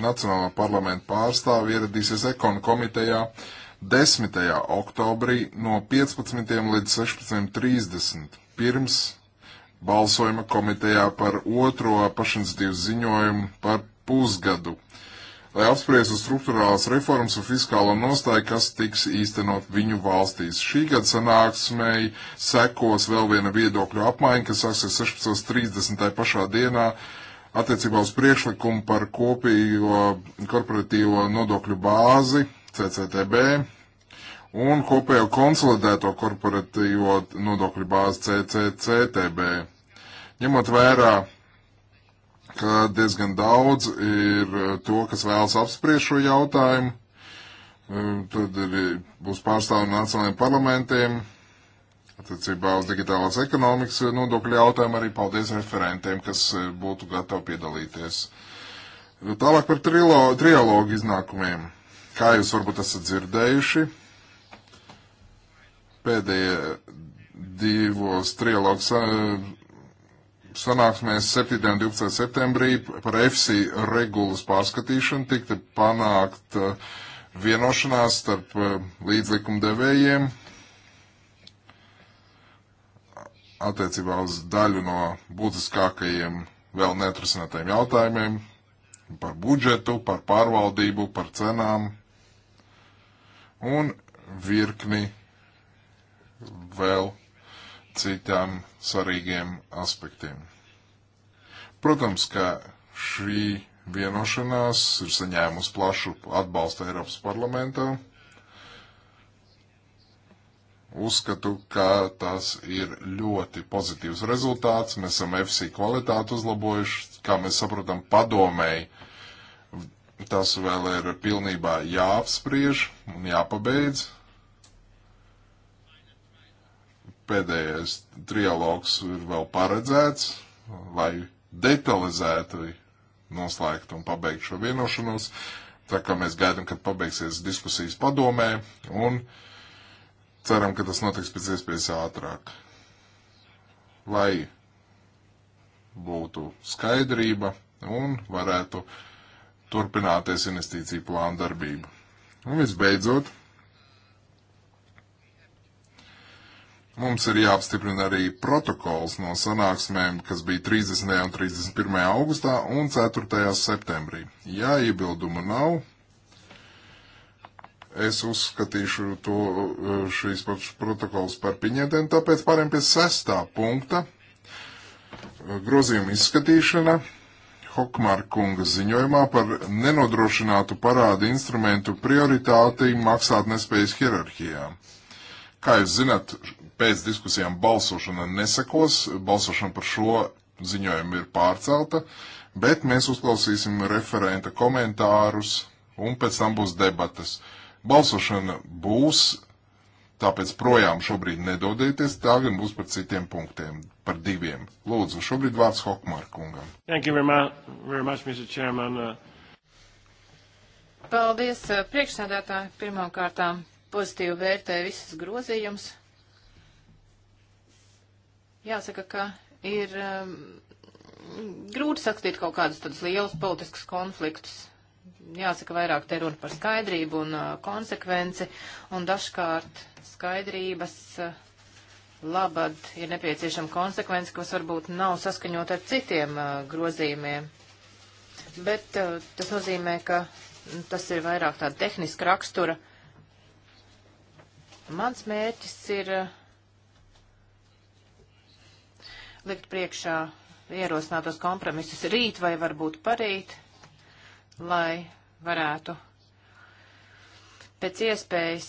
Nacionālā parlamenta pārstāvi ieradīsies ekonu komitejā 10. oktobrī no 15. līdz 16.30 pirms balsojuma komitejā par otro pašinicitīvu ziņojumu par pusgadu, lai apspriestu struktūrālās reformas un fiskālo nostāju, kas tiks īstenot viņu valstīs. Šī gada sanāksmei sekos vēl viena viedokļu apmaiņa, kas sāksies 16.30. pašā dienā attiecībā uz priekšlikumu par kopīgo korporatīvo nodokļu bāzi CCTB un kopējo konsolidēto korporatīvo nodokļu bāzi CCCTB. Ņemot vērā, ka diezgan daudz ir eh, to, kas vēlas apspriest šo jautājumu, eh, tad ir, būs pārstāvi nacionālajiem parlamentiem, attiecībā uz digitālās ekonomikas nodokļu jautājumu arī paldies referentiem, kas eh, būtu gatavi piedalīties. Tālāk par trilo, trialogu iznākumiem. Kā jūs varbūt esat dzirdējuši, Pēdējie divos trialogu eh, sanāksmēs 7. un 12. septembrī par EFSI regulas pārskatīšanu tika panākt eh, vienošanās starp eh, līdzlikumdevējiem attiecībā uz daļu no būtiskākajiem vēl neatrisinātajiem jautājumiem par budžetu, par pārvaldību, par cenām un virkni vēl citām svarīgiem aspektiem. Protams, ka šī vienošanās ir saņēmusi plašu atbalstu Eiropas parlamentā. Uzskatu, ka tas ir ļoti pozitīvs rezultāts. Mēs esam FC kvalitāti uzlabojuši, kā mēs saprotam, padomēji. Tas vēl ir pilnībā jāapspriež un jāpabeidz. pēdējais trialogs ir vēl paredzēts, lai detalizēti noslēgtu un pabeigtu šo vienošanos. Tā kā mēs gaidām, kad pabeigsies diskusijas padomē un ceram, ka tas notiks pēc iespējas ātrāk. Lai būtu skaidrība un varētu turpināties investīciju plāna darbība. Un visbeidzot, Mums ir jāapstiprina arī protokols no sanāksmēm, kas bija 30. un 31. augustā un 4. septembrī. Ja iebildumu nav, es uzskatīšu to, eh, šīs protokols par pieņemtiem, tāpēc pāriem pie 6. punkta. Eh, grozījuma izskatīšana Hokmāra kunga ziņojumā par nenodrošinātu parādu instrumentu prioritāti maksātnespējas hierarhijā. Kā jūs zināt, pēc diskusijām balsošana nesakos, balsošana par šo ziņojumu ir pārcelta, bet mēs uzklausīsim referenta komentārus un pēc tam būs debatas. Balsošana būs, tāpēc projām šobrīd nedodieties, tā gan būs par citiem punktiem, par diviem. Lūdzu, šobrīd vārds Hokmāra kungam. Thank you very much, very much Mr. Chairman. Uh, Paldies, uh, priekšsēdētāji, pirmām kārtām pozitīvi vērtēju visus grozījumus. Jāsaka, ka ir um, grūti sakstīt kaut kādus tādus lielus politiskus konfliktus. Jāsaka, vairāk te runa par skaidrību un uh, konsekvenci, un dažkārt skaidrības uh, labad ir nepieciešama konsekvence, kas varbūt nav saskaņot ar citiem uh, grozījumiem. Bet uh, tas nozīmē, ka tas ir vairāk tāda tehniska rakstura. Mans mērķis ir. Uh, likt priekšā ierosinātos kompromisus rīt vai varbūt parīt, lai varētu pēc iespējas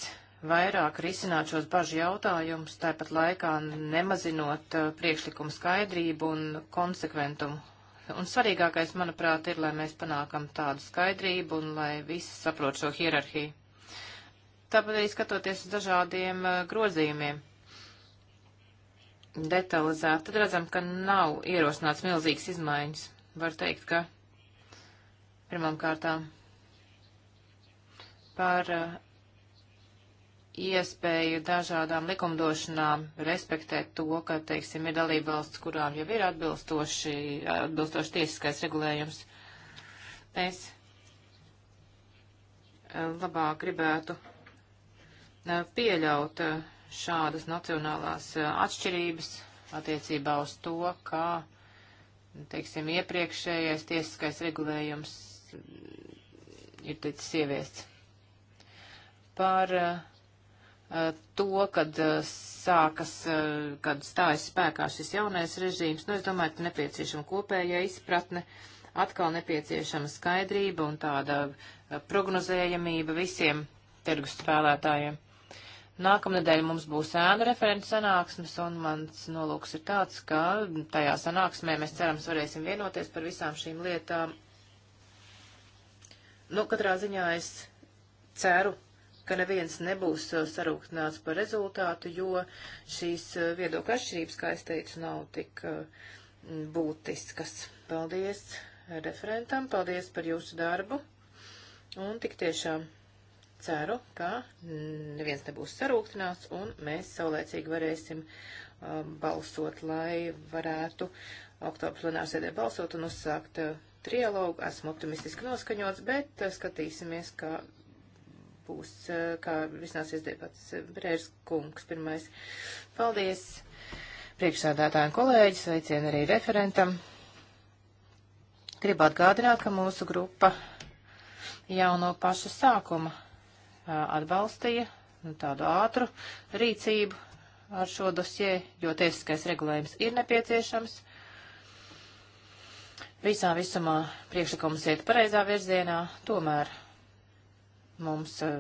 vairāk risināt šos bažu jautājumus, tāpat laikā nemazinot uh, priekšlikumu skaidrību un konsekventumu. Un svarīgākais, manuprāt, ir, lai mēs panākam tādu skaidrību un lai visi saprot šo hierarhiju. Tāpat arī skatoties uz dažādiem uh, grozījumiem detalizēti, tad redzam, ka nav ierosināts milzīgas izmaiņas. Var teikt, ka pirmām kārtām par eh, iespēju dažādām likumdošanām respektēt to, ka, teiksim, ir dalība valsts, kurām jau ir atbilstoši, atbilstoši tiesiskais regulējums. Es eh, labāk gribētu eh, pieļaut šādas nacionālās eh, atšķirības attiecībā uz to, kā, teiksim, iepriekšējais tiesiskais regulējums eh, ir ticis ieviests. Par eh, to, kad sākas, kad stājas spēkā šis jaunais režīms, nu, es domāju, ka nepieciešama kopējā izpratne, atkal nepieciešama skaidrība un tāda prognozējamība visiem tirgus spēlētājiem. Nākamnedēļ mums būs ēnu referents sanāksmes, un mans nolūks ir tāds, ka tajā sanāksmē mēs cerams varēsim vienoties par visām šīm lietām. Nu, katrā ziņā es ceru, ka neviens nebūs uh, sarūktināts par rezultātu, jo šīs uh, viedokļa atšķirības, kā es teicu, nav tik uh, būtiskas. Paldies referentam, paldies par jūsu darbu, un tik tiešām ceru, ka neviens nebūs sarūktināts un mēs saulēcīgi varēsim uh, balsot, lai varētu oktobra plenārsēdē balsot un uzsākt uh, trialogu. Esmu optimistiski noskaņots, bet uh, skatīsimies, kā būs, uh, kā visnāsies debats. Brērs kungs pirmais. Paldies priekšsādātājiem kolēģi, sveicien arī referentam. Gribu atgādināt, ka mūsu grupa jau no paša sākuma atbalstīja tādu ātru rīcību ar šo dosjē, jo tiesiskais regulējums ir nepieciešams. Visā visumā priekšlikums iet pareizā virzienā, tomēr mums eh,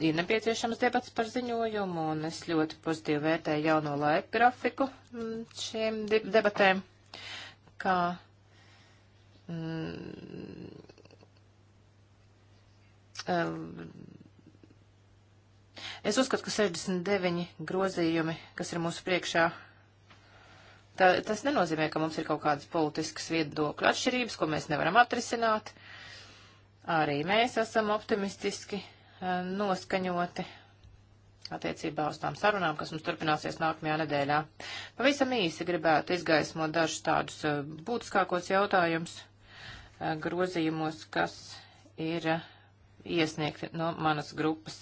ir nepieciešams debats par ziņojumu, un es ļoti pozitīvi vērtēju jauno laika grafiku mm, šiem debatēm, kā mm, eh, Es uzskatu, ka 69 grozījumi, kas ir mūsu priekšā, tā, tas nenozīmē, ka mums ir kaut kādas politiskas viedokļu atšķirības, ko mēs nevaram atrisināt. Arī mēs esam optimistiski eh, noskaņoti attiecībā uz tām sarunām, kas mums turpināsies nākamajā nedēļā. Pavisam īsi gribētu izgaismot dažus tādus eh, būtiskākos jautājumus eh, grozījumos, kas ir iesniegti no manas grupas.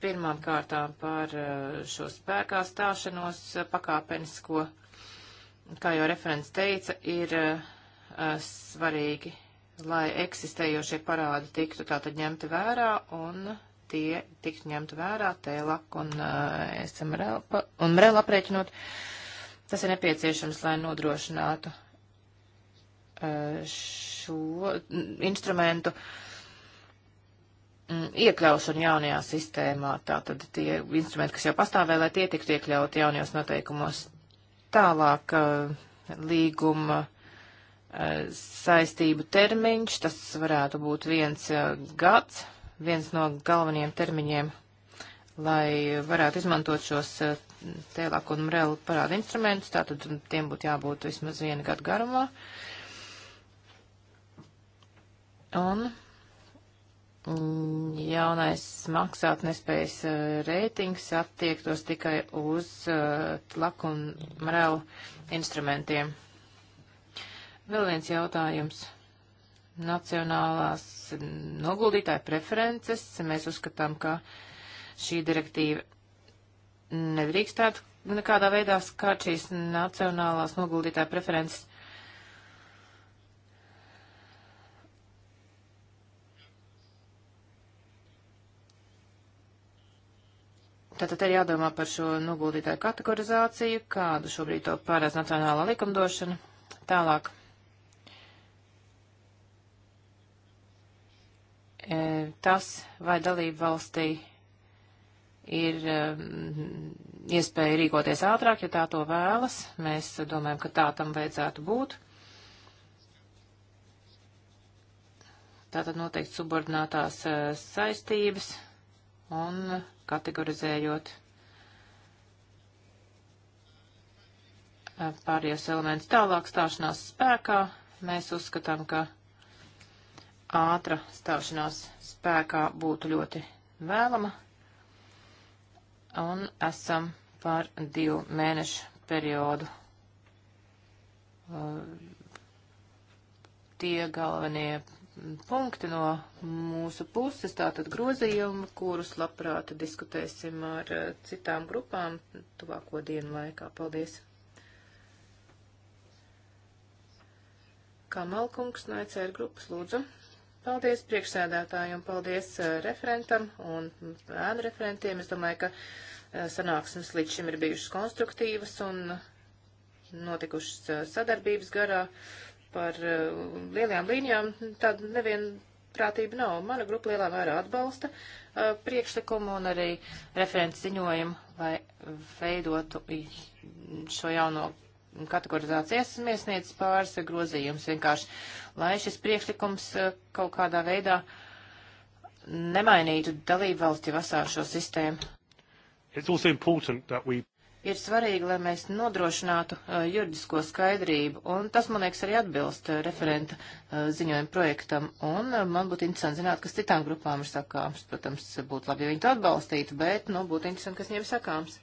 Pirmām kārtām par eh, šo spēkā stāšanos eh, pakāpenisko, kā jau referents teica, ir eh, svarīgi, lai eksistējošie parādi tiktu tātad ņemti vērā un tie tiktu ņemti vērā TELAK un SMRL un MREL aprēķinot. Tas ir nepieciešams, lai nodrošinātu šo instrumentu uh, Mm, iekļaušanu jaunajā sistēmā, tātad tie instrumenti, kas jau pastāvē, lai tie tiktu iekļauti jaunajos noteikumos. Tālāk eh, līguma eh, saistību termiņš, tas varētu būt viens eh, gads, viens no galvenajiem termiņiem, lai varētu izmantot šos tēlāk un mrelu parādu instrumentus, tātad tiem būtu jābūt vismaz viena gada garumā. Un Mm, jaunais maksātnespējas uh, reitings attiektos tikai uz tlak uh, un mrelu instrumentiem. Vēl viens jautājums. Nacionālās noguldītāja preferences. Mēs uzskatām, ka šī direktīva nedrīkstētu nekādā veidā skārt šīs nacionālās noguldītāja preferences. Tātad ir jādomā par šo noguldītāju kategorizāciju, kādu šobrīd to pārēc nacionālā likumdošana. Tālāk. E, tas, vai dalība valstī ir um, iespēja rīkoties ātrāk, ja tā to vēlas. Mēs domājam, ka tā tam vajadzētu būt. Tātad noteikti subordinātās e, saistības un kategorizējot pārējos elementus tālāk stāšanās spēkā, mēs uzskatām, ka ātra stāšanās spēkā būtu ļoti vēlama, un esam par divu mēnešu periodu. Uh, Tie galvenie punkti no mūsu puses, tātad grozījumi, kurus labprāt diskutēsim ar eh, citām grupām tuvāko dienu laikā. Paldies! Kā Malkungs no ECR grupas lūdzu. Paldies priekšsēdētājiem, paldies eh, referentam un ēnu referentiem. Es domāju, ka eh, sanāksmes līdz šim ir bijušas konstruktīvas un notikušas sadarbības garā. Uh, par uh, lielajām līnijām, tāda nevienprātība nav. Mana grupa lielā mērā atbalsta uh, priekšlikumu un arī referents ziņojumu, lai veidotu šo jauno kategorizācijas iesniedz pāris grozījums vienkārši, lai šis priekšlikums uh, kaut kādā veidā nemainītu dalību valsti vasāšo sistēmu. It's also important that we ir svarīgi, lai mēs nodrošinātu uh, juridisko skaidrību, un tas, man liekas, arī atbilst uh, referenta uh, ziņojuma projektam, un uh, man būtu interesanti zināt, kas citām grupām ir sakāms. Protams, būtu labi, ja viņi to atbalstītu, bet, nu, būtu interesanti, kas viņiem sakāms.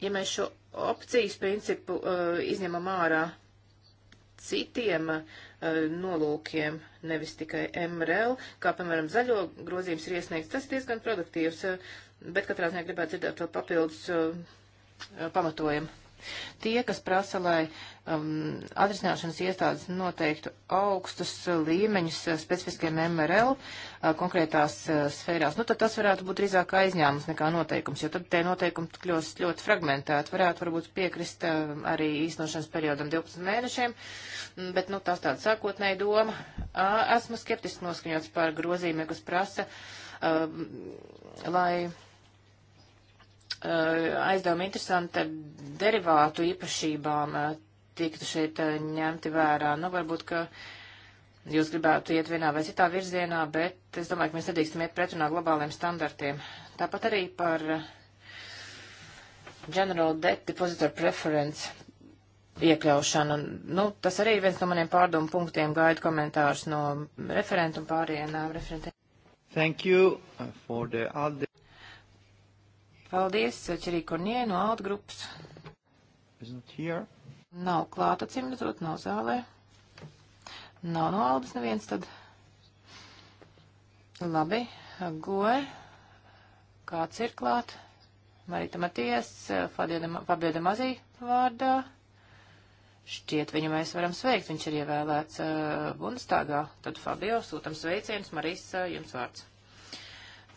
Ja mēs šo opcijas principu uh, izņemam ārā citiem uh, nolūkiem, nevis tikai MRL, kā, piemēram, zaļo grozījums ir iesniegts, tas ir diezgan produktīvs. Uh, bet katrā ziņā gribētu dzirdēt vēl papildus uh, pamatojumu. Tie, kas prasa, lai um, atrisināšanas iestādes noteiktu augstus uh, līmeņus uh, specifiskiem MRL uh, konkrētās uh, sfērās, nu tad tas varētu būt drīzāk aizņēmums nekā noteikums, jo tad tie noteikumi kļūst ļoti fragmentēti. Varētu varbūt piekrist uh, arī īstenošanas periodam 12 mēnešiem, mm, bet nu, tas tāds sākotnēji doma. Uh, esmu skeptiski noskaņots par grozījumiem, kas prasa, uh, lai Eh, aizdevuma interesanta derivātu īpašībām eh, tiktu šeit eh, ņemti vērā. Nu, varbūt, ka jūs gribētu iet vienā vai citā virzienā, bet es domāju, ka mēs nedrīkstam iet pretrunā globāliem standartiem. Tāpat arī par General Debt Depositor Preference iekļaušanu. Nu, tas arī ir viens no maniem pārdomu punktiem. Gaidu komentārus no referentu un pārējiem referentiem. Thank you uh, for the ALDE. Paldies, Čerī Kornie no Alt grupas. Nav klāta, cim redzot, nav zālē. Nav no Aldas neviens tad. Labi, goe. Kāds ir klāt? Marita Matijas, Fabio de Mazī vārdā. Šķiet, viņu mēs varam sveikt, viņš ir ievēlēts uh, Bundestagā. Tad Fabio, sūtam sveicienus, Marisa, jums vārds.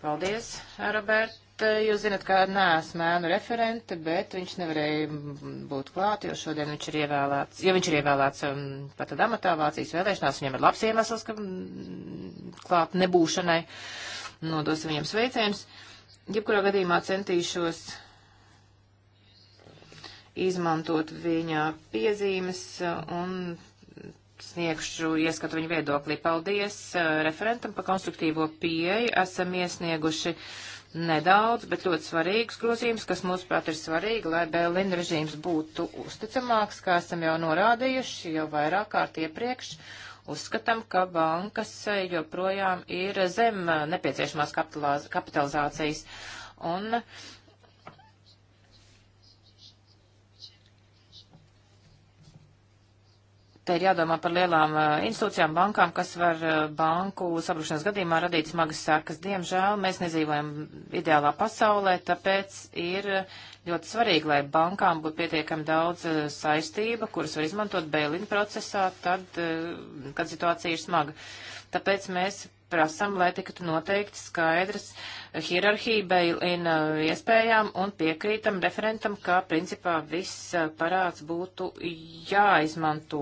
Paldies, Robert, Eh, jūs zinat, ka neesmu ēnu referente, bet viņš nevarēja būt klāt, jo šodien viņš ir ievēlēts, jo viņš ir ievēlēts um, pat tad amatā Vācijas vēlēšanās, viņam ir labs iemesls, ka mm, klāt nebūšanai. Nodosim viņam sveicienus. Jebkurā gadījumā centīšos izmantot viņa piezīmes uh, un sniegšu ieskatu viņa viedoklī. Paldies uh, referentam par konstruktīvo pieeju. Esam iesnieguši uh, nedaudz, bet ļoti svarīgs grozījums, kas mūsuprāt ir svarīgi, lai Berlīna režīms būtu uzticamāks, kā esam jau norādījuši jau vairāk kārt iepriekš. Uzskatām, ka bankas joprojām ir zem nepieciešamās kapitalizācijas. Un uh, Te ir jādomā par lielām eh, institūcijām, bankām, kas var eh, banku sabrukšanas gadījumā radīt smagas sākas. Diemžēl mēs nedzīvojam ideālā pasaulē, tāpēc ir eh, ļoti svarīgi, lai bankām būtu pietiekami daudz saistība, kuras var izmantot bēlina procesā, tad, kad situācija ir smaga. Tāpēc mēs prasam, lai tiktu noteikti skaidrs hierarhija beilina eh, iespējām un piekrītam referentam, ka principā viss eh, parāds būtu jāizmanto.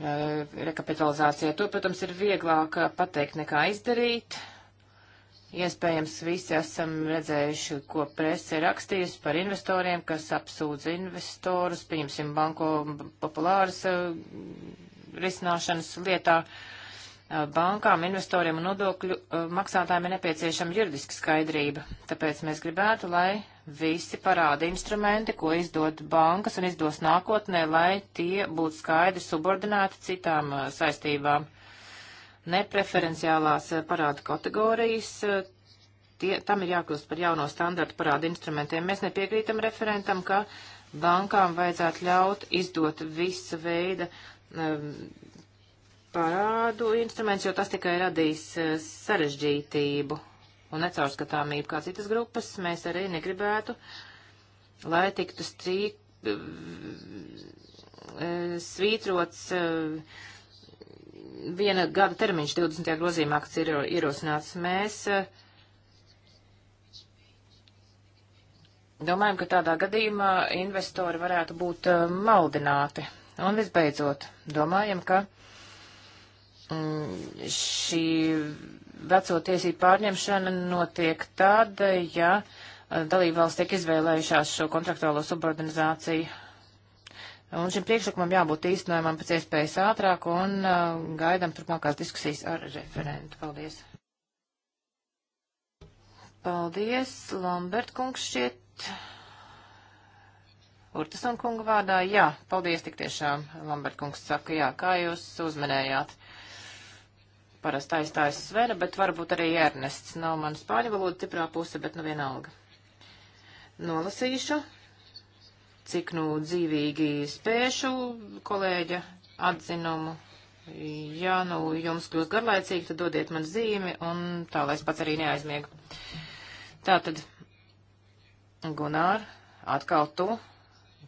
Eh, Rekapitalizācijā to, protams, ir vieglāk pateikt nekā izdarīt. Iespējams, visi esam redzējuši, ko presa ir rakstījusi par investoriem, kas apsūdz investorus, pieņemsim, banko populāras risināšanas lietā bankām, investoriem un nodokļu maksātājiem ir nepieciešama juridiska skaidrība. Tāpēc mēs gribētu, lai visi parāda instrumenti, ko izdod bankas un izdos nākotnē, lai tie būtu skaidri subordināti citām saistībām. Nepreferenciālās parāda kategorijas, tie, tam ir jākļūst par jauno standartu parāda instrumentiem. Mēs nepiekrītam referentam, ka bankām vajadzētu ļaut izdot visa veida um, parādu instruments, jo tas tikai radīs uh, sarežģītību un necaurskatāmību kā citas grupas. Mēs arī negribētu, lai tiktu strīk, uh, svītrots uh, viena gada termiņš 20. grozīmā, kas ir ierosināts. Mēs domājam, ka tādā gadījumā investori varētu būt maldināti. Un visbeidzot, domājam, ka mm, šī veco tiesību pārņemšana notiek tad, ja eh, dalībvalsts tiek izvēlējušās šo kontraktuālo subordinizāciju. Un šim priekšlikumam jābūt īstenojumam pēc iespējas ātrāk un uh, gaidam turpmākās diskusijas ar referentu. Paldies. Paldies, Lambert kungs šķiet. Urtasona kunga vārdā. Jā, paldies tik tiešām, Lambert kungs saka, jā, kā jūs uzmanējāt. Parasti aizstājas Svena, bet varbūt arī Ernests. Nav man spāņu valoda ciprā puse, bet nu vienalga. Nolasīšu, cik nu dzīvīgi spēšu kolēģa atzinumu. Ja nu jums kļūst garlaicīgi, tad dodiet man zīmi un tā, lai es pats arī neaizmiegu. Tātad, Gunār, atkal tu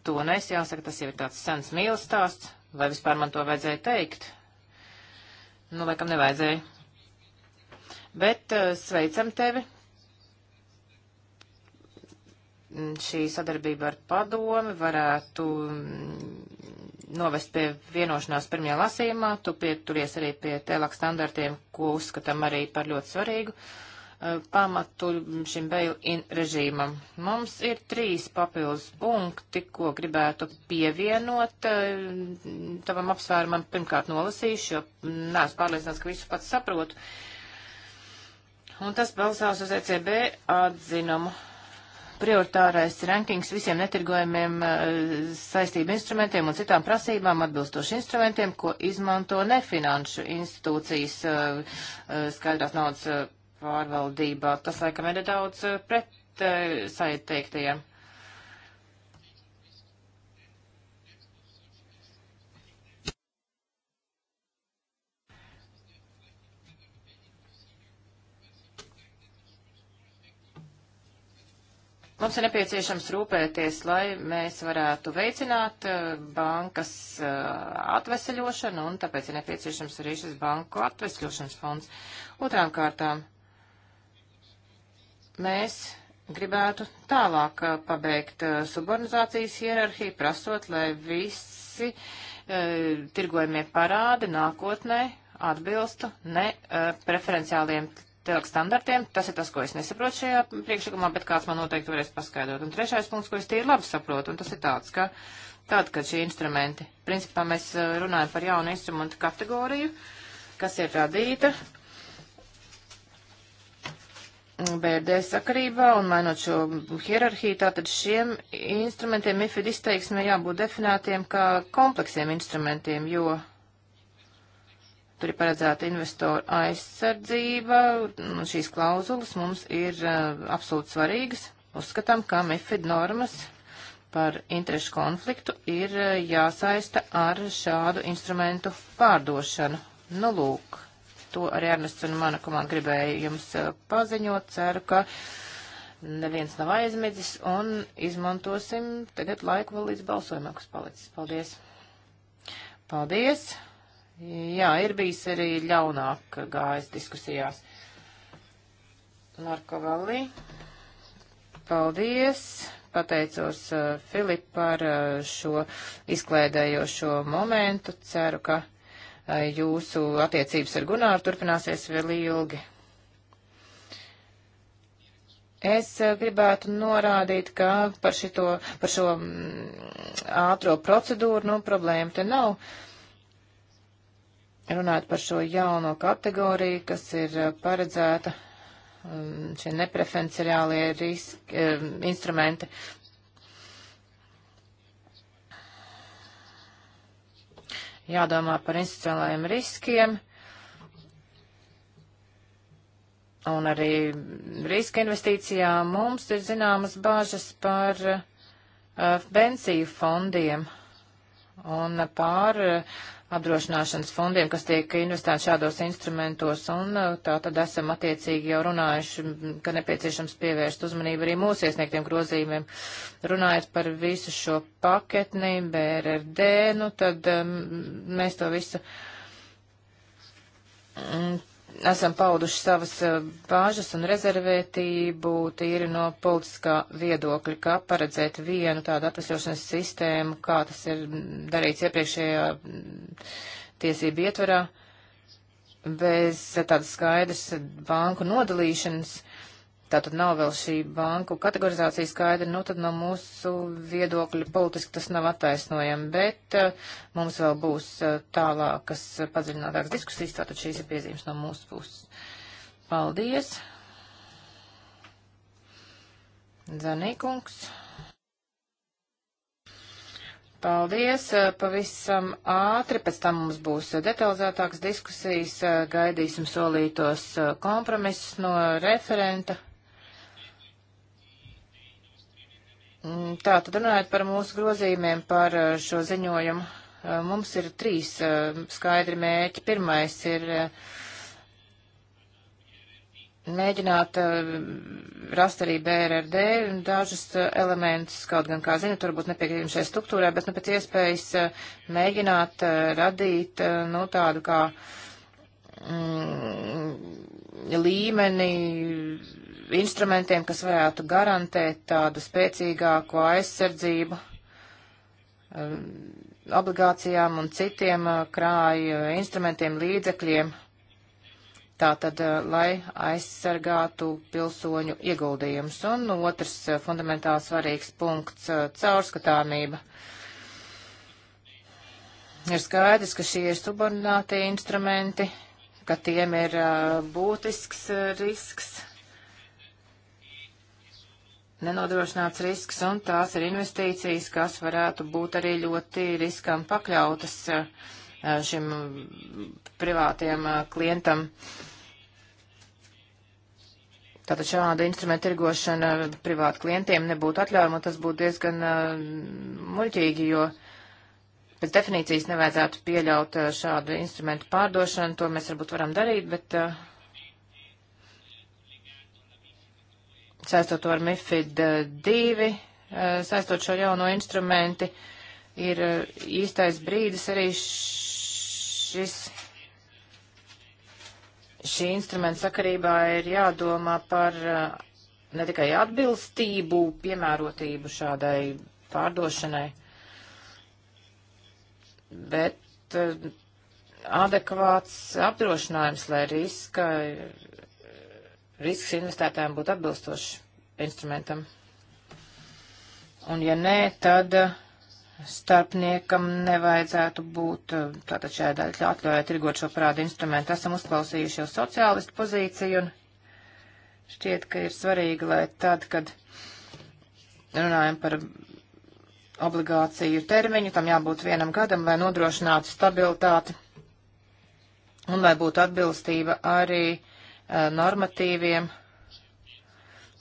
to. Nu, es jāsaka, tas jau ir tāds sens mīlestāsts, vai vispār man to vajadzēja teikt. Nu, laikam nevajadzēja. Bet uh, sveicam tevi. Mm, šī sadarbība ar padomi varētu mm, novest pie vienošanās pirmajā lasījumā. Tu pieturies arī pie telak standartiem, ko uzskatām arī par ļoti svarīgu. Uh, Uh, pamatu šim beju in režīmam. Mums ir trīs papildus punkti, ko gribētu pievienot uh, tavam apsvērumam. Pirmkārt nolasīšu, jo neesmu pārliecināts, ka visu pats saprotu. Un tas balsās uz ECB atzinumu prioritārais rankings visiem netirgojumiem uh, saistību instrumentiem un citām prasībām atbilstoši instrumentiem, ko izmanto nefinanšu institūcijas skaidrās naudas pārvaldībā. Tas, laikam, ir nedaudz eh, pret saiteiktajiem. Mums ir nepieciešams rūpēties, lai mēs varētu veicināt eh, bankas eh, atveseļošanu, un tāpēc ir nepieciešams arī šis banku atveseļošanas fonds. Otrām kārtām mēs gribētu tālāk uh, pabeigt uh, subordinācijas hierarhiju, prasot, lai visi e, uh, tirgojumie parādi nākotnē atbilstu ne e, preferenciāliem telek standartiem. Tas ir tas, ko es nesaprotu šajā priekšlikumā, bet kāds man noteikti varēs paskaidrot. Un trešais punkts, ko es tīri labi saprotu, un tas ir tāds, ka tad, kad šie instrumenti, principā mēs runājam par jaunu instrumentu kategoriju, kas ir radīta BRD sakarībā un mainot šo hierarhiju, tātad šiem instrumentiem MIFID izteiksmē jābūt definētiem kā kompleksiem instrumentiem, jo tur ir paredzēta investoru aizsardzība, un nu, šīs klauzulas mums ir uh, absolūti svarīgas. Uzskatām, ka MIFID normas par interešu konfliktu ir uh, jāsaista ar šādu instrumentu pārdošanu. Nu, lūk to arī Ernests un mana komanda gribēja jums eh, paziņot. Ceru, ka neviens nav aizmidzis un izmantosim tagad laiku vēl līdz balsojumam, kas palicis. Paldies! Paldies! Jā, ir bijis arī ļaunāk gājis diskusijās. Marko Valī, paldies! Pateicos uh, Filip par uh, šo izklēdējošo momentu. Ceru, ka jūsu attiecības ar Gunāru turpināsies vēl ilgi. Es eh, gribētu norādīt, ka par, šito, par šo mm, ātro procedūru nu, problēma te nav. Runāt par šo jauno kategoriju, kas ir eh, paredzēta mm, šie nepreferenciālie riski, eh, instrumenti. jādomā par institucionālajiem riskiem un arī riska investīcijām. Mums ir zināmas bāžas par uh, pensiju fondiem un pār uh, eh, apdrošināšanas fondiem, kas tiek investēti šādos instrumentos, un uh, tā tad esam attiecīgi jau runājuši, ka nepieciešams pievērst uzmanību arī mūsu iesniegtiem grozījumiem. Runājot par visu šo paketni, BRD, nu tad um, mēs to visu. Um, esam pauduši savas eh, bāžas un rezervētību tīri no politiskā viedokļa, kā paredzēt vienu tādu apesļošanas sistēmu, kā tas ir darīts iepriekšējā mm, tiesību ietvarā, bez tādas skaidras banku nodalīšanas. Uh, Tātad nav vēl šī banku kategorizācija skaidra, nu tad no mūsu viedokļa politiski tas nav attaisnojami, bet uh, mums vēl būs uh, tālākas padziļinātākas diskusijas, tātad šīs ir piezīmes no mūsu puses. Paldies! Zanīkungs. Paldies, eh, pavisam ātri, pēc tam mums būs detalizētākas diskusijas, gaidīsim solītos kompromisus no referenta. Mm, tā, tad runājot par mūsu grozījumiem par uh, šo ziņojumu, uh, mums ir trīs uh, skaidri mērķi. Pirmais ir mēģināt rast arī BRRD dažus elementus, kaut gan, kā zinu, tur būtu nepiekrītumi šai struktūrai, bet, nu, pēc iespējas mēģināt radīt, nu, tādu kā mm, līmeni instrumentiem, kas varētu garantēt tādu spēcīgāku aizsardzību um, obligācijām un citiem uh, krāju instrumentiem, līdzekļiem, tātad, uh, lai aizsargātu pilsoņu ieguldījumus. Un otrs uh, fundamentāli svarīgs punkts - caurskatāmība. Ir skaidrs, ka šie ir subordinātie instrumenti, ka tiem ir būtisks risks nenodrošināts risks, un tās ir investīcijas, kas varētu būt arī ļoti riskam pakļautas uh, uh, šim uh, privātiem klientam. Tātad šāda instrumenta tirgošana privātu klientiem nebūtu atļaujama, tas būtu diezgan uh, muļķīgi, jo pēc definīcijas nevajadzētu pieļaut uh, šādu instrumentu pārdošanu, to mēs varbūt varam darīt, bet uh, saistot to ar MIFID 2, eh, eh, saistot šo jauno instrumenti, ir eh, īstais brīdis arī šis. Šī instrumenta sakarībā ir jādomā par ne tikai atbilstību, piemērotību šādai pārdošanai, bet adekvāts apdrošinājums, lai riska risks investētājiem būtu atbilstošs instrumentam. Un ja nē, tad eh, starpniekam nevajadzētu būt eh, tātad šajā daļā atļaujā tirgot šo parādu instrumentu. Esam uzklausījuši jau sociālistu pozīciju un šķiet, ka ir svarīgi, lai tad, kad runājam par obligāciju termiņu, tam jābūt vienam gadam, lai nodrošinātu stabilitāti un lai būtu atbilstība arī uh, Eh, normatīviem,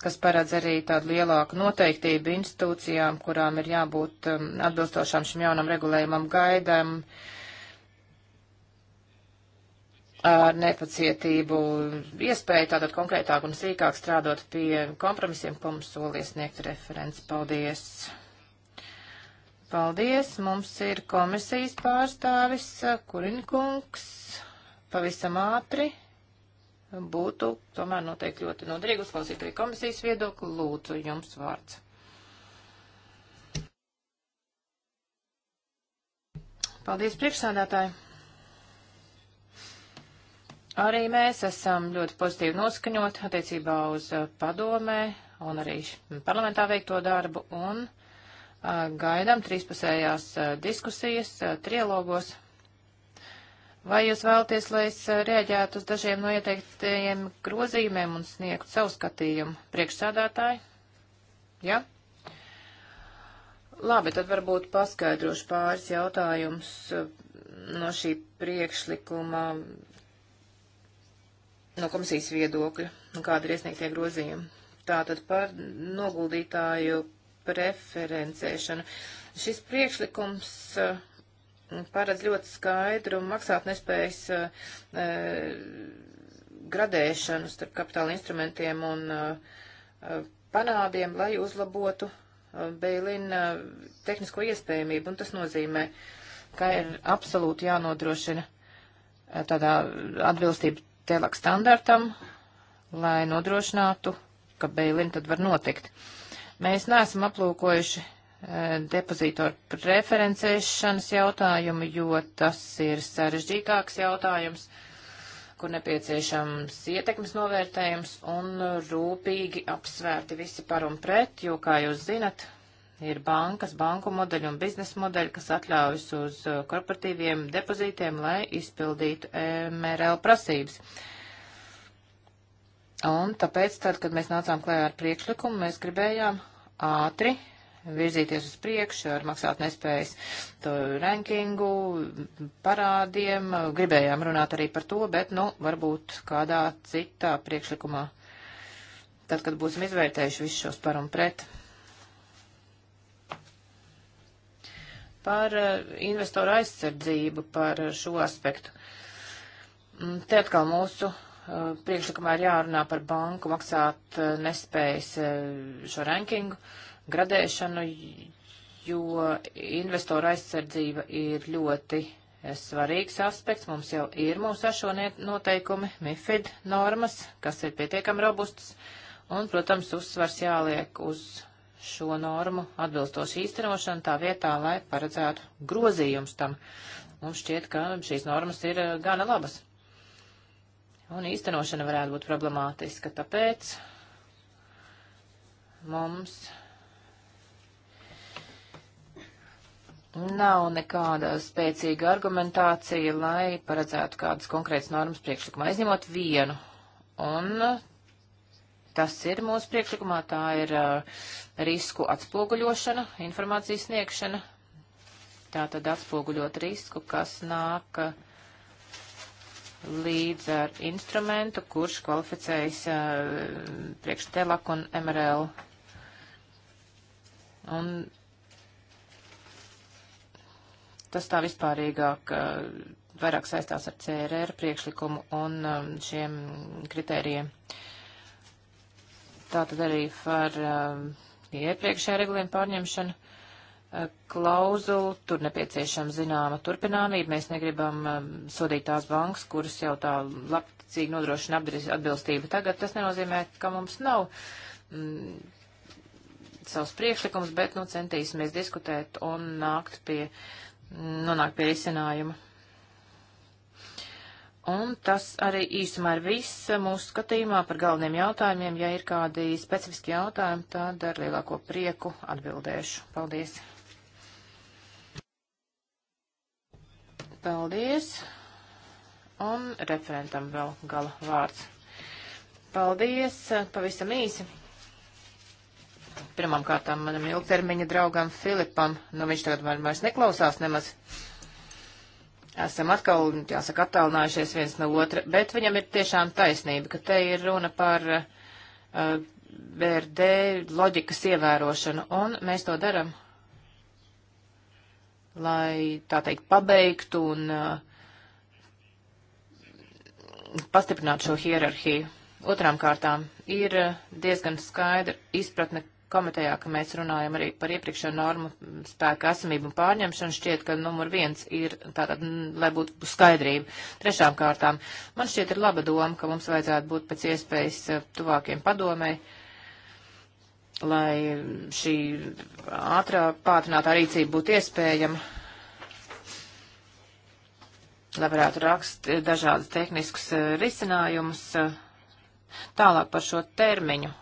kas paredz arī tādu lielāku noteiktību institūcijām, kurām ir jābūt eh, atbilstošām šim jaunam regulējumam gaidām ar nepacietību iespēju tātad konkrētāk un sīkāk strādot pie kompromisiem, ko mums solīja sniegt referents. Paldies! Paldies! Mums ir komisijas pārstāvis eh, Kurinkungs. Pavisam ātri būtu tomēr noteikti ļoti noderīgi uzklausīt arī komisijas viedokli. Lūdzu, jums vārds. Paldies, priekšsādātāji! Arī mēs esam ļoti pozitīvi noskaņot attiecībā uz uh, padomē un arī parlamentā veikto darbu un uh, gaidām trīspusējās uh, diskusijas trilogos Vai jūs vēlaties, lai es eh, reaģētu uz dažiem no ieteiktajiem grozījumiem un sniegtu savu skatījumu priekšsādātāji? Ja? Labi, tad varbūt paskaidrošu pāris jautājumus eh, no šī priekšlikuma, no komisijas viedokļa, un kāda ir iesniegtie grozījumi. Tātad par noguldītāju preferencēšanu. Šis priekšlikums uh, paredz ļoti skaidru maksātnespējas e, gradēšanu starp kapitāla instrumentiem un e, panādiem, lai uzlabotu eh, Beilina tehnisko iespējamību, un tas nozīmē, ka ir absolūti jānodrošina tādā atbilstība telak standartam, lai nodrošinātu, ka Beilina tad var notikt. Mēs neesam aplūkojuši depozītoru preferencēšanas jautājumu, jo tas ir sarežģītāks jautājums, kur nepieciešams ietekmes novērtējums un rūpīgi apsvērti visi par un pret, jo, kā jūs zinat, ir bankas, banku modeļi un biznesa modeļi, kas atļaujas uz uh, korporatīviem depozītiem, lai izpildītu MRL prasības. Un tāpēc, tad, kad mēs nācām klējā ar priekšlikumu, mēs gribējām ātri virzīties uz priekšu ar maksātnespējas rankingu, parādiem. Gribējām runāt arī par to, bet, nu, varbūt kādā citā priekšlikumā. Tad, kad būsim izvērtējuši visus šos par un pret. Par eh, investoru aizsardzību, par eh, šo aspektu. Mm, te atkal mūsu eh, priekšlikumā ir jārunā par banku maksāt nespējas šo rankingu. Uh, gradēšanu, jo investoru aizsardzība ir ļoti svarīgs aspekts. Mums jau ir mūsu ašo noteikumi, MIFID normas, kas ir pietiekami robustas, un, protams, uzsvars jāliek uz šo normu atbilstoši īstenošanu tā vietā, lai paredzētu grozījums tam. Mums šķiet, ka šīs normas ir eh, gana labas. Un īstenošana varētu būt problemātiska, tāpēc mums nav nekāda spēcīga argumentācija, lai paredzētu kādas konkrētas normas priekšlikumā, izņemot vienu. Un tas ir mūsu priekšlikumā, tā ir uh, risku atspoguļošana, informācijas sniegšana. Tā tad atspoguļot risku, kas nāk uh, līdz ar instrumentu, kurš kvalificējas uh, priekš telak un MRL. Un tas tā vispārīgāk eh, vairāk saistās ar CRR priekšlikumu un um, šiem kritērijiem. Tā tad arī par um, iepriekšējā regulējuma pārņemšanu eh, klauzulu, tur nepieciešama zināma turpināmība. Mēs negribam um, sodīt tās bankas, kuras jau tā labticīgi nodrošina atbilstību tagad. Tas nenozīmē, ka mums nav mm, savs priekšlikums, bet nu centīsimies diskutēt un nākt pie nonākt pie risinājuma. Un tas arī īsumā ir viss mūsu skatījumā par galveniem jautājumiem. Ja ir kādi specifiski jautājumi, tad ar lielāko prieku atbildēšu. Paldies! Paldies! Un referentam vēl gala vārds. Paldies! Pavisam īsi! pirmām kārtām manam ilgtermiņa draugam Filipam, nu viņš tagad man vairs neklausās nemaz. Esam atkal, jāsaka, attālinājušies viens no otra, bet viņam ir tiešām taisnība, ka te ir runa par uh, eh, BRD loģikas ievērošanu, un mēs to daram, lai tā teikt pabeigtu un uh, pastiprinātu šo hierarhiju. Otrām kārtām ir eh, diezgan skaidra izpratne, komitejā, ka mēs runājam arī par iepriekšējo normu spēku esamību un pārņemšanu, šķiet, ka numur viens ir tātad, lai būtu skaidrība. Trešām kārtām, man šķiet ir laba doma, ka mums vajadzētu būt pēc iespējas eh, tuvākiem padomē, lai šī ātrā pātrinātā rīcība būtu iespējama lai varētu rakst dažādas tehniskas eh, risinājumus. Eh, tālāk par šo termiņu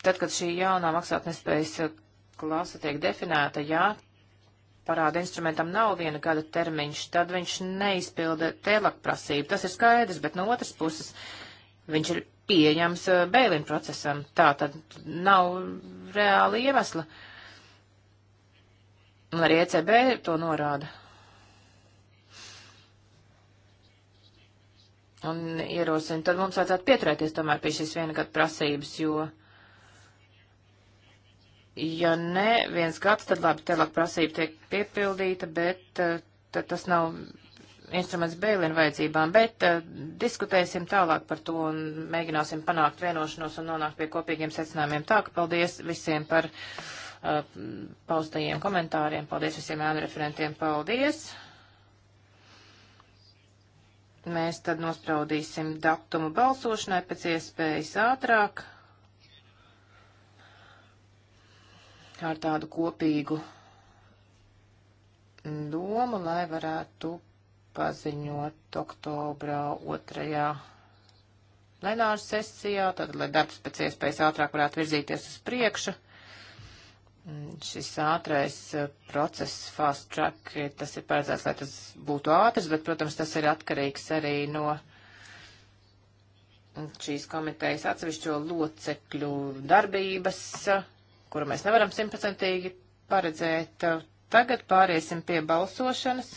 Tad, kad šī jaunā maksātnespējas uh, klasa tiek definēta, jā, parāda instrumentam nav viena gada termiņš, tad viņš neizpilda tēlāk prasību. Tas ir skaidrs, bet no otras puses viņš ir pieejams uh, bēlina procesam. Tā tad nav reāli iemesla. Un arī ECB to norāda. Un ierosina, tad mums vajadzētu pieturēties tomēr pie šīs viena gada prasības, jo Ja ne, viens gads, tad labi, telak prasība tiek piepildīta, bet eh, tad tas nav instruments bēlina vajadzībām, bet uh, diskutēsim tālāk par to un mēģināsim panākt vienošanos un nonākt pie kopīgiem secinājumiem. Tā ka paldies visiem par uh, paustajiem komentāriem, paldies visiem ēnu referentiem, paldies. Mēs tad nospraudīsim datumu balsošanai pēc iespējas ātrāk. ar tādu kopīgu domu, lai varētu paziņot oktobrā otrajā plenāru sesijā, tad, lai darbs pēc iespējas ātrāk varētu virzīties uz priekšu. Mm, šis ātrais eh, process, fast track, eh, tas ir paredzēts, lai tas būtu ātrs, bet, protams, tas ir atkarīgs arī no šīs komitejas atsevišķo locekļu darbības. Uh, kuru mēs nevaram simtprocentīgi paredzēt. Tagad pāriesim pie balsošanas.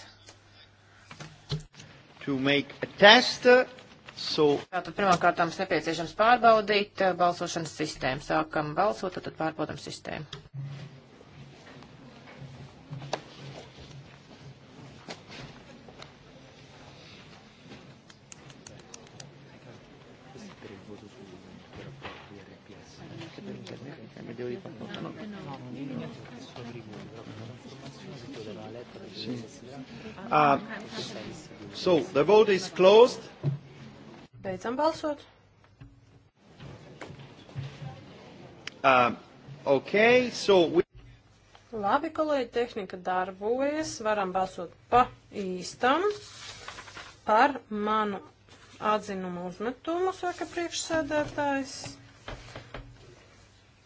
So... Tātad pirmkārt mums nepieciešams pārbaudīt eh, balsošanas sistēmu. Sākam balsot, tad pārbaudam sistēmu. teorico appunto no. Sì. Uh, so, the vote is closed. Beidzam balsot. Uh, okay, so we... Labi, kolēģi, tehnika darbojas. Varam balsot pa īstam par manu atzinumu uzmetumu, saka priekšsēdētājs.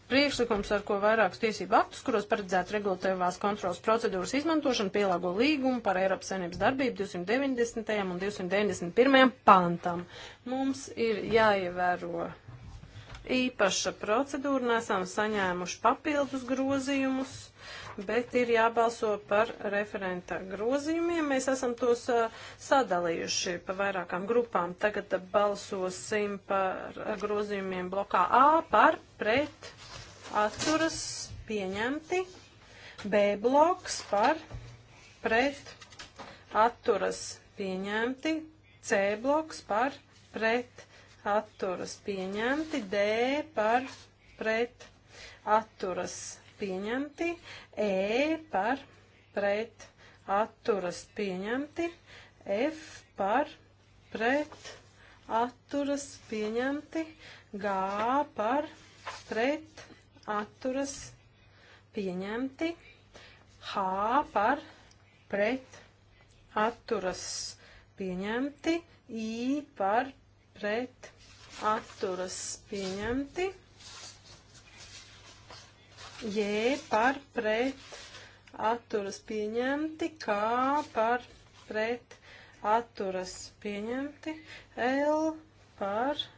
Priekšlikums, ar ko vairākus tiesību aktus, kuros paredzētu regulatīvās kontrolas procedūras izmantošanu, pielāgo līgumu par Eiropas Savienības darbību 290. un 291. pantam. Mums ir jāievēro īpaša procedūra, nesam saņēmuši papildus grozījumus, bet ir jābalso par referenta grozījumiem. Mēs esam tos sadalījuši pa vairākām grupām. Tagad balsosim par grozījumiem blokā A par pret atturas pieņemti. B bloks par pret atturas pieņemti. C bloks par pret atturas pieņemti. D par pret atturas pieņemti. E par pret atturas pieņemti. F par pret atturas pieņemti. G par pret atturas pieņemti atturas pieņemti. H par pret atturas pieņemti. I par pret atturas pieņemti. J par pret atturas pieņemti. K par pret atturas pieņemti. L par pret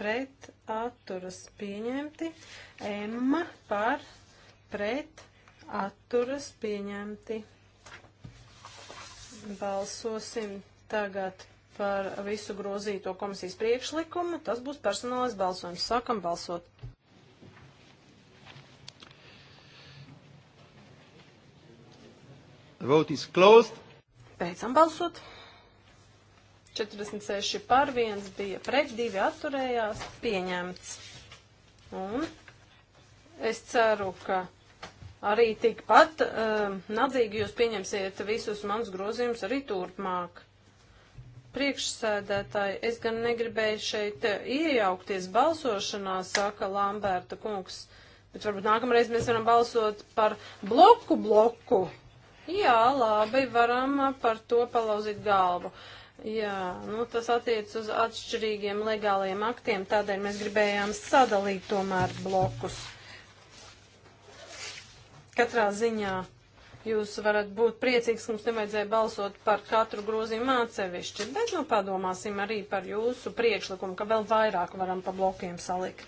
pret atturas pieņemti. M par pret atturas pieņemti. Balsosim tagad par visu grozīto komisijas priekšlikumu. Tas būs personālais balsojums. Sākam balsot. The vote is closed. Beidzam balsot. 46 par 1 bija pret, 2 atturējās, pieņemts. Un es ceru, ka arī tikpat um, nadzīgi jūs pieņemsiet visus manus grozījumus arī turpmāk. Priekšsēdētāji, es gan negribēju šeit uh, iejaukties balsošanā, saka Lamberta kungs, bet varbūt nākamreiz mēs varam balsot par bloku bloku. Jā, labi, varam uh, par to palauzīt galvu. Uh, Jā, nu tas attiec uz atšķirīgiem legāliem aktiem, tādēļ mēs gribējām sadalīt tomēr blokus. Katrā ziņā jūs varat būt priecīgs, ka mums nevajadzēja balsot par katru grozījumu atsevišķi, bet nu padomāsim arī par jūsu priekšlikumu, ka vēl vairāk varam pa blokiem salikt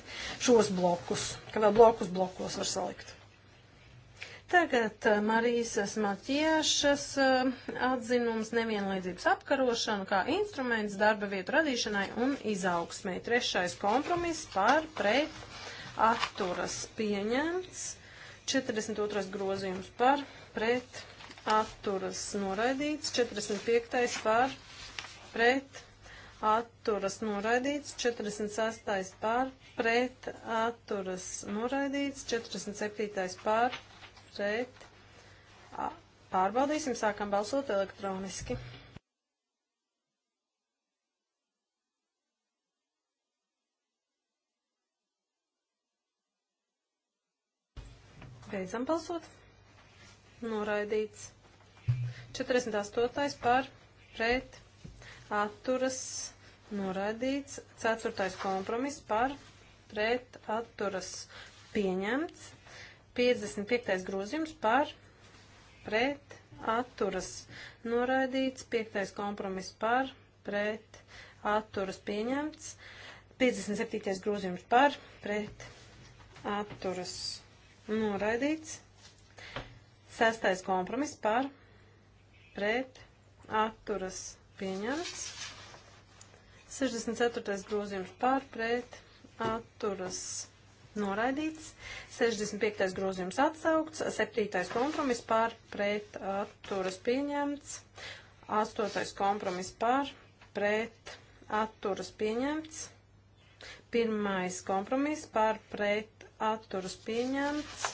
šos blokus, ka vēl blokus blokos var salikt. Tagad eh, Marijas Matiešas eh, atzinums nevienlīdzības apkarošana kā instruments darba vietu radīšanai un izaugsmē. Trešais kompromiss par pret atturas pieņemts. 42. grozījums par pret atturas noraidīts. 45. par pret atturas noraidīts, 46. pār, pret atturas noraidīts, 47. pār, pret. Pārbaudīsim, sākam balsot elektroniski. Beidzam balsot. Noraidīts. 48. par pret atturas noraidīts. 4. kompromiss par pret atturas pieņemts. 55. grozījums par pret atturas noraidīts, 5. kompromiss par pret atturas pieņemts, 57. grozījums par pret atturas noraidīts, 6. kompromiss par pret atturas pieņemts. 64. grozījums pārpret atturas noraidīts, 65. grozījums atsaukts, 7. kompromis pār pret atturas pieņemts, 8. kompromis pār pret atturas pieņemts, 1. kompromis pār pret atturas pieņemts,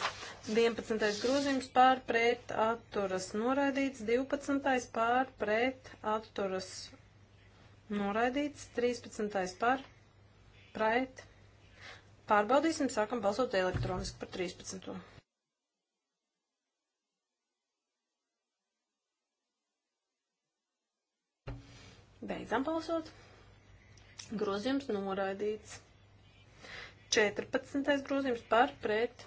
11. grozījums pār pret atturas noraidīts, 12. pār pret atturas noraidīts, 13. pār pret atturas Pārbaudīsim, sākam balsot elektroniski par 13. Beidzam balsot. Grozījums noraidīts. 14. grozījums par pret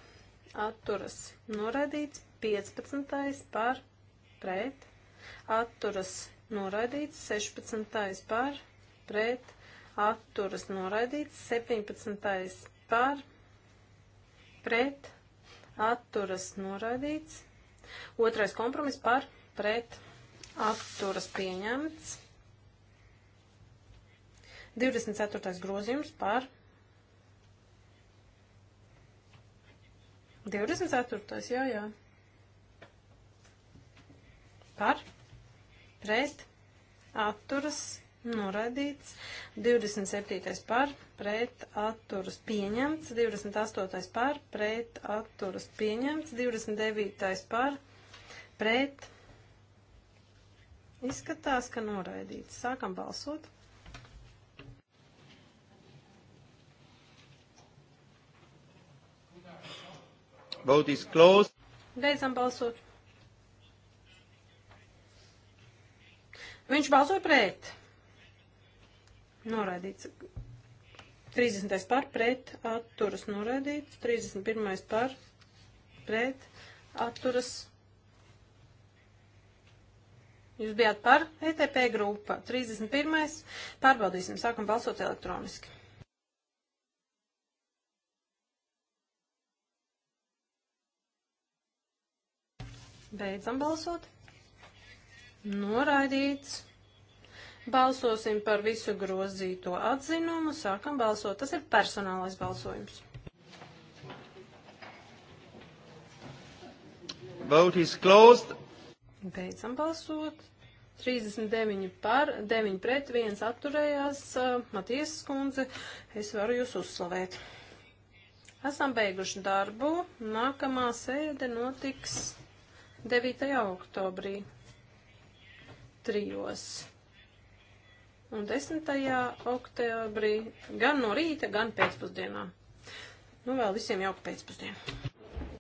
atturas noraidīts. 15. par pret atturas noraidīts. 16. par pret atturas noraidīts. 17 par pret atturas noraidīts. Otrais kompromis par pret atturas pieņemts. 24. grozījums par 24. jā, jā. Par pret atturas pieņemts noraidīts, 27. par pret atturas pieņemts, 28. par pret atturas pieņemts, 29. par pret izskatās, ka noraidīts. Sākam balsot. Vote is closed. Beidzam balsot. Viņš balsoja pret noraidīts. 30. par pret atturas noraidīts, 31. par pret atturas. Jūs bijāt par ETP grupa. 31. pārbaudīsim, sākam balsot elektroniski. Beidzam balsot. Noraidīts. Balsosim par visu grozīto atzinumu, sākam balsot. Tas ir personālais balsojums. Vote is closed. Beidzam balsot. 39 par, 9 pret, 1 atturējās. Uh, Matiesas kundze, es varu jūs uzslavēt. Esam beiguši darbu. Nākamā sēde notiks 9. oktobrī. Trijos un 10. oktobrī gan no rīta, gan pēcpusdienā. Nu, vēl visiem jauka pēcpusdiena.